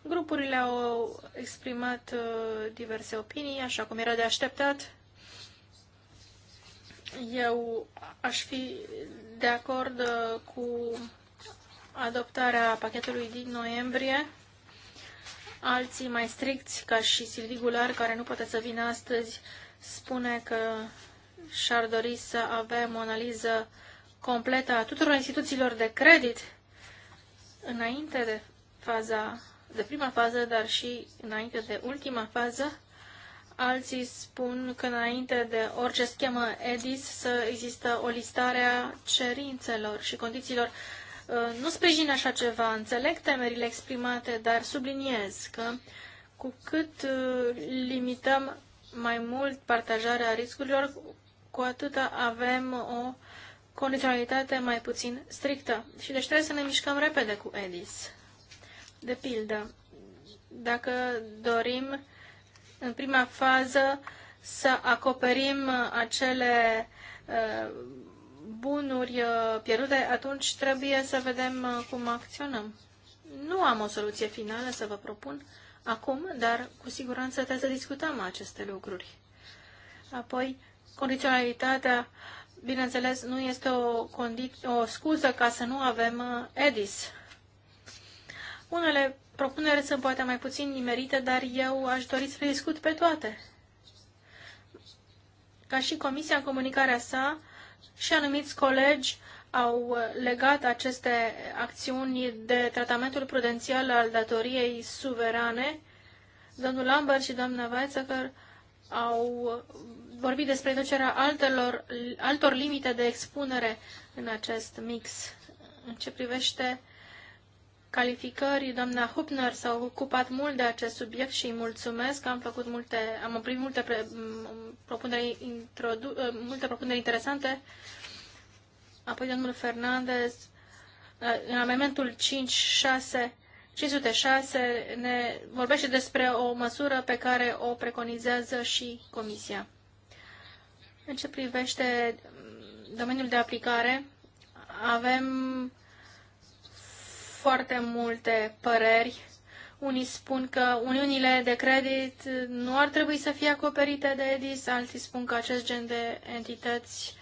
grupurile au exprimat uh, diverse opinii, așa cum era de așteptat. Eu aș fi de acord uh, cu adoptarea pachetului din noiembrie, alții mai stricți, ca și Silvi Gular, care nu poate să vină astăzi, spune că și-ar dori să avem o analiză completă a tuturor instituțiilor de credit înainte de faza, de prima fază, dar și înainte de ultima fază, alții spun că înainte de orice schemă EDIS să există o listare a cerințelor și condițiilor. Uh, nu sprijin așa ceva, înțeleg temerile exprimate, dar subliniez că cu cât uh, limităm mai mult partajarea riscurilor, cu atât avem o condiționalitate mai puțin strictă. Și deci trebuie să ne mișcăm repede cu EDIS. De pildă, dacă dorim în prima fază să acoperim acele uh, bunuri uh, pierdute, atunci trebuie să vedem uh, cum acționăm. Nu am o soluție finală să vă propun acum, dar cu siguranță trebuie să discutăm aceste lucruri. Apoi, condiționalitatea uh, bineînțeles, nu este o, o scuză ca să nu avem uh, EDIS. Unele propuneri sunt poate mai puțin nimerite, dar eu aș dori să le discut pe toate. Ca și Comisia în comunicarea sa și anumiți colegi au uh, legat aceste acțiuni de tratamentul prudențial al datoriei suverane. Domnul Lambert și doamna Weizsäcker au uh, vorbit despre reducerea altelor, altor limite de expunere în acest mix. În ce privește calificări, doamna Hupner s-a ocupat mult de acest subiect și îi mulțumesc. Am făcut multe, am primit multe, pre, propuneri, introdu, eh, multe propuneri interesante. Apoi domnul Fernandez, eh, în amendamentul 5-6, 506 ne vorbește despre o măsură pe care o preconizează și Comisia. În ce privește mm, domeniul de aplicare, avem foarte multe păreri. Unii spun că uniunile de credit nu ar trebui să fie acoperite de EDIS, alții spun că acest gen de entități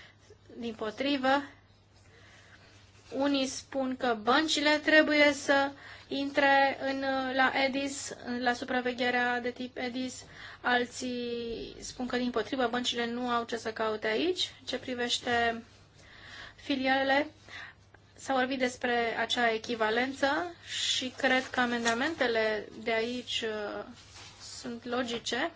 din potrivă. Unii spun că băncile trebuie să intre în, la EDIS, la supravegherea de tip EDIS alții spun că din potrivă băncile nu au ce să caute aici. Ce privește filialele, s-a vorbit despre acea echivalență și cred că amendamentele de aici uh, sunt logice.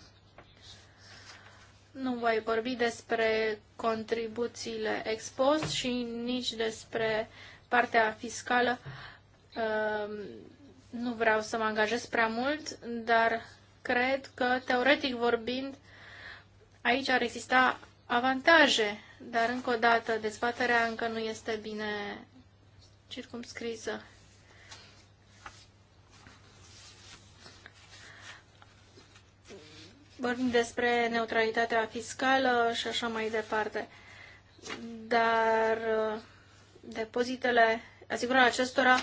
Nu voi vorbi despre contribuțiile expost și nici despre partea fiscală. Uh, nu vreau să mă angajez prea mult, dar cred că, teoretic vorbind, aici ar exista avantaje, dar, încă o dată, dezbaterea încă nu este bine circumscrisă. Vorbim despre neutralitatea fiscală și așa mai departe. Dar uh, depozitele, asigurarea acestora,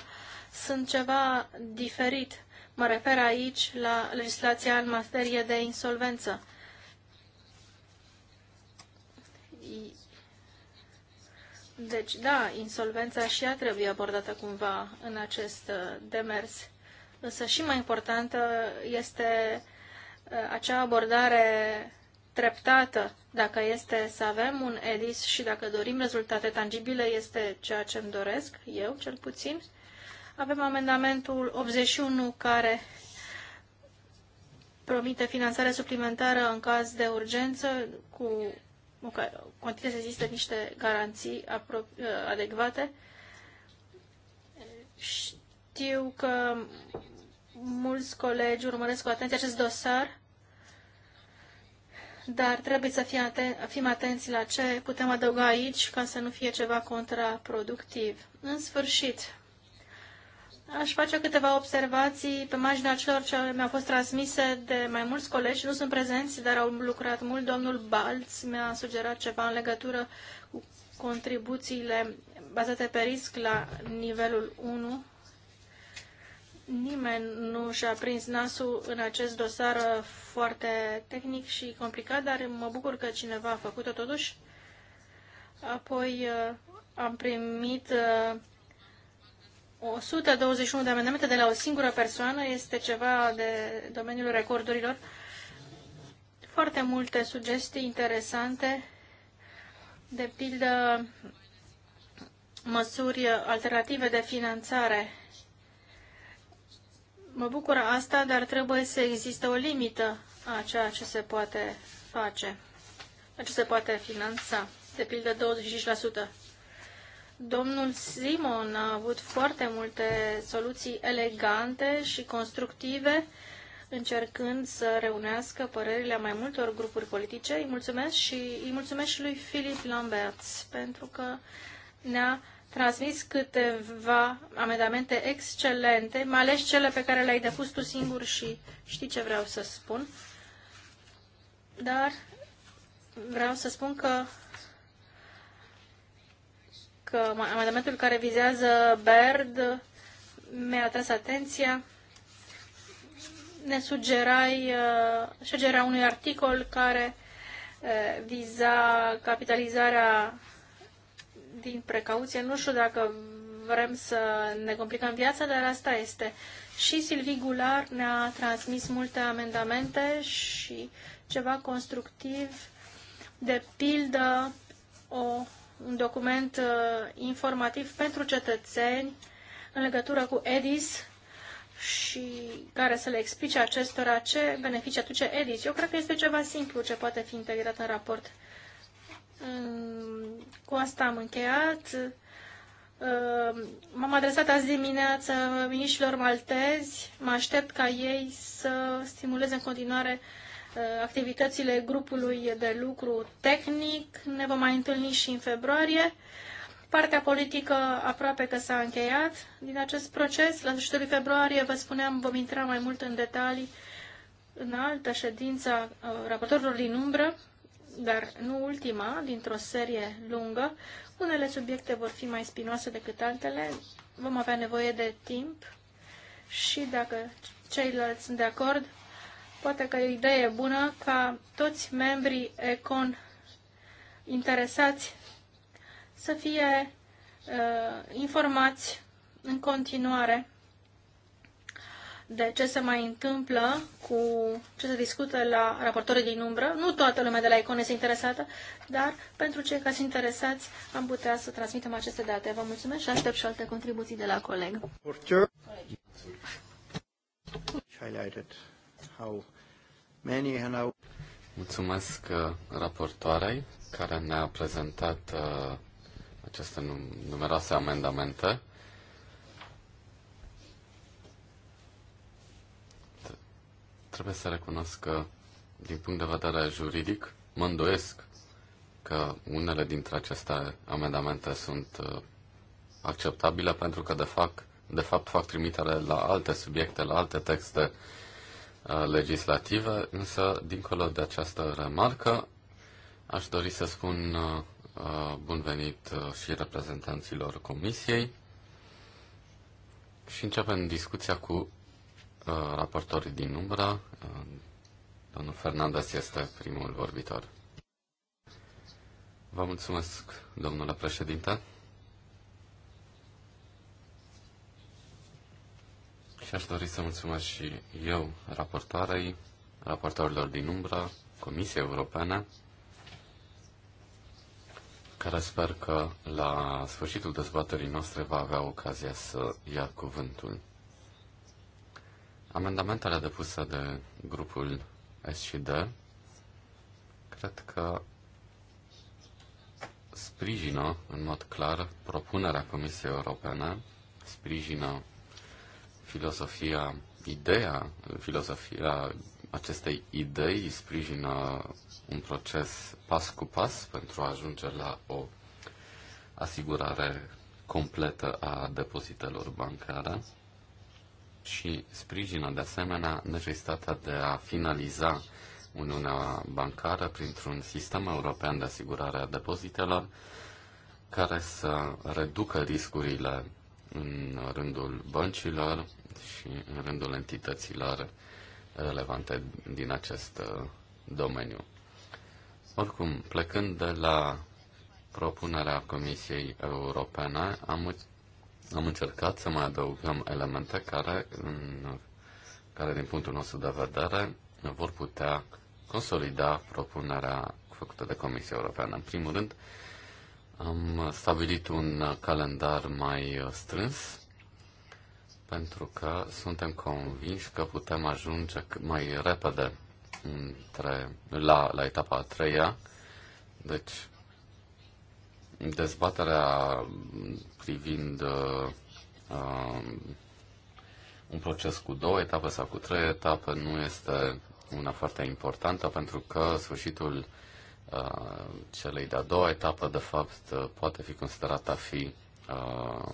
sunt ceva diferit. Mă refer aici la legislația în materie de insolvență. Deci, da, insolvența și ea trebuie abordată cumva în acest uh, demers. Însă și mai importantă este uh, acea abordare treptată. Dacă este să avem un EDIS și dacă dorim rezultate tangibile, este ceea ce îmi doresc, eu cel puțin, avem amendamentul 81 care promite finanțare suplimentară în caz de urgență cu continuă să există niște garanții uh, adecvate. Știu că mulți colegi urmăresc cu atenție acest dosar, dar trebuie să fie aten fim atenți la ce putem adăuga aici ca să nu fie ceva contraproductiv. În sfârșit, Aș face câteva observații pe marginea celor ce mi-au fost transmise de mai mulți colegi, nu sunt prezenți, dar au lucrat mult. Domnul Balț mi-a sugerat ceva în legătură cu contribuțiile bazate pe risc la nivelul 1. Nimeni nu și-a prins nasul în acest dosar foarte tehnic și complicat, dar mă bucur că cineva a făcut-o totuși. Apoi am primit 121 de amendamente de la o singură persoană este ceva de domeniul recordurilor. Foarte multe sugestii interesante, de pildă măsuri alternative de finanțare. Mă bucură asta, dar trebuie să existe o limită a ceea ce se poate face, a ce se poate finanța, de pildă 25%. Domnul Simon a avut foarte multe soluții elegante și constructive, încercând să reunească părerile mai multor grupuri politice. Îi mulțumesc și îi mulțumesc și lui Philip Lamberts pentru că ne-a transmis câteva amendamente excelente, mai ales cele pe care le-ai depus tu singur și știi ce vreau să spun. Dar vreau să spun că că amendamentul care vizează BERD mi-a atras atenția. Ne sugerai uh, sugera unui articol care uh, viza capitalizarea din precauție. Nu știu dacă vrem să ne complicăm viața, dar asta este. Și Silvi Gular ne-a transmis multe amendamente și ceva constructiv, de pildă o un document uh, informativ pentru cetățeni în legătură cu EDIS și care să le explice acestora ce beneficii aduce EDIS. Eu cred că este ceva simplu ce poate fi integrat în raport. Mm, cu asta am încheiat. Uh, m-am adresat azi dimineață miniștilor maltezi. Mă aștept ca ei să stimuleze în continuare uh, activitățile grupului de lucru tehnic. Ne vom mai întâlni și în februarie. Partea politică aproape că s-a încheiat din acest proces. La sfârșitul februarie, vă spuneam, vom intra mai mult în detalii în altă ședință raportorilor din umbră, dar nu ultima, dintr-o serie lungă. Unele subiecte vor fi mai spinoase decât altele. Vom avea nevoie de timp și dacă ceilalți sunt de acord, Poate că e o idee bună ca toți membrii ECON interesați să fie uh, informați în continuare de ce se mai întâmplă cu ce se discută la raportorii din umbră. Nu toată lumea de la Econ este interesată, dar pentru cei care sunt interesați am putea să transmitem aceste date. Vă mulțumesc și aștept și alte contribuții de la coleg. Highlighted how Mulțumesc uh, raportoarei care ne-a prezentat uh, aceste num- numeroase amendamente. Trebuie să recunosc că, din punct de vedere juridic, mă îndoiesc că unele dintre aceste amendamente sunt uh, acceptabile pentru că, de fapt, de fapt fac trimitere la alte subiecte, la alte texte uh, Uh, legislativă, însă, dincolo de această remarcă, aș dori să spun uh, uh, bun venit și reprezentanților Comisiei și începem discuția cu raportorii din umbră. Domnul Fernandez este primul vorbitor. Vă mulțumesc, domnule președinte. Și aș dori să mulțumesc și eu raportoarei, raportorilor din umbră, Comisia Europeană, care sper că la sfârșitul dezbaterii noastre va avea ocazia să ia cuvântul. Amendamentele depuse de grupul SCD, cred că sprijină în mod clar propunerea Comisiei Europene, sprijină filosofia, ideea, filosofia acestei idei sprijină un proces pas cu pas pentru a ajunge la o asigurare completă a depozitelor bancare și sprijină de asemenea necesitatea de a finaliza Uniunea Bancară printr-un sistem european de asigurare a depozitelor care să reducă riscurile în rândul băncilor și în rândul entităților relevante din acest uh, domeniu. Oricum, plecând de la propunerea Comisiei Europene, am, am încercat să mai adăugăm elemente care, în, care, din punctul nostru de vedere, vor putea consolida propunerea făcută de Comisia Europeană. În primul rând, uh, am stabilit un calendar mai strâns pentru că suntem convinși că putem ajunge mai repede între, la, la etapa a treia. Deci, dezbaterea privind uh, un proces cu două etape sau cu trei etape nu este una foarte importantă pentru că sfârșitul Uh, celei de-a doua etapă, de fapt, uh, poate fi considerată a fi uh,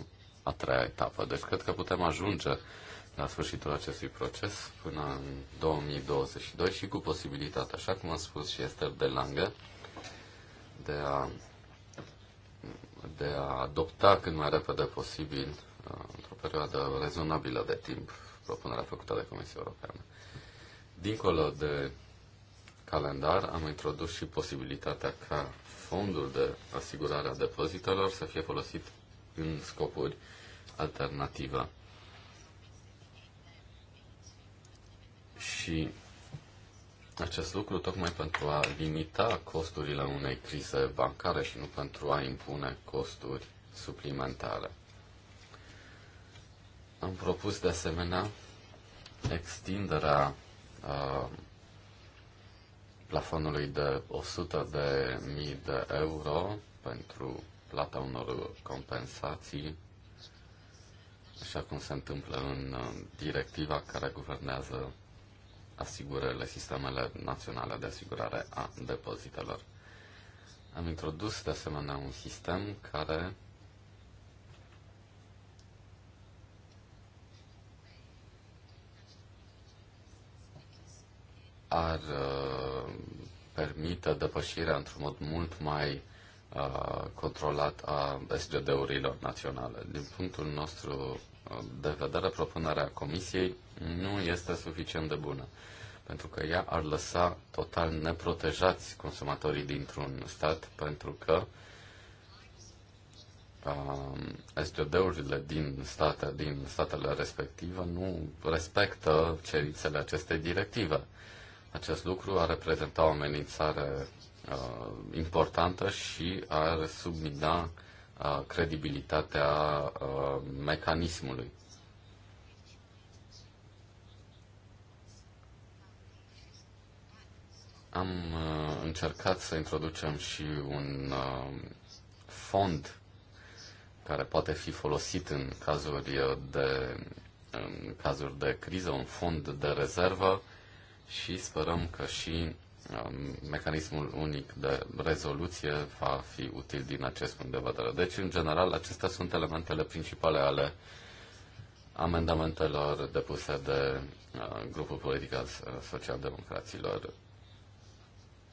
a treia etapă. Deci cred că putem ajunge la sfârșitul acestui proces până în 2022 și cu posibilitatea, așa cum a spus și Esther de Langă, de a, de a adopta cât mai repede posibil, într-o perioadă rezonabilă de timp, propunerea făcută de Comisia Europeană. Dincolo de calendar am introdus și posibilitatea ca fondul de asigurare a depozitelor să fie folosit în scopuri alternative. Și acest lucru tocmai pentru a limita costurile unei crize bancare și nu pentru a impune costuri suplimentare. Am propus de asemenea extinderea uh, plafonului de 100 de mii de euro pentru plata unor compensații, așa cum se întâmplă în uh, directiva care guvernează asigurările, sistemele naționale de asigurare a depozitelor. Am introdus de asemenea un sistem care ar uh, permite depășirea într-un mod mult mai uh, controlat a SGD-urilor naționale. Din punctul nostru uh, de vedere, propunerea Comisiei nu este suficient de bună, pentru că ea ar lăsa total neprotejați consumatorii dintr-un stat, pentru că SGD-urile din, state, din statele respective nu respectă cerințele acestei directive. Acest lucru ar reprezenta o amenințare uh, importantă și ar submina uh, credibilitatea uh, mecanismului. Am uh, încercat să introducem și un uh, fond care poate fi folosit în cazuri uh, de, în cazuri de criză, un fond de rezervă și sperăm că și um, mecanismul unic de rezoluție va fi util din acest punct de vedere. Deci, în general, acestea sunt elementele principale ale amendamentelor depuse de uh, grupul politic al uh, socialdemocraților.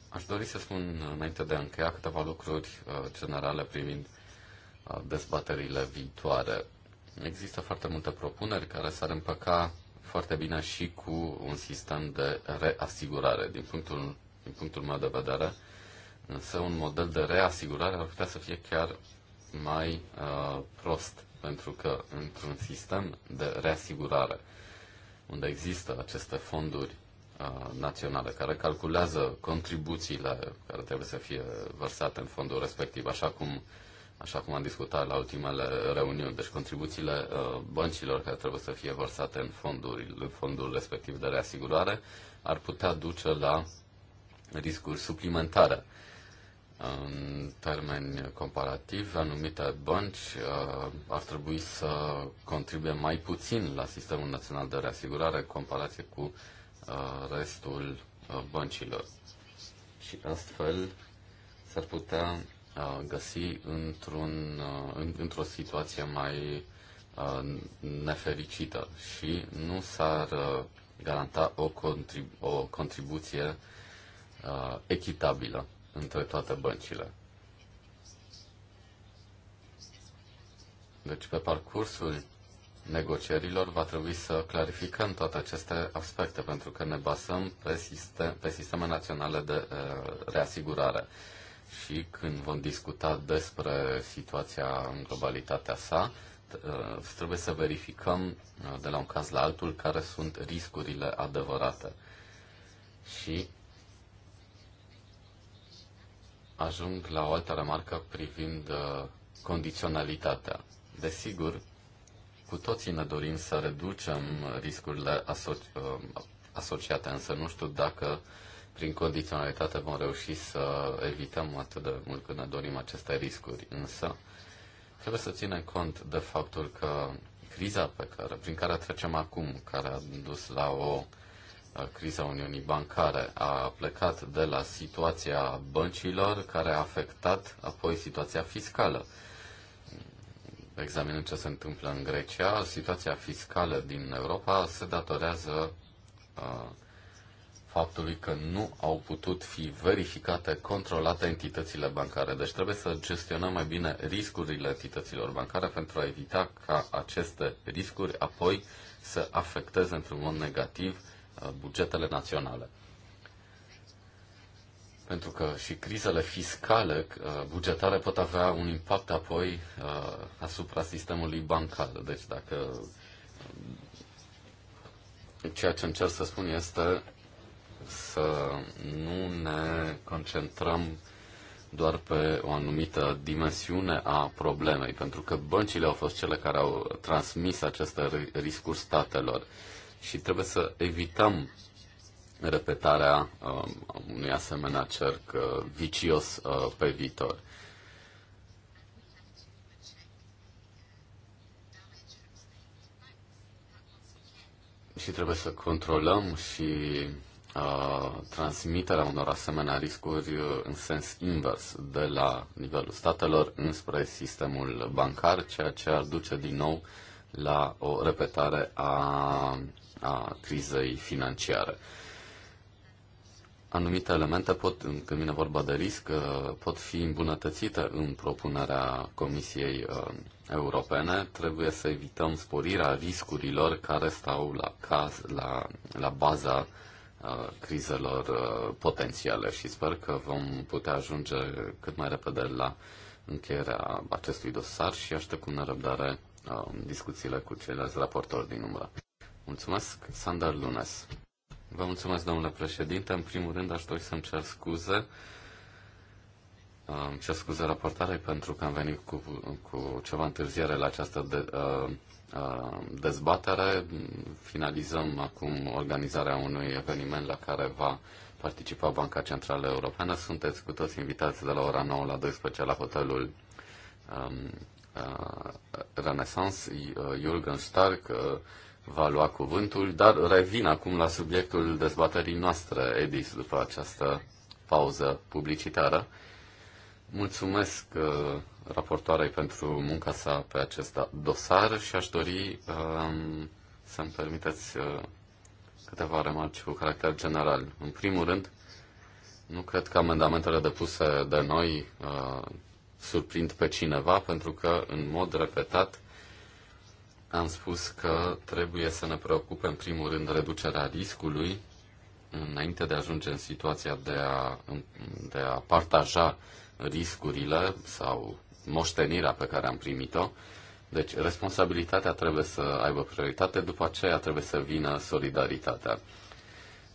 Aș dori să spun uh, înainte de a încheia câteva lucruri generale privind dezbaterile viitoare. Există foarte multe propuneri care s-ar împăca foarte bine și cu un sistem de reasigurare. Din punctul, din punctul meu de vedere, însă un model de reasigurare ar putea să fie chiar mai uh, prost, pentru că într-un sistem de reasigurare, unde există aceste fonduri uh, naționale care calculează contribuțiile care trebuie să fie vărsate în fondul respectiv, așa cum uh, așa cum am discutat la ultimele reuniuni, deci contribuțiile uh, băncilor care trebuie să fie vărsate în fondul, în fondul respectiv de reasigurare ar putea duce la riscuri suplimentare. În termeni comparativ, anumite bănci uh, ar trebui să contribuie mai puțin la sistemul național de reasigurare în comparație cu uh, restul băncilor. Și astfel s-ar putea găsi într-un, într-o situație mai nefericită și nu s-ar garanta o, contribu- o contribuție echitabilă între toate băncile. Deci, pe parcursul negocierilor va trebui să clarificăm toate aceste aspecte, pentru că ne basăm pe, sistem, pe sisteme naționale de uh, reasigurare. Uh, și când vom discuta despre situația în globalitatea sa, ă, trebuie să verificăm ă, de la un caz la altul care sunt riscurile adevărate. Și ajung la o altă remarcă privind ă, condiționalitatea. Desigur, cu toții ne dorim să reducem riscurile asoci- asociate, însă nu știu dacă uh, prin condiționalitate vom reuși să evităm atât de mult cât ne dorim aceste riscuri. Însă, trebuie să ținem cont de faptul că criza pe care, prin care trecem acum, care a dus la o criza Uniunii Bancare, a plecat de la situația băncilor, care a afectat apoi situația fiscală. Examinând ce se întâmplă în Grecia, situația fiscală din Europa se datorează uh, faptului că nu au putut fi verificate, controlate entitățile bancare. Deci trebuie să gestionăm mai bine riscurile entităților bancare pentru a evita ca aceste riscuri apoi să afecteze într-un mod negativ uh, bugetele naționale. Pentru că și crizele fiscale, uh, bugetare, pot avea un impact apoi uh, asupra sistemului bancar. Deci dacă um, ceea ce încerc să spun este să nu ne concentrăm doar pe o anumită dimensiune a problemei, pentru că băncile au fost cele care au transmis aceste riscuri statelor și trebuie să evităm repetarea uh, unui asemenea cerc uh, vicios uh, pe viitor. Și trebuie să controlăm și Uh, transmiterea unor asemenea riscuri uh, în sens invers, de la nivelul statelor înspre sistemul bancar, ceea ce ar duce din nou la o repetare a, a crizei financiare. Anumite elemente pot, când vine vorba de risc, uh, pot fi îmbunătățite în propunerea Comisiei Europene. Trebuie să evităm sporirea riscurilor care stau la, caz, la, la baza uh, crizelor uh, potențiale și sper că vom putea ajunge cât mai repede la încheierea acestui dosar și aștept cu nerăbdare uh, discuțiile cu ceilalți raportori din umbră. Mulțumesc, Sander Lunes. Vă mulțumesc, domnule președinte. În primul rând, aș dori să-mi cer scuze. Uh, îmi cer scuze raportare pentru că am venit cu, cu ceva întârziere la această de, uh, Uh, dezbatere. Finalizăm acum organizarea unui eveniment la care va participa Banca Centrală Europeană. Sunteți cu toți invitați de la ora 9 la 12 la hotelul um, uh, Renaissance. Uh, Jürgen Stark uh, va lua cuvântul, dar revin acum la subiectul dezbaterii noastre, Edis, după această pauză publicitară. Mulțumesc uh, raportoarei pentru munca sa pe acest dosar și aș dori um, să-mi permiteți uh, câteva remarci cu caracter general. În primul rând, nu cred că amendamentele depuse de noi uh, surprind pe cineva, pentru că, în mod repetat, am spus că trebuie să ne preocupe, în primul rând, reducerea riscului înainte de a ajunge în situația de a, de a partaja riscurile sau moștenirea pe care am primit-o. Deci responsabilitatea trebuie să aibă prioritate, după aceea trebuie să vină solidaritatea.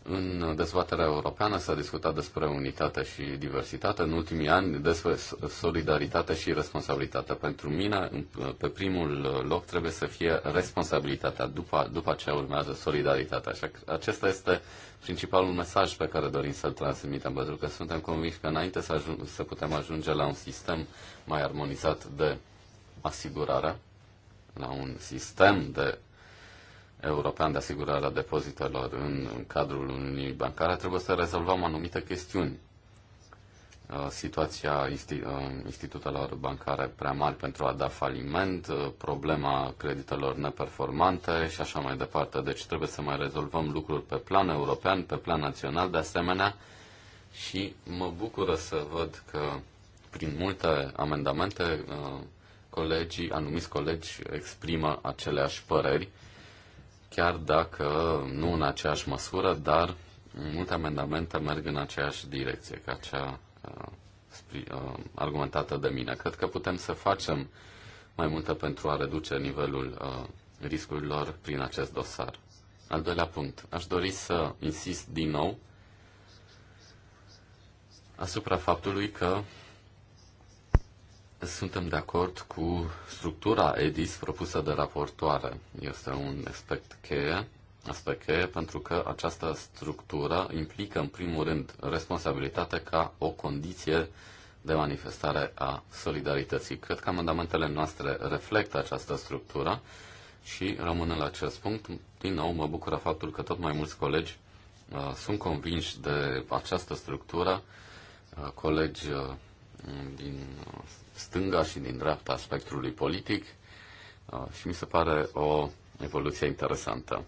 În dezbaterea europeană s-a discutat despre unitate și diversitate, în ultimii ani despre solidaritate și responsabilitate. Pentru mine, pe primul loc trebuie să fie responsabilitatea, după, după ce urmează solidaritatea. Așa că acesta este principalul mesaj pe care dorim să-l transmitem, pentru că suntem convinși că înainte să, ajung, să putem ajunge la un sistem mai armonizat de asigurare, la un sistem de European de Asigurare a Depozitelor în cadrul Uniunii Bancare, trebuie să rezolvăm anumite chestiuni. Uh, situația uh, institutelor bancare prea mari pentru a da faliment, uh, problema creditelor neperformante și așa mai departe. Deci trebuie să mai rezolvăm lucruri pe plan european, pe plan național de asemenea și mă bucură să văd că prin multe amendamente colegii, anumiți colegi exprimă aceleași păreri chiar dacă nu în aceeași măsură, dar multe amendamente merg în aceeași direcție ca cea uh, uh, argumentată de mine. Cred că putem să facem mai multe pentru a reduce nivelul uh, riscurilor prin acest dosar. Al doilea punct. Aș dori să insist din nou asupra faptului că suntem de acord cu structura EDIS propusă de raportoare. Este un aspect cheie, aspect cheie pentru că această structură implică, în primul rând, responsabilitatea ca o condiție de manifestare a solidarității. Cred că amendamentele noastre reflectă această structură și rămânând la acest punct, din nou mă bucură faptul că tot mai mulți colegi uh, sunt convinși de această structură, uh, colegi uh, din uh, stânga și din dreapta spectrului politic uh, și mi se pare o evoluție interesantă.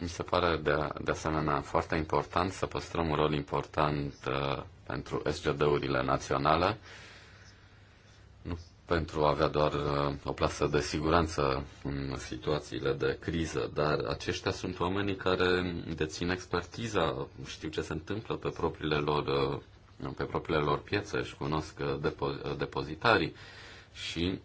Mi se pare de, de asemenea foarte important să păstrăm un rol important uh, pentru SGD-urile naționale, nu pentru a avea doar o plasă de siguranță în situațiile de criză, dar aceștia sunt oamenii care dețin expertiza, știu ce se întâmplă pe propriile lor uh, pe propriile lor piețe, își cunosc uh, depo- uh, depozitarii și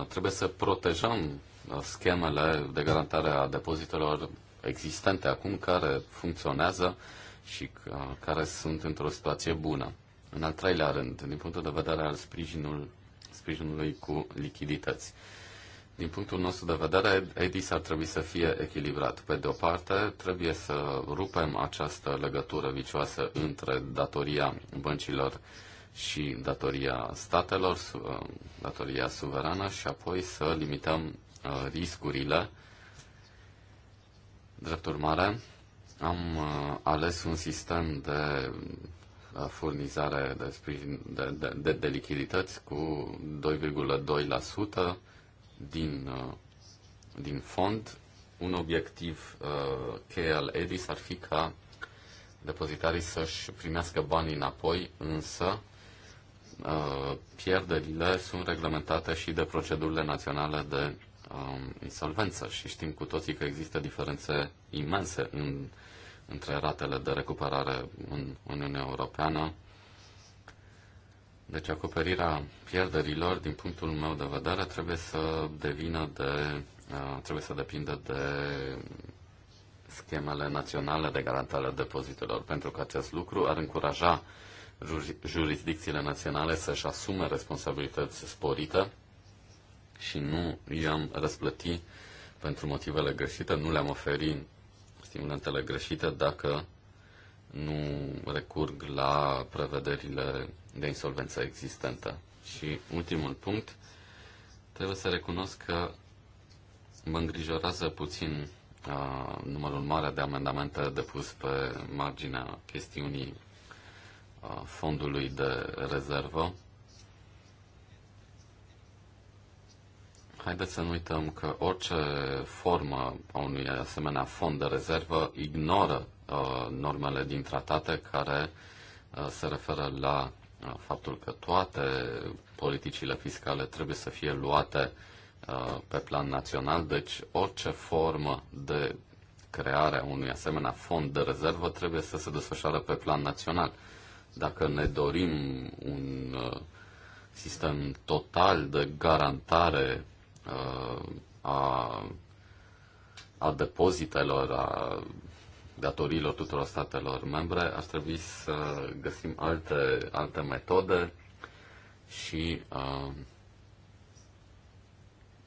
uh, trebuie să protejăm schemele de garantare a depozitelor existente acum care funcționează și care sunt într-o situație bună. În al treilea rând, din punctul de vedere al sprijinul, sprijinului cu lichidități. Din punctul nostru de vedere, EDIS ar trebui să fie echilibrat. Pe de o parte, trebuie să rupem această legătură vicioasă între datoria băncilor și datoria statelor, uh, datoria suverană și apoi să limităm uh, riscurile. Drept urmare, am uh, ales un sistem de furnizare de, sprijin, de, de, de, de lichidități cu 2,2% din, uh, din fond. Un obiectiv uh, cheie al EDIS ar fi ca depozitarii să-și primească banii înapoi, însă uh, pierderile sunt reglementate și de procedurile naționale de uh, insolvență și știm cu toții că există diferențe imense în, între ratele de recuperare în Uniunea Europeană deci acoperirea pierderilor, din punctul meu de vedere, trebuie să devină de, uh, trebuie să depindă de schemele naționale de garantare a depozitelor, pentru că acest lucru ar încuraja jurisdicțiile naționale să-și asume responsabilități sporite și nu i-am răsplăti pentru motivele greșite, nu le-am oferi stimulantele greșite dacă nu recurg la prevederile de insolvență existentă. Și ultimul punct, trebuie să recunosc că mă îngrijorează puțin uh, numărul mare de amendamente depus pe marginea chestiunii uh, fondului de rezervă. Haideți să nu uităm că orice formă a unui asemenea fond de rezervă ignoră uh, normele din tratate care uh, se referă la faptul că toate politicile fiscale trebuie să fie luate pe plan național, deci orice formă de creare a unui asemenea fond de rezervă trebuie să se desfășoare pe plan național. Dacă ne dorim un sistem total de garantare a, a depozitelor, a datoriilor tuturor statelor membre, ar trebui să găsim alte, alte metode și uh,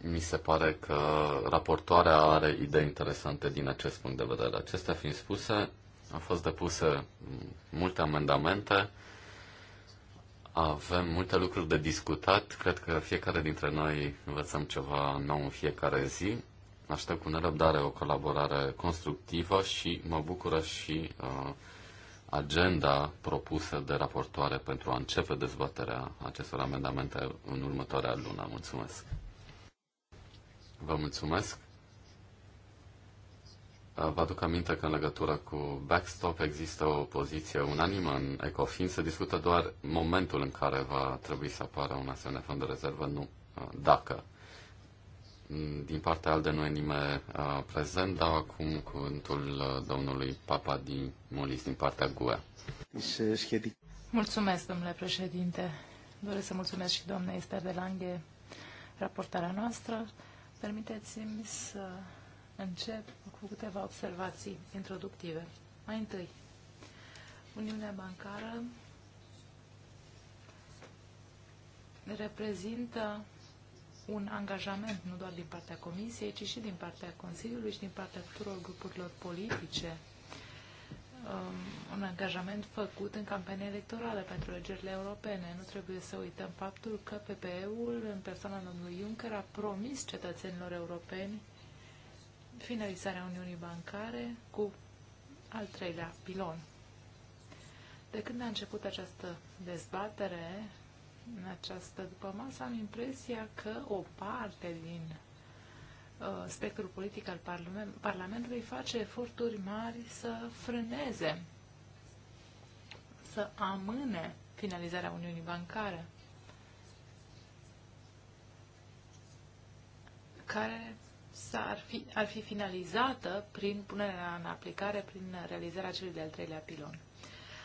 mi se pare că raportoarea are idei interesante din acest punct de vedere. Acestea fiind spuse, au fost depuse multe amendamente, avem multe lucruri de discutat, cred că fiecare dintre noi învățăm ceva nou în fiecare zi aștept cu nerăbdare o colaborare constructivă și mă bucură și uh, agenda propusă de raportoare pentru a începe dezbaterea acestor amendamente în următoarea lună. Mulțumesc! Vă mulțumesc! Uh, vă aduc aminte că în legătură cu backstop există o poziție unanimă în ECOFIN. Se discută doar momentul în care va trebui să apară un asemenea fond de rezervă, nu uh, dacă Mm, din partea al de noi nimeni prezent, dar acum cuvântul domnului Papa din Mulis din partea GUE. Mulțumesc, domnule președinte. Doresc să mulțumesc și doamnei Esther de Lange, raportarea noastră. Permiteți-mi să încep cu câteva observații introductive. Mai întâi, Uniunea Bancară reprezintă un angajament nu doar din partea Comisiei, ci și din partea Consiliului și din partea tuturor grupurilor politice. Um, un angajament făcut în campania electorală pentru alegerile europene. Nu trebuie să uităm faptul că PPE-ul, în persoana domnului Juncker, a promis cetățenilor europeni finalizarea Uniunii Bancare cu al treilea pilon. De când a început această dezbatere, în această după masă, am impresia că o parte din uh, spectrul politic al parlament, Parlamentului face eforturi mari să frâneze, să amâne finalizarea Uniunii Bancare, care ar fi, ar fi finalizată prin punerea în aplicare, prin realizarea celui de-al treilea pilon.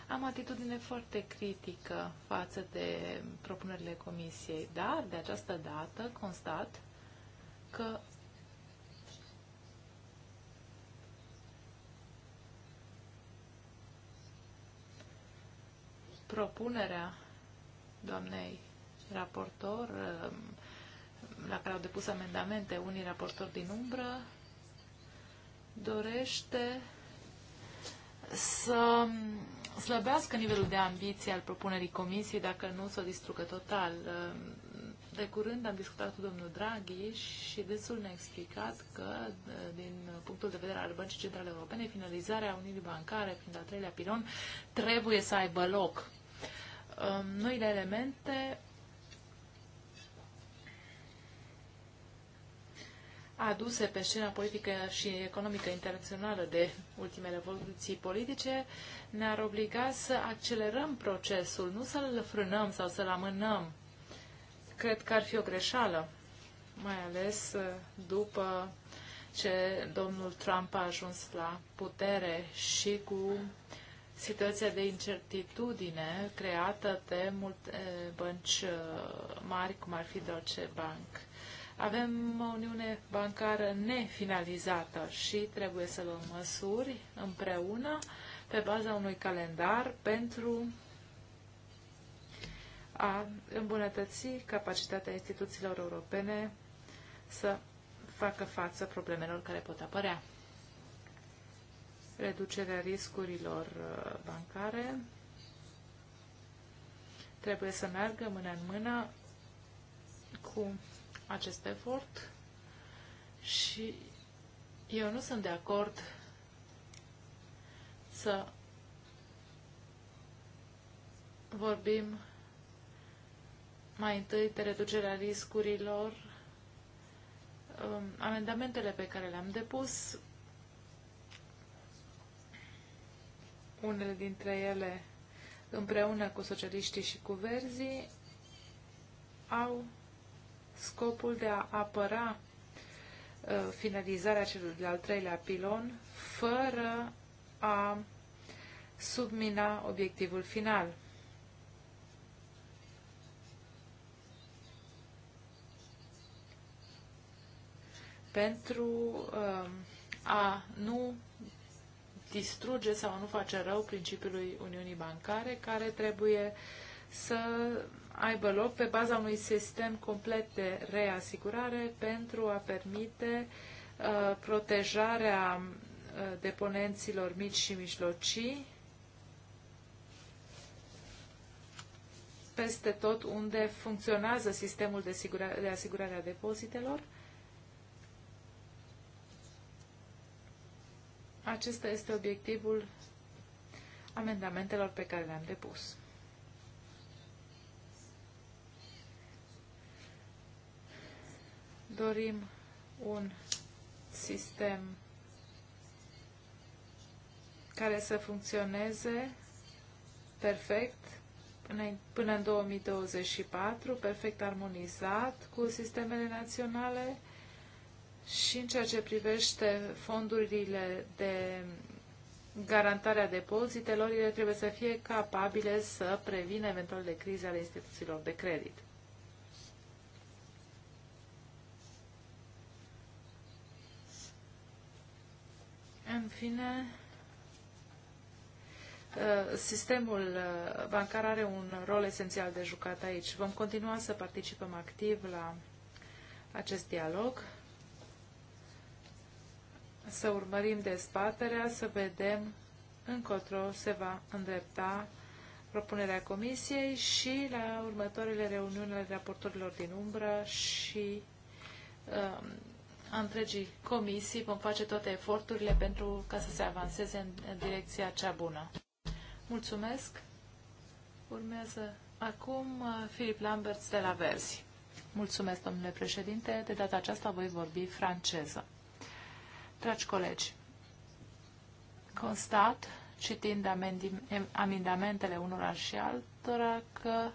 Am atitudine foarte critică față de propunerile comisiei, dar de această dată constat că propunerea doamnei raportor, um, la care au depus amendamente unii raportori din umbră, dorește să slăbească nivelul de ambiție al propunerii comisiei, dacă nu să o distrugă total. Ehm, de curând am discutat cu domnul Draghi și destul ne-a explicat că, din punctul de vedere al Băncii Centrale Europene, finalizarea Unirii Bancare prin al treilea pilon trebuie să aibă loc. Ehm, noile elemente aduse pe scena politică și economică internațională de ultimele revoluții politice, ne-ar obliga să accelerăm procesul, nu să-l frânăm sau să-l amânăm. Cred că ar fi o greșeală, mai ales uh, după ce domnul Trump a ajuns la putere și cu situația de incertitudine creată de multe uh, bănci uh, mari, cum ar fi Deutsche Bank avem o uniune bancară nefinalizată și trebuie să luăm măsuri împreună pe baza unui calendar pentru a îmbunătăți capacitatea instituțiilor europene să facă față problemelor care pot apărea. Reducerea riscurilor uh, bancare trebuie să meargă mână în mână cu acest efort și eu nu sunt de acord să vorbim mai întâi de reducerea riscurilor. Um, amendamentele pe care le-am depus, unele dintre ele împreună cu socialiștii și cu verzii, au scopul de a apăra uh, finalizarea celui de-al treilea pilon fără a submina obiectivul final. Pentru uh, a nu distruge sau nu face rău principiului Uniunii Bancare, care trebuie să aibă loc pe baza unui sistem complet de reasigurare pentru a permite uh, protejarea uh, deponenților mici și mijlocii peste tot unde funcționează sistemul de, sigura- de asigurare a depozitelor. Acesta este obiectivul amendamentelor pe care le-am depus. Dorim un sistem care să funcționeze perfect până în 2024, perfect armonizat cu sistemele naționale și în ceea ce privește fondurile de garantarea depozitelor, ele trebuie să fie capabile să prevină eventualele crize ale instituțiilor de credit. În fine, uh, sistemul uh, bancar are un rol esențial de jucat aici. Vom continua să participăm activ la acest dialog, să urmărim dezbaterea, să vedem încotro se va îndrepta propunerea comisiei și la următoarele reuniuni ale raportorilor din umbră și um, a întregii comisii vom face toate eforturile pentru ca să se avanseze în, în direcția cea bună. Mulțumesc. Urmează acum uh, Filip Lamberts de la Verzi. Mulțumesc, domnule președinte. De data aceasta voi vorbi franceză. Dragi colegi, constat, citind amendamentele unora și altora, că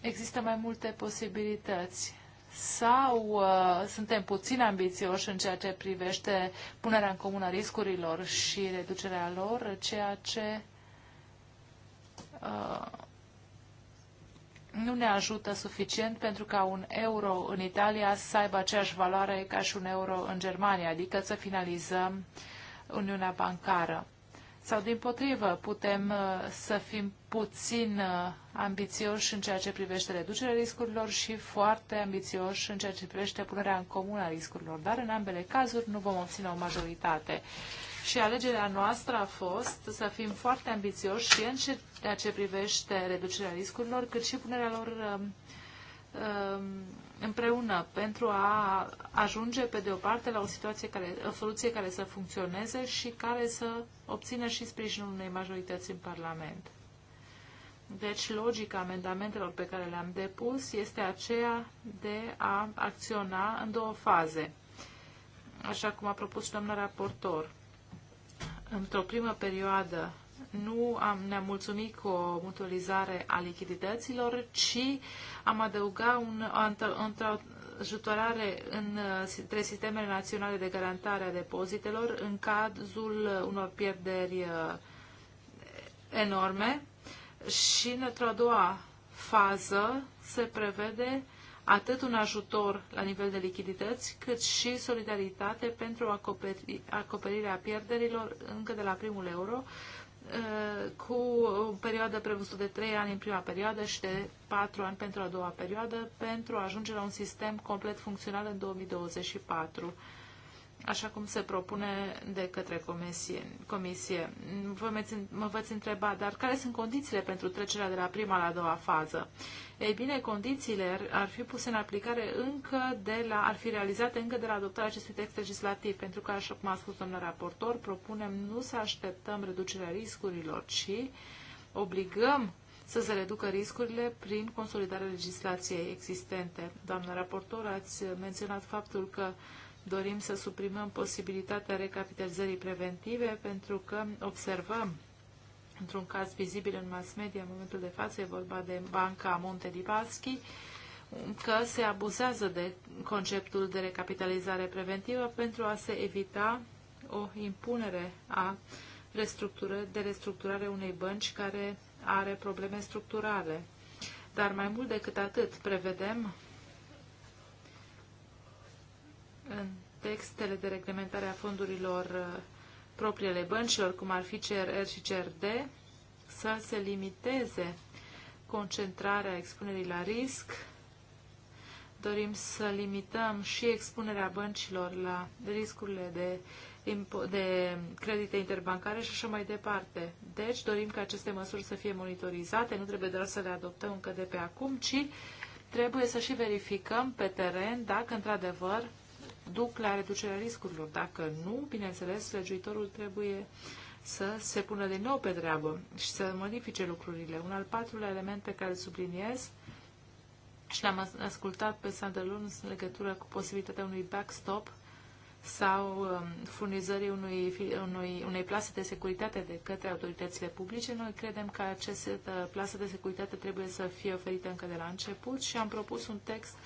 există mai multe posibilități sau uh, suntem puțin ambițioși în ceea ce privește punerea în comun a riscurilor și reducerea lor, ceea ce uh, nu ne ajută suficient pentru ca un euro în Italia să aibă aceeași valoare ca și un euro în Germania, adică să finalizăm Uniunea Bancară. Sau, din potrivă, putem uh, să fim puțin uh, ambițioși în ceea ce privește reducerea riscurilor și foarte ambițioși în ceea ce privește punerea în comun a riscurilor. Dar, în ambele cazuri, nu vom obține o majoritate. Și alegerea noastră a fost să fim foarte ambițioși și în ceea ce privește reducerea riscurilor, cât și punerea lor um, um împreună pentru a ajunge pe de o parte la o situație care, o soluție care să funcționeze și care să obțină și sprijinul unei majorități în Parlament. Deci logica amendamentelor pe care le-am depus este aceea de a acționa în două faze, așa cum a propus doamna raportor. Într-o primă perioadă nu am, ne-am mulțumit cu o mutualizare a lichidităților, ci am adăugat un, o ajutorare între sistemele naționale de garantare a depozitelor în cazul unor pierderi uh, enorme și într-o a doua fază se prevede atât un ajutor la nivel de lichidități, cât și solidaritate pentru acoperi, acoperirea pierderilor încă de la primul euro Uh, cu o perioadă prevăzută de 3 ani în prima perioadă și de 4 ani pentru a doua perioadă, pentru a ajunge la un sistem complet funcțional în 2024 așa cum se propune de către comisie. comisie. Vă meți, mă veți întreba, dar care sunt condițiile pentru trecerea de la prima la a doua fază? Ei bine, condițiile ar fi puse în aplicare încă de la, ar fi realizate încă de la adoptarea acestui text legislativ, pentru că, așa cum a spus domnul raportor, propunem nu să așteptăm reducerea riscurilor, ci obligăm să se reducă riscurile prin consolidarea legislației existente. Doamna raportor, ați menționat faptul că dorim să suprimăm posibilitatea recapitalizării preventive pentru că observăm într-un caz vizibil în mass media în momentul de față, e vorba de banca Monte di Paschi, că se abuzează de conceptul de recapitalizare preventivă pentru a se evita o impunere a restructură, de restructurare unei bănci care are probleme structurale. Dar mai mult decât atât, prevedem în textele de reglementare a fondurilor uh, propriile băncilor, cum ar fi CRR și CRD, să se limiteze concentrarea expunerii la risc. Dorim să limităm și expunerea băncilor la riscurile de, de credite interbancare și așa mai departe. Deci dorim ca aceste măsuri să fie monitorizate, nu trebuie doar să le adoptăm încă de pe acum, ci trebuie să și verificăm pe teren dacă într-adevăr duc la reducerea riscurilor. Dacă nu, bineînțeles, legiuitorul trebuie să se pună din nou pe treabă și să modifice lucrurile. Un al patrulea element pe care îl subliniez și l-am ascultat pe Sandelun în legătură cu posibilitatea unui backstop sau um, furnizării unui, unui, unei plase de securitate de către autoritățile publice. Noi credem că aceste uh, plase de securitate trebuie să fie oferite încă de la început și am propus un text uh,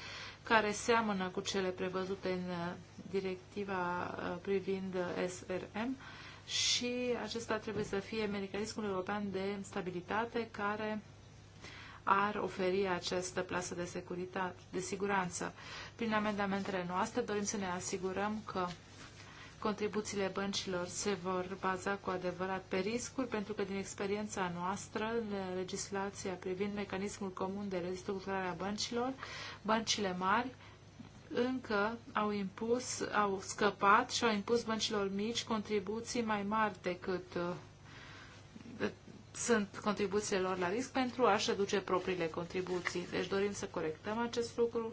care seamănă cu cele prevăzute în uh, directiva uh, privind uh, SRM și acesta trebuie să fie mecanismul european de stabilitate care ar oferi această plasă de securitate, de siguranță. Prin amendamentele noastre dorim să ne asigurăm că contribuțiile băncilor se vor baza cu adevărat pe riscuri, pentru că din experiența noastră, legislația privind mecanismul comun de restructurare a băncilor, băncile mari încă au impus, au scăpat și au impus băncilor mici contribuții mai mari decât uh, sunt contribuțiile lor la risc pentru a-și reduce propriile contribuții. Deci dorim să corectăm acest lucru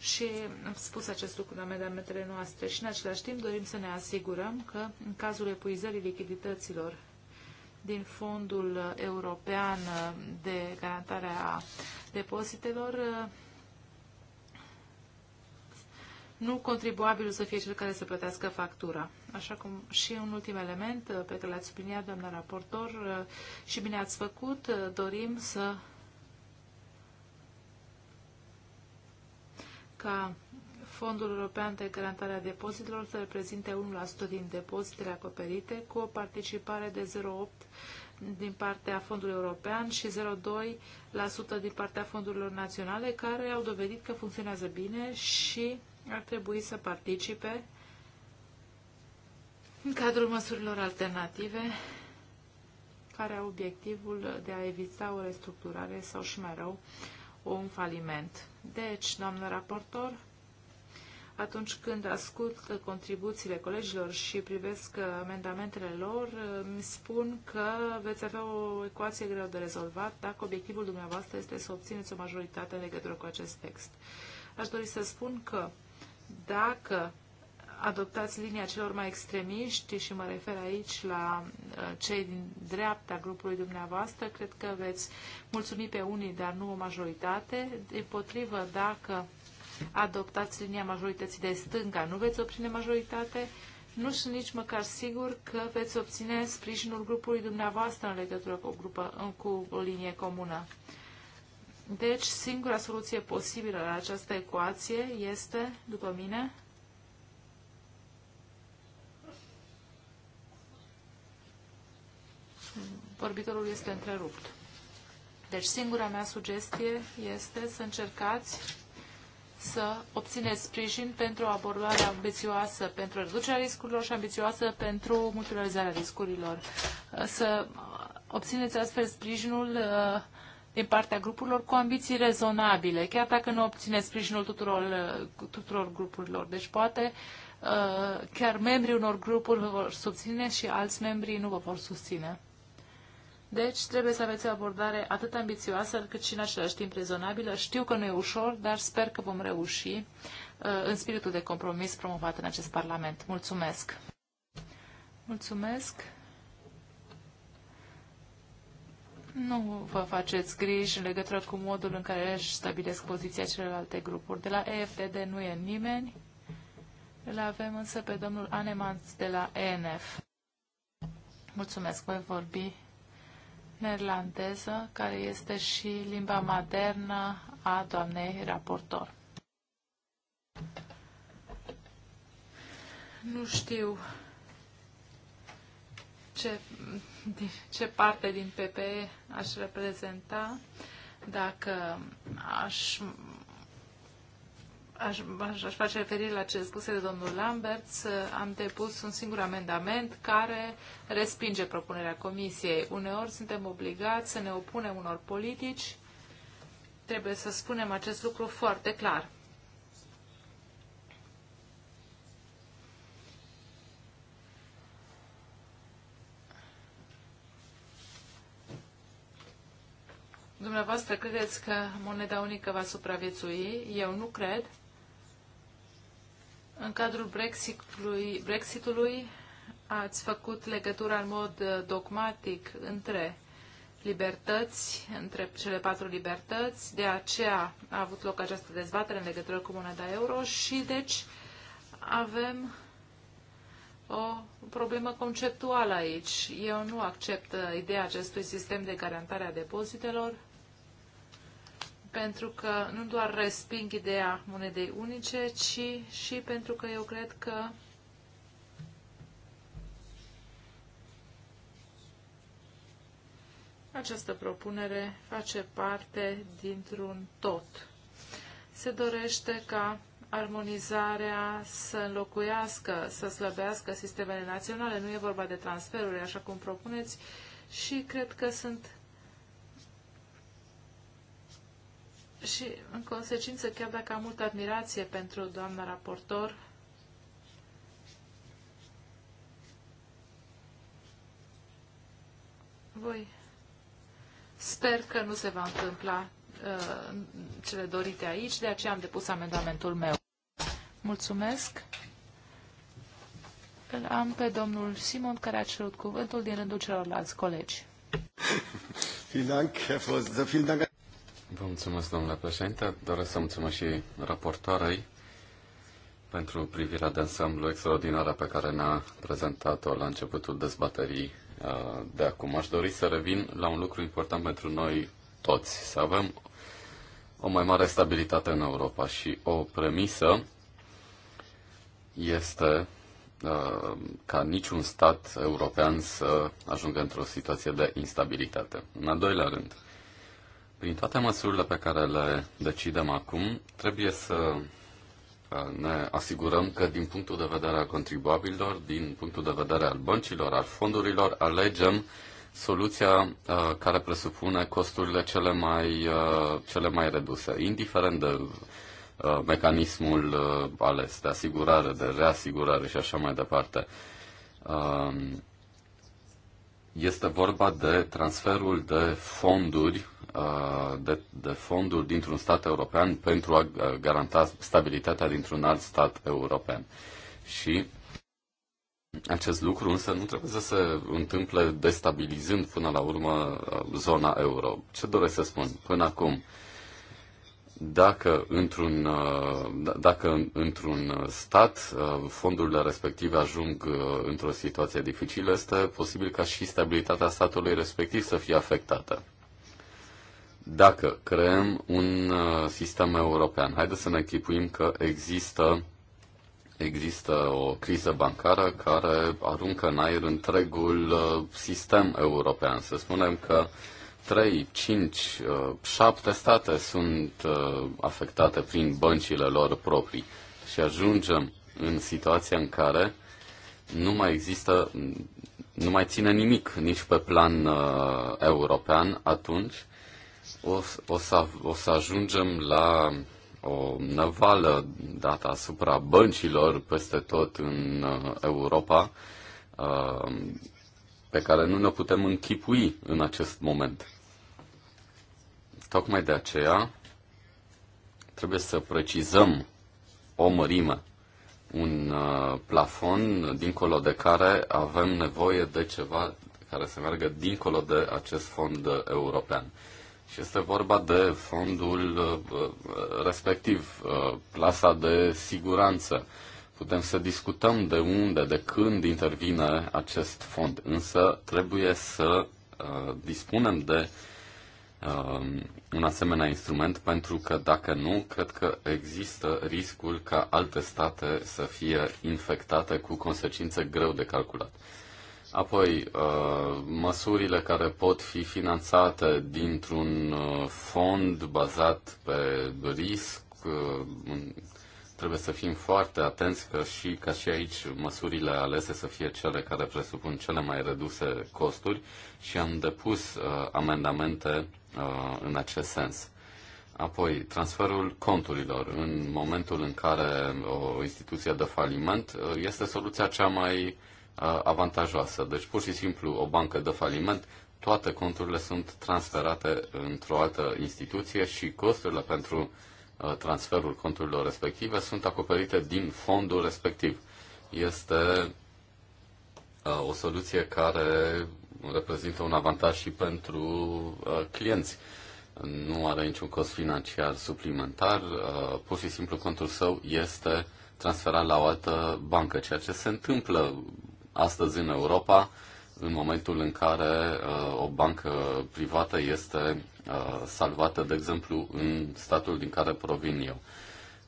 și am spus acest lucru la amendamentele noastre și în același timp dorim să ne asigurăm că în cazul epuizării lichidităților din Fondul European de Garantare a Depozitelor, nu contribuabilul să fie cel care să plătească factura. Așa cum și un ultim element pe care l-ați subliniat, doamna raportor, și bine ați făcut, dorim să ca Fondul European de Garantare a Depozitelor să reprezinte 1% din depozitele acoperite, cu o participare de 0,8% din partea Fondului European și 0,2% din partea fondurilor naționale, care au dovedit că funcționează bine și ar trebui să participe în cadrul măsurilor alternative care au obiectivul de a evita o restructurare sau și mai rău un faliment. Deci, doamnă raportor, atunci când ascult contribuțiile colegilor și privesc amendamentele lor, îmi spun că veți avea o ecuație greu de rezolvat dacă obiectivul dumneavoastră este să obțineți o majoritate în legătură cu acest text. Aș dori să spun că dacă adoptați linia celor mai extremiști și mă refer aici la uh, cei din dreapta grupului dumneavoastră, cred că veți mulțumi pe unii, dar nu o majoritate. potrivă, dacă adoptați linia majorității de stânga, nu veți obține majoritate. Nu sunt nici măcar sigur că veți obține sprijinul grupului dumneavoastră în legătură cu o, grupă, cu o linie comună. Deci, singura soluție posibilă la această ecuație este, după mine, orbitorul este întrerupt. Deci singura mea sugestie este să încercați să obțineți sprijin pentru o abordare ambițioasă, pentru reducerea riscurilor și ambițioasă pentru mutualizarea riscurilor. Să obțineți astfel sprijinul uh, din partea grupurilor cu ambiții rezonabile, chiar dacă nu obțineți sprijinul tuturor, uh, tuturor grupurilor. Deci poate uh, chiar membrii unor grupuri vă vor susține și alți membri nu vă vor susține. Deci trebuie să aveți o abordare atât ambițioasă cât și în același timp rezonabilă. Știu că nu e ușor, dar sper că vom reuși uh, în spiritul de compromis promovat în acest Parlament. Mulțumesc! Mulțumesc! Nu vă faceți griji în legătură cu modul în care își stabilesc poziția celelalte grupuri. De la EFTD nu e nimeni. Îl avem însă pe domnul Anemans de la ENF. Mulțumesc, voi vorbi neerlandeză, care este și limba maternă a doamnei raportor. Nu știu ce, ce parte din PPE aș reprezenta dacă aș aș, aș, aș face referire la ce spuse de domnul Lambert. am depus un singur amendament care respinge propunerea Comisiei. Uneori suntem obligați să ne opunem unor politici. Trebuie să spunem acest lucru foarte clar. Dumneavoastră credeți că moneda unică va supraviețui? Eu nu cred. În cadrul Brexitului, Brexitului ați făcut legătura în mod uh, dogmatic între libertăți, între cele patru libertăți, de aceea a avut loc această dezbatere în legătură cu moneda euro și deci avem o problemă conceptuală aici. Eu nu accept uh, ideea acestui sistem de garantare a depozitelor pentru că nu doar resping ideea monedei unice, ci și pentru că eu cred că această propunere face parte dintr-un tot. Se dorește ca armonizarea să înlocuiască, să slăbească sistemele naționale. Nu e vorba de transferuri, așa cum propuneți, și cred că sunt Și, în consecință, chiar dacă am multă admirație pentru doamna raportor, voi sper că nu se va întâmpla uh, cele dorite aici, de aceea am depus amendamentul meu. Mulțumesc. Îl am pe domnul Simon, care a cerut cuvântul din rândul celorlalți colegi. Vă mulțumesc, domnule președinte. Doresc să mulțumesc și raportoarei pentru privirea de ansamblu extraordinară pe care ne-a prezentat-o la începutul dezbaterii uh, de acum. Aș dori să revin la un lucru important pentru noi toți, să avem o mai mare stabilitate în Europa și o premisă este uh, ca niciun stat european să ajungă într-o situație de instabilitate. În al doilea rând, prin toate măsurile pe care le decidem acum, trebuie să uh, ne asigurăm că din punctul de vedere al contribuabililor, din punctul de vedere al băncilor, al fondurilor, alegem soluția uh, care presupune costurile cele mai, uh, cele mai reduse, indiferent de mecanismul ales, de asigurare, de reasigurare și așa mai departe. Um, este vorba de transferul de fonduri uh, de, de fonduri dintr-un stat european pentru a uh, garanta stabilitatea dintr-un alt stat european. Și acest lucru însă nu trebuie să se întâmple destabilizând până la urmă uh, zona euro. Ce doresc să spun? Până acum, dacă într-un, uh, da, dacă într-un uh, stat uh, fondurile respective ajung într-o situație dificilă, este posibil ca și stabilitatea statului respectiv să fie afectată. Dacă creăm un sistem european, haideți să ne echipuim că există, există o criză bancară care aruncă în aer întregul sistem european. Să spunem că uh, 3, 5, 7 state sunt uh, afectate prin băncile lor proprii și ajungem în situația în care nu mai există, nu mai ține nimic nici pe plan uh, european, atunci o, o, să, o să ajungem la o navală dată asupra băncilor peste tot în uh, Europa, uh, pe care nu ne putem închipui în acest moment. Tocmai de aceea trebuie să precizăm o mărime, un uh, plafon dincolo de care avem nevoie de ceva care să meargă dincolo de acest fond european. Și este vorba de fondul uh, uh, respectiv, plasa de siguranță. Putem să discutăm de unde, de când intervine acest fond, însă trebuie să dispunem de uh, Um, un asemenea instrument, pentru că dacă nu, cred că există riscul ca alte state să fie infectate cu consecințe greu de calculat. Apoi, uh, măsurile care pot fi finanțate dintr-un uh, fond bazat pe risc, uh, trebuie să fim foarte atenți că și ca și aici măsurile alese să fie cele care presupun cele mai reduse costuri și am depus amendamente Uh, în acest sens. Apoi, transferul conturilor. În momentul în care uh, o instituție dă faliment, uh, este soluția cea mai avantajoasă. Deci, pur și simplu, o bancă dă faliment, toate conturile sunt transferate într-o altă instituție și costurile pentru transferul conturilor respective sunt acoperite din fondul respectiv. Este o soluție care reprezintă un avantaj și pentru uh, clienți. Nu are niciun cost financiar suplimentar, uh, pur și simplu contul său este transferat la o altă bancă, ceea ce se întâmplă astăzi în Europa în momentul în care uh, o bancă privată este uh, salvată, de exemplu, în statul din care provin eu.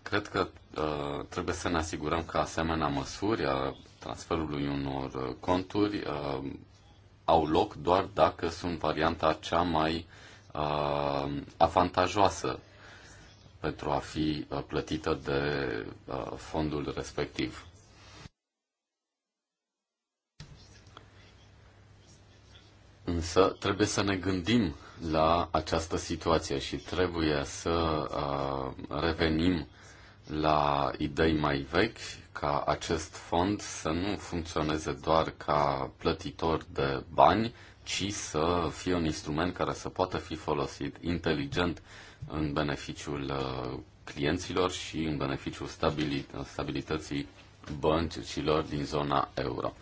Cred că uh, trebuie să ne asigurăm că asemenea măsuri a transferului unor uh, conturi uh, au loc doar dacă sunt varianta cea mai uh, avantajoasă pentru a fi uh, plătită de uh, fondul respectiv. Însă trebuie să ne gândim la această situație și trebuie să uh, revenim la idei mai vechi ca acest fond să nu funcționeze doar ca plătitor de bani, ci să fie un instrument care să poată fi folosit inteligent în beneficiul uh, clienților și în beneficiul uh, stabilității băncilor din zona euro.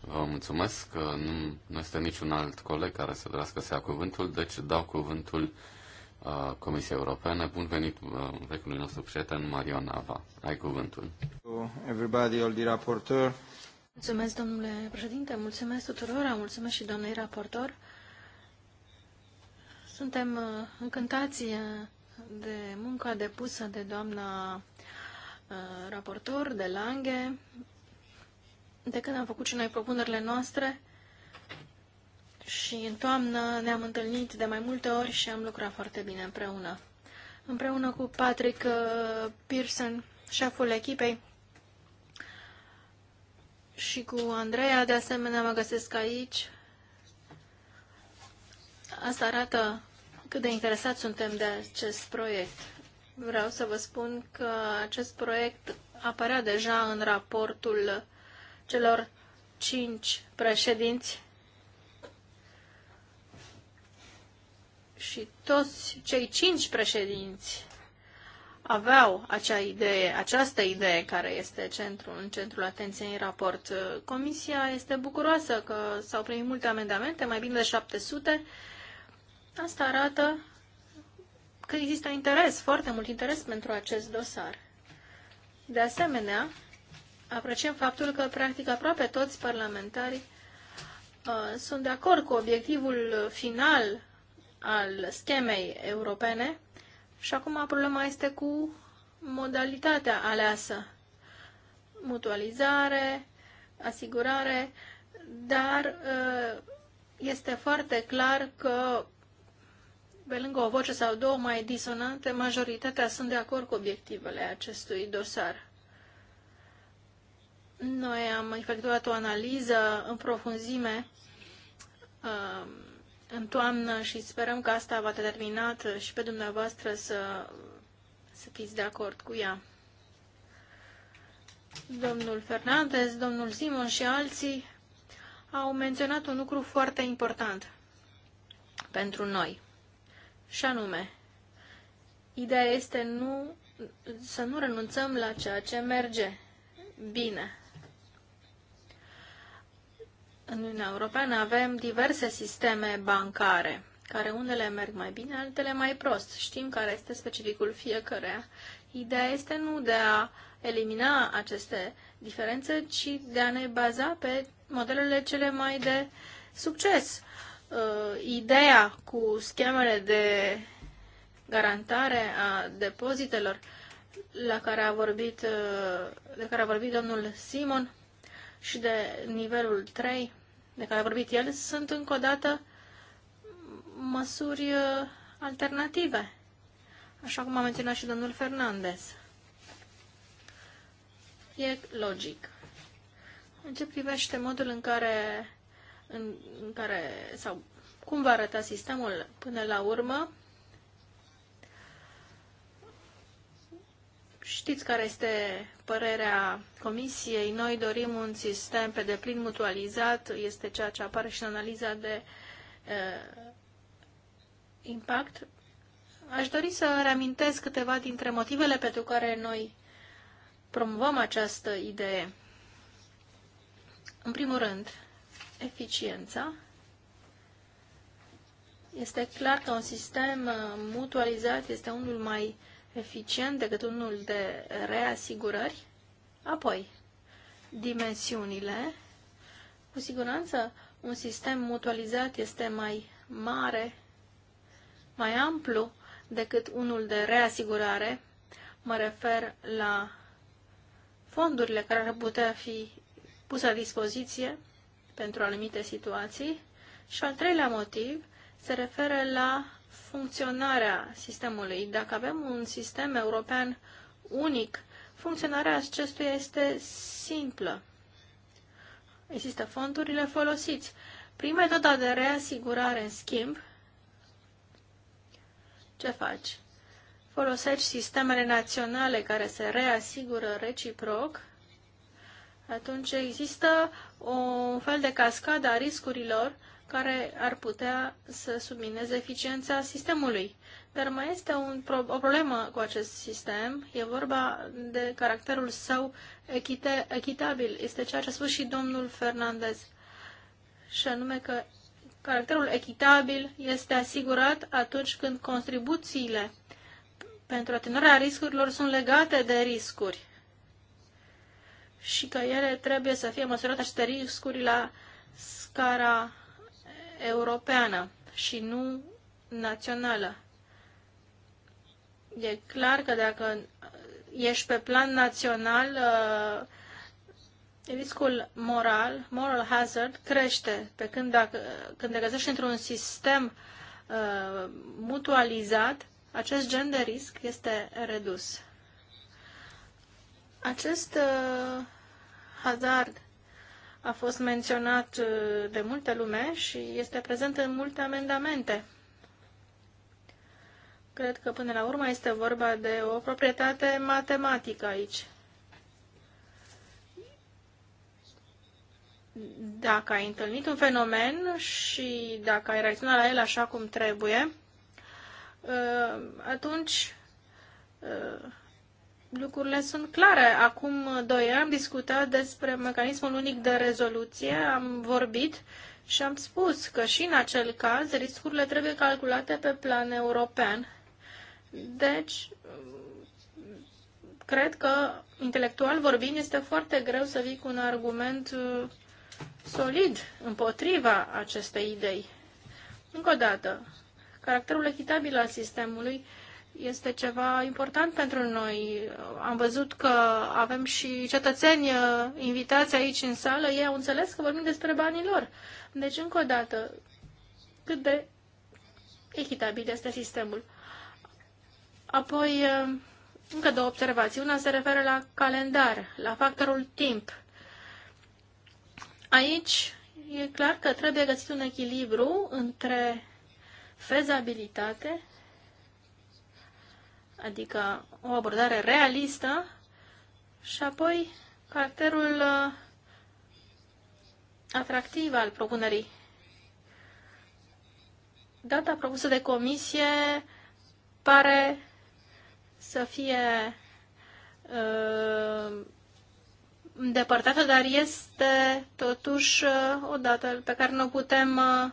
Vă mulțumesc că uh, nu, nu este niciun alt coleg care să dorească să ia cuvântul, deci dau cuvântul Comisiei Europene. Bun venit uh, vecului nostru prieten, Mario Nava. Ai cuvântul. Everybody, all the raporteur. Mulțumesc, domnule președinte, mulțumesc tuturor, mulțumesc și domnului raportor. Suntem uh, încântați uh, de munca depusă de doamna raportor, de Lange, de când am făcut și noi propunerile noastre și în toamnă ne-am întâlnit de mai multe ori și am lucrat foarte bine împreună. Împreună cu Patrick uh, Pearson, șeful echipei, și cu Andreea, de asemenea, mă găsesc aici. Asta arată cât de interesați suntem de acest proiect. Vreau să vă spun că acest proiect apărea deja în raportul celor cinci președinți și toți cei cinci președinți aveau acea idee, această idee care este centrul, în centrul atenției în raport. Comisia este bucuroasă că s-au primit multe amendamente, mai bine de 700. Asta arată că există interes, foarte mult interes pentru acest dosar. De asemenea, apreciem faptul că practic aproape toți parlamentarii uh, sunt de acord cu obiectivul final al schemei europene și acum problema este cu modalitatea aleasă. Mutualizare, asigurare, dar uh, este foarte clar că pe lângă o voce sau două mai disonante, majoritatea sunt de acord cu obiectivele acestui dosar. Noi am efectuat o analiză în profunzime uh, în toamnă și sperăm că asta va terminat și pe dumneavoastră să, să fiți de acord cu ea. Domnul Fernandez, domnul Simon și alții au menționat un lucru foarte important pentru noi. Și anume, ideea este nu, să nu renunțăm la ceea ce merge bine în Uniunea Europeană avem diverse sisteme bancare, care unele merg mai bine, altele mai prost. Știm care este specificul fiecăreia. Ideea este nu de a elimina aceste diferențe, ci de a ne baza pe modelele cele mai de succes. Uh, ideea cu schemele de garantare a depozitelor la care a vorbit, uh, de care a vorbit domnul Simon și de nivelul 3 de care a vorbit el sunt încă o dată măsuri uh, alternative, așa cum a menționat și domnul Fernandez. E logic. În ce privește modul în care, în, în care sau cum va arăta sistemul până la urmă, Știți care este părerea Comisiei. Noi dorim un sistem pe deplin mutualizat. Este ceea ce apare și în analiza de uh, impact. Aș dori să reamintesc câteva dintre motivele pentru care noi promovăm această idee. În primul rând, eficiența. Este clar că un sistem mutualizat este unul mai uh, eficient decât unul de reasigurări. Apoi, dimensiunile. Cu siguranță, un sistem mutualizat este mai mare, mai amplu decât unul de reasigurare. Mă refer la fondurile care ar putea fi puse la dispoziție pentru anumite situații. Și al treilea motiv se referă la funcționarea sistemului. Dacă avem un sistem european unic, funcționarea acestuia este simplă. Există fondurile folosiți. Prin metoda de reasigurare, în schimb, ce faci? Folosești sistemele naționale care se reasigură reciproc, atunci există un fel de cascadă a riscurilor care ar putea să submineze eficiența sistemului. Dar mai este un, o problemă cu acest sistem, e vorba de caracterul său echite, echitabil. Este ceea ce a spus și domnul Fernandez, și anume că caracterul echitabil este asigurat atunci când contribuțiile pentru atenuarea riscurilor sunt legate de riscuri și că ele trebuie să fie măsurate aceste riscuri la scara europeană și nu națională. E clar că dacă ești pe plan național, uh, riscul moral, moral hazard, crește. Pe când, dacă, când te găsești într-un sistem uh, mutualizat, acest gen de risc este redus. Acest uh, hazard a fost menționat uh, de multe lume și este prezent în multe amendamente. Cred că până la urmă este vorba de o proprietate matematică aici. Dacă ai întâlnit un fenomen și dacă ai reacționat la el așa cum trebuie, uh, atunci uh, lucrurile sunt clare. Acum doi ani am discutat despre mecanismul unic de rezoluție, am vorbit și am spus că și în acel caz riscurile trebuie calculate pe plan european. Deci, cred că, intelectual vorbind, este foarte greu să vii cu un argument uh, solid împotriva acestei idei. Încă o dată, caracterul echitabil al sistemului este ceva important pentru noi. Am văzut că avem și cetățeni uh, invitați aici în sală, ei au înțeles că vorbim despre banii lor. Deci, încă o dată, cât de echitabil este sistemul. Apoi, uh, încă două observații. Una se referă la calendar, la factorul timp. Aici e clar că trebuie găsit un echilibru între fezabilitate adică o abordare realistă și apoi caracterul uh, atractiv al propunerii. Data propusă de comisie pare să fie uh, îndepărtată, dar este totuși uh, o dată pe care nu putem uh,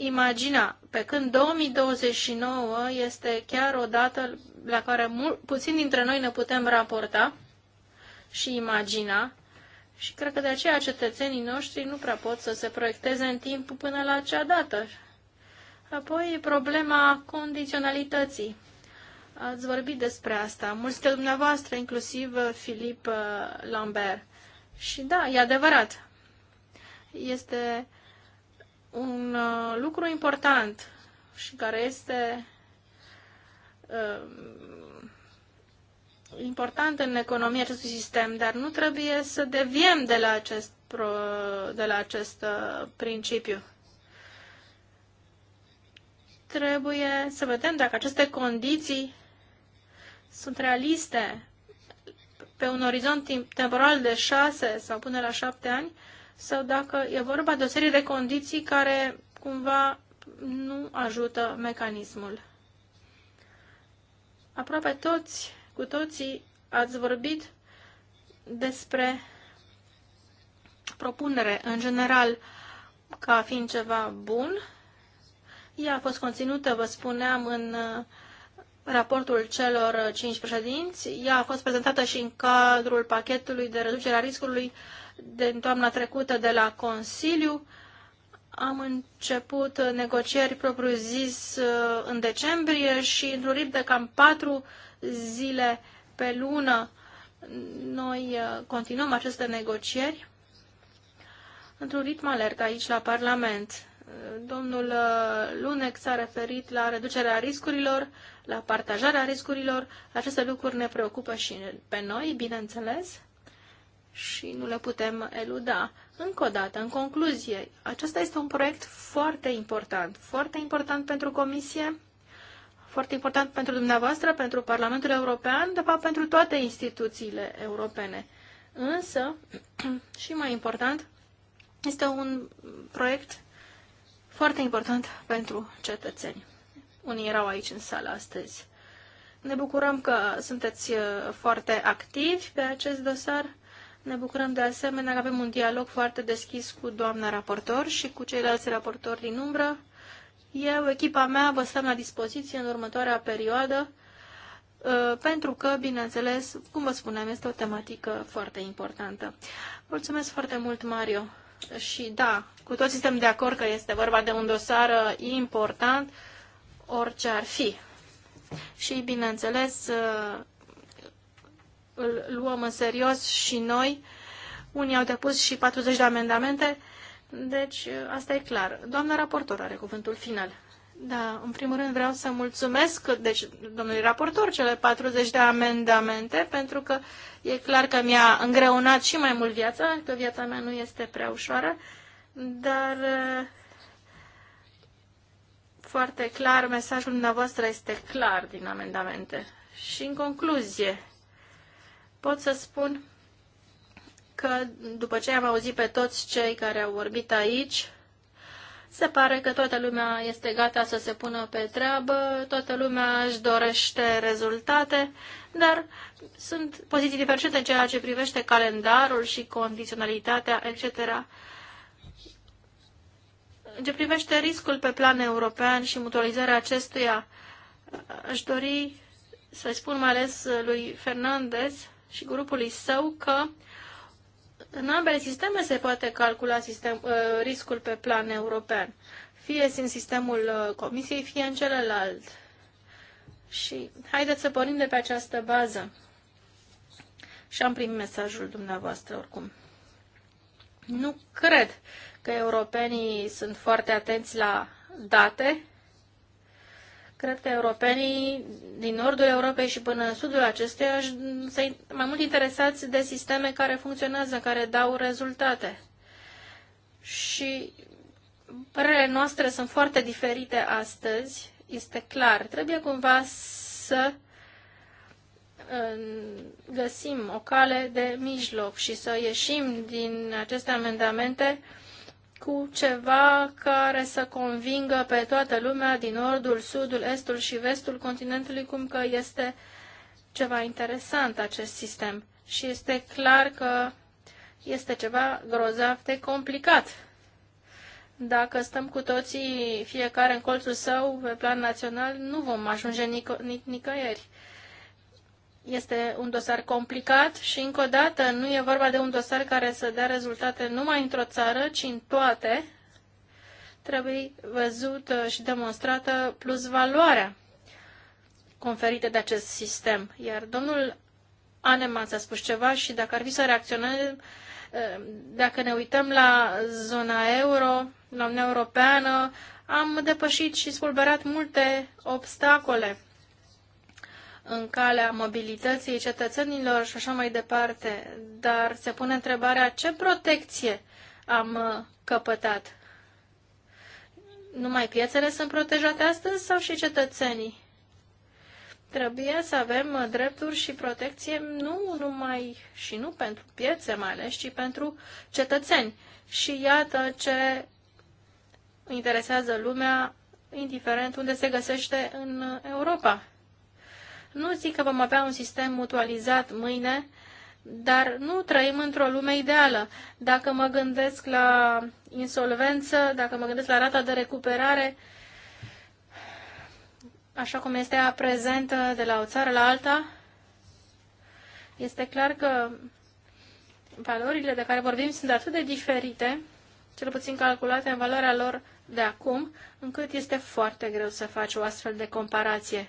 imagina, pe când 2029 este chiar o dată la care mul- puțin dintre noi ne putem raporta și imagina, și cred că de aceea cetățenii noștri nu prea pot să se proiecteze în timp până la acea dată. Apoi problema condiționalității. Ați vorbit despre asta, mulți de dumneavoastră, inclusiv uh, Filip uh, Lambert. Și da, e adevărat. Este un uh, lucru important și care este uh, important în economie acestui sistem, dar nu trebuie să deviem de la acest, de la acest uh, principiu. Trebuie să vedem dacă aceste condiții sunt realiste pe un orizont temporal de șase sau până la șapte ani sau dacă e vorba de o serie de condiții care cumva nu ajută mecanismul. Aproape toți, cu toții, ați vorbit despre propunere în general ca fiind ceva bun. Ea a fost conținută, vă spuneam, în uh, raportul celor cinci președinți. Ea a fost prezentată și în cadrul pachetului de reducere a riscului uh, de toamna trecută de la Consiliu. Am început negocieri propriu-zis uh, în decembrie și într-un ritm de cam patru zile pe lună noi uh, continuăm aceste negocieri într-un ritm alert aici la Parlament. Domnul uh, Lunec s-a referit la reducerea riscurilor, la partajarea riscurilor. Aceste lucruri ne preocupă și pe noi, bineînțeles și nu le putem eluda. Încă o dată, în concluzie, acesta este un proiect foarte important, foarte important pentru Comisie, foarte important pentru dumneavoastră, pentru Parlamentul European, de fapt pentru toate instituțiile europene. Însă, și mai important, este un proiect foarte important pentru cetățeni. Unii erau aici în sală astăzi. Ne bucurăm că sunteți uh, foarte activi pe acest dosar ne bucurăm de asemenea că avem un dialog foarte deschis cu doamna raportor și cu ceilalți raportori din umbră. Eu, echipa mea, vă stăm la dispoziție în următoarea perioadă, uh, pentru că, bineînțeles, cum vă spuneam, este o tematică foarte importantă. Mulțumesc foarte mult, Mario. Și da, cu toți suntem de acord că este vorba de un dosar uh, important, orice ar fi. Și, bineînțeles, uh, îl luăm în serios și noi. Unii au depus și 40 de amendamente, deci uh, asta e clar. Doamna raportor are cuvântul final. Da, în primul rând vreau să mulțumesc, deci, domnului raportor, cele 40 de amendamente, pentru că e clar că mi-a îngreunat și mai mult viața, că viața mea nu este prea ușoară, dar uh, foarte clar, mesajul dumneavoastră este clar din amendamente. Și în concluzie, pot să spun că după ce am auzit pe toți cei care au vorbit aici, se pare că toată lumea este gata să se pună pe treabă, toată lumea își dorește rezultate, dar sunt poziții diferite în ceea ce privește calendarul și condiționalitatea, etc. În ce privește riscul pe plan european și mutualizarea acestuia, aș dori să spun mai ales lui Fernandez și grupului său că în ambele sisteme se poate calcula sistem, uh, riscul pe plan european, fie în sistemul uh, Comisiei, fie în celălalt. Și haideți să pornim de pe această bază. Și am primit mesajul dumneavoastră oricum. Nu cred că europenii sunt foarte atenți la date Cred că europenii din nordul Europei și până în sudul acesteia sunt mai mult interesați de sisteme care funcționează, care dau rezultate. Și părerile noastre sunt foarte diferite astăzi, este clar. Trebuie cumva să găsim o cale de mijloc și să ieșim din aceste amendamente cu ceva care să convingă pe toată lumea din nordul, sudul, estul și vestul continentului cum că este ceva interesant acest sistem. Și este clar că este ceva grozav de complicat. Dacă stăm cu toții fiecare în colțul său pe plan național, nu vom ajunge nico- nic- nicăieri. Este un dosar complicat și, încă o dată, nu e vorba de un dosar care să dea rezultate numai într-o țară, ci în toate. Trebuie văzută și demonstrată plus valoarea conferită de acest sistem. Iar domnul Aneman s-a spus ceva și dacă ar fi să reacționăm, dacă ne uităm la zona euro, la Uniunea Europeană, am depășit și spulberat multe obstacole în calea mobilității cetățenilor și așa mai departe, dar se pune întrebarea ce protecție am uh, căpătat. Numai piețele sunt protejate astăzi sau și cetățenii? Trebuie să avem uh, drepturi și protecție nu numai și nu pentru piețe mai ales, ci pentru cetățeni. Și iată ce interesează lumea, indiferent unde se găsește în Europa. Nu zic că vom avea un sistem mutualizat mâine, dar nu trăim într-o lume ideală. Dacă mă gândesc la insolvență, dacă mă gândesc la rata de recuperare, așa cum este a prezentă de la o țară la alta, este clar că valorile de care vorbim sunt atât de diferite, cel puțin calculate în valoarea lor de acum, încât este foarte greu să faci o astfel de comparație.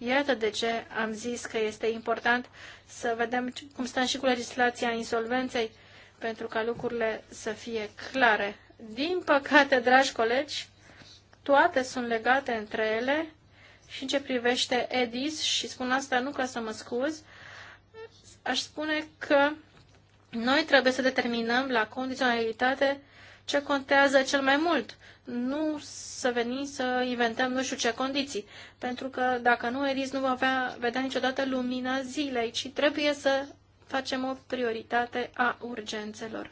Iată de ce am zis că este important să vedem cum stăm și cu legislația insolvenței, pentru ca lucrurile să fie clare. Din păcate, dragi colegi, toate sunt legate între ele și în ce privește EDIS, și spun asta nu ca să mă scuz, aș spune că noi trebuie să determinăm la condiționalitate ce contează cel mai mult nu să venim să inventăm nu știu ce condiții, pentru că dacă nu, Eris nu va avea, vedea niciodată lumina zilei, ci trebuie să facem o prioritate a urgențelor.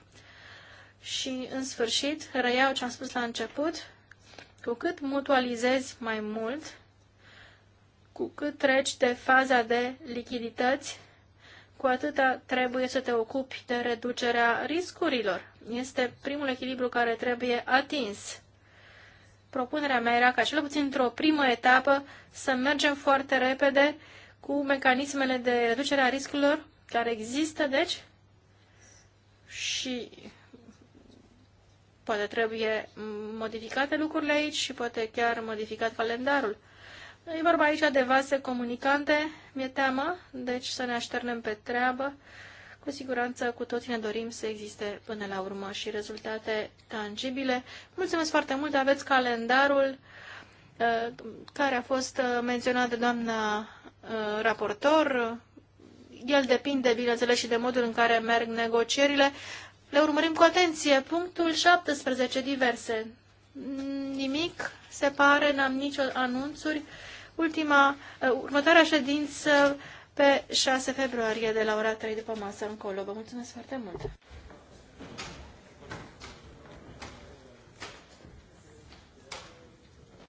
Și, în sfârșit, reiau ce am spus la început, cu cât mutualizezi mai mult, cu cât treci de faza de lichidități, cu atâta trebuie să te ocupi de reducerea riscurilor. Este primul echilibru care trebuie atins propunerea mea era ca cel puțin într-o primă etapă să mergem foarte repede cu mecanismele de reducere a riscurilor care există, deci, și poate trebuie modificate lucrurile aici și poate chiar modificat calendarul. E vorba aici de vase comunicante, mi-e teamă, deci să ne așternem pe treabă cu siguranță cu toții ne dorim să existe până la urmă și rezultate tangibile. Mulțumesc foarte mult, aveți calendarul uh, care a fost uh, menționat de doamna uh, raportor. El depinde, bineînțeles, și de modul în care merg negocierile. Le urmărim cu atenție. Punctul 17, diverse. Nimic, se pare, n-am nicio anunțuri. Ultima, următoarea ședință pe 6 februarie de la ora 3 după masă încolo. Vă mulțumesc foarte mult!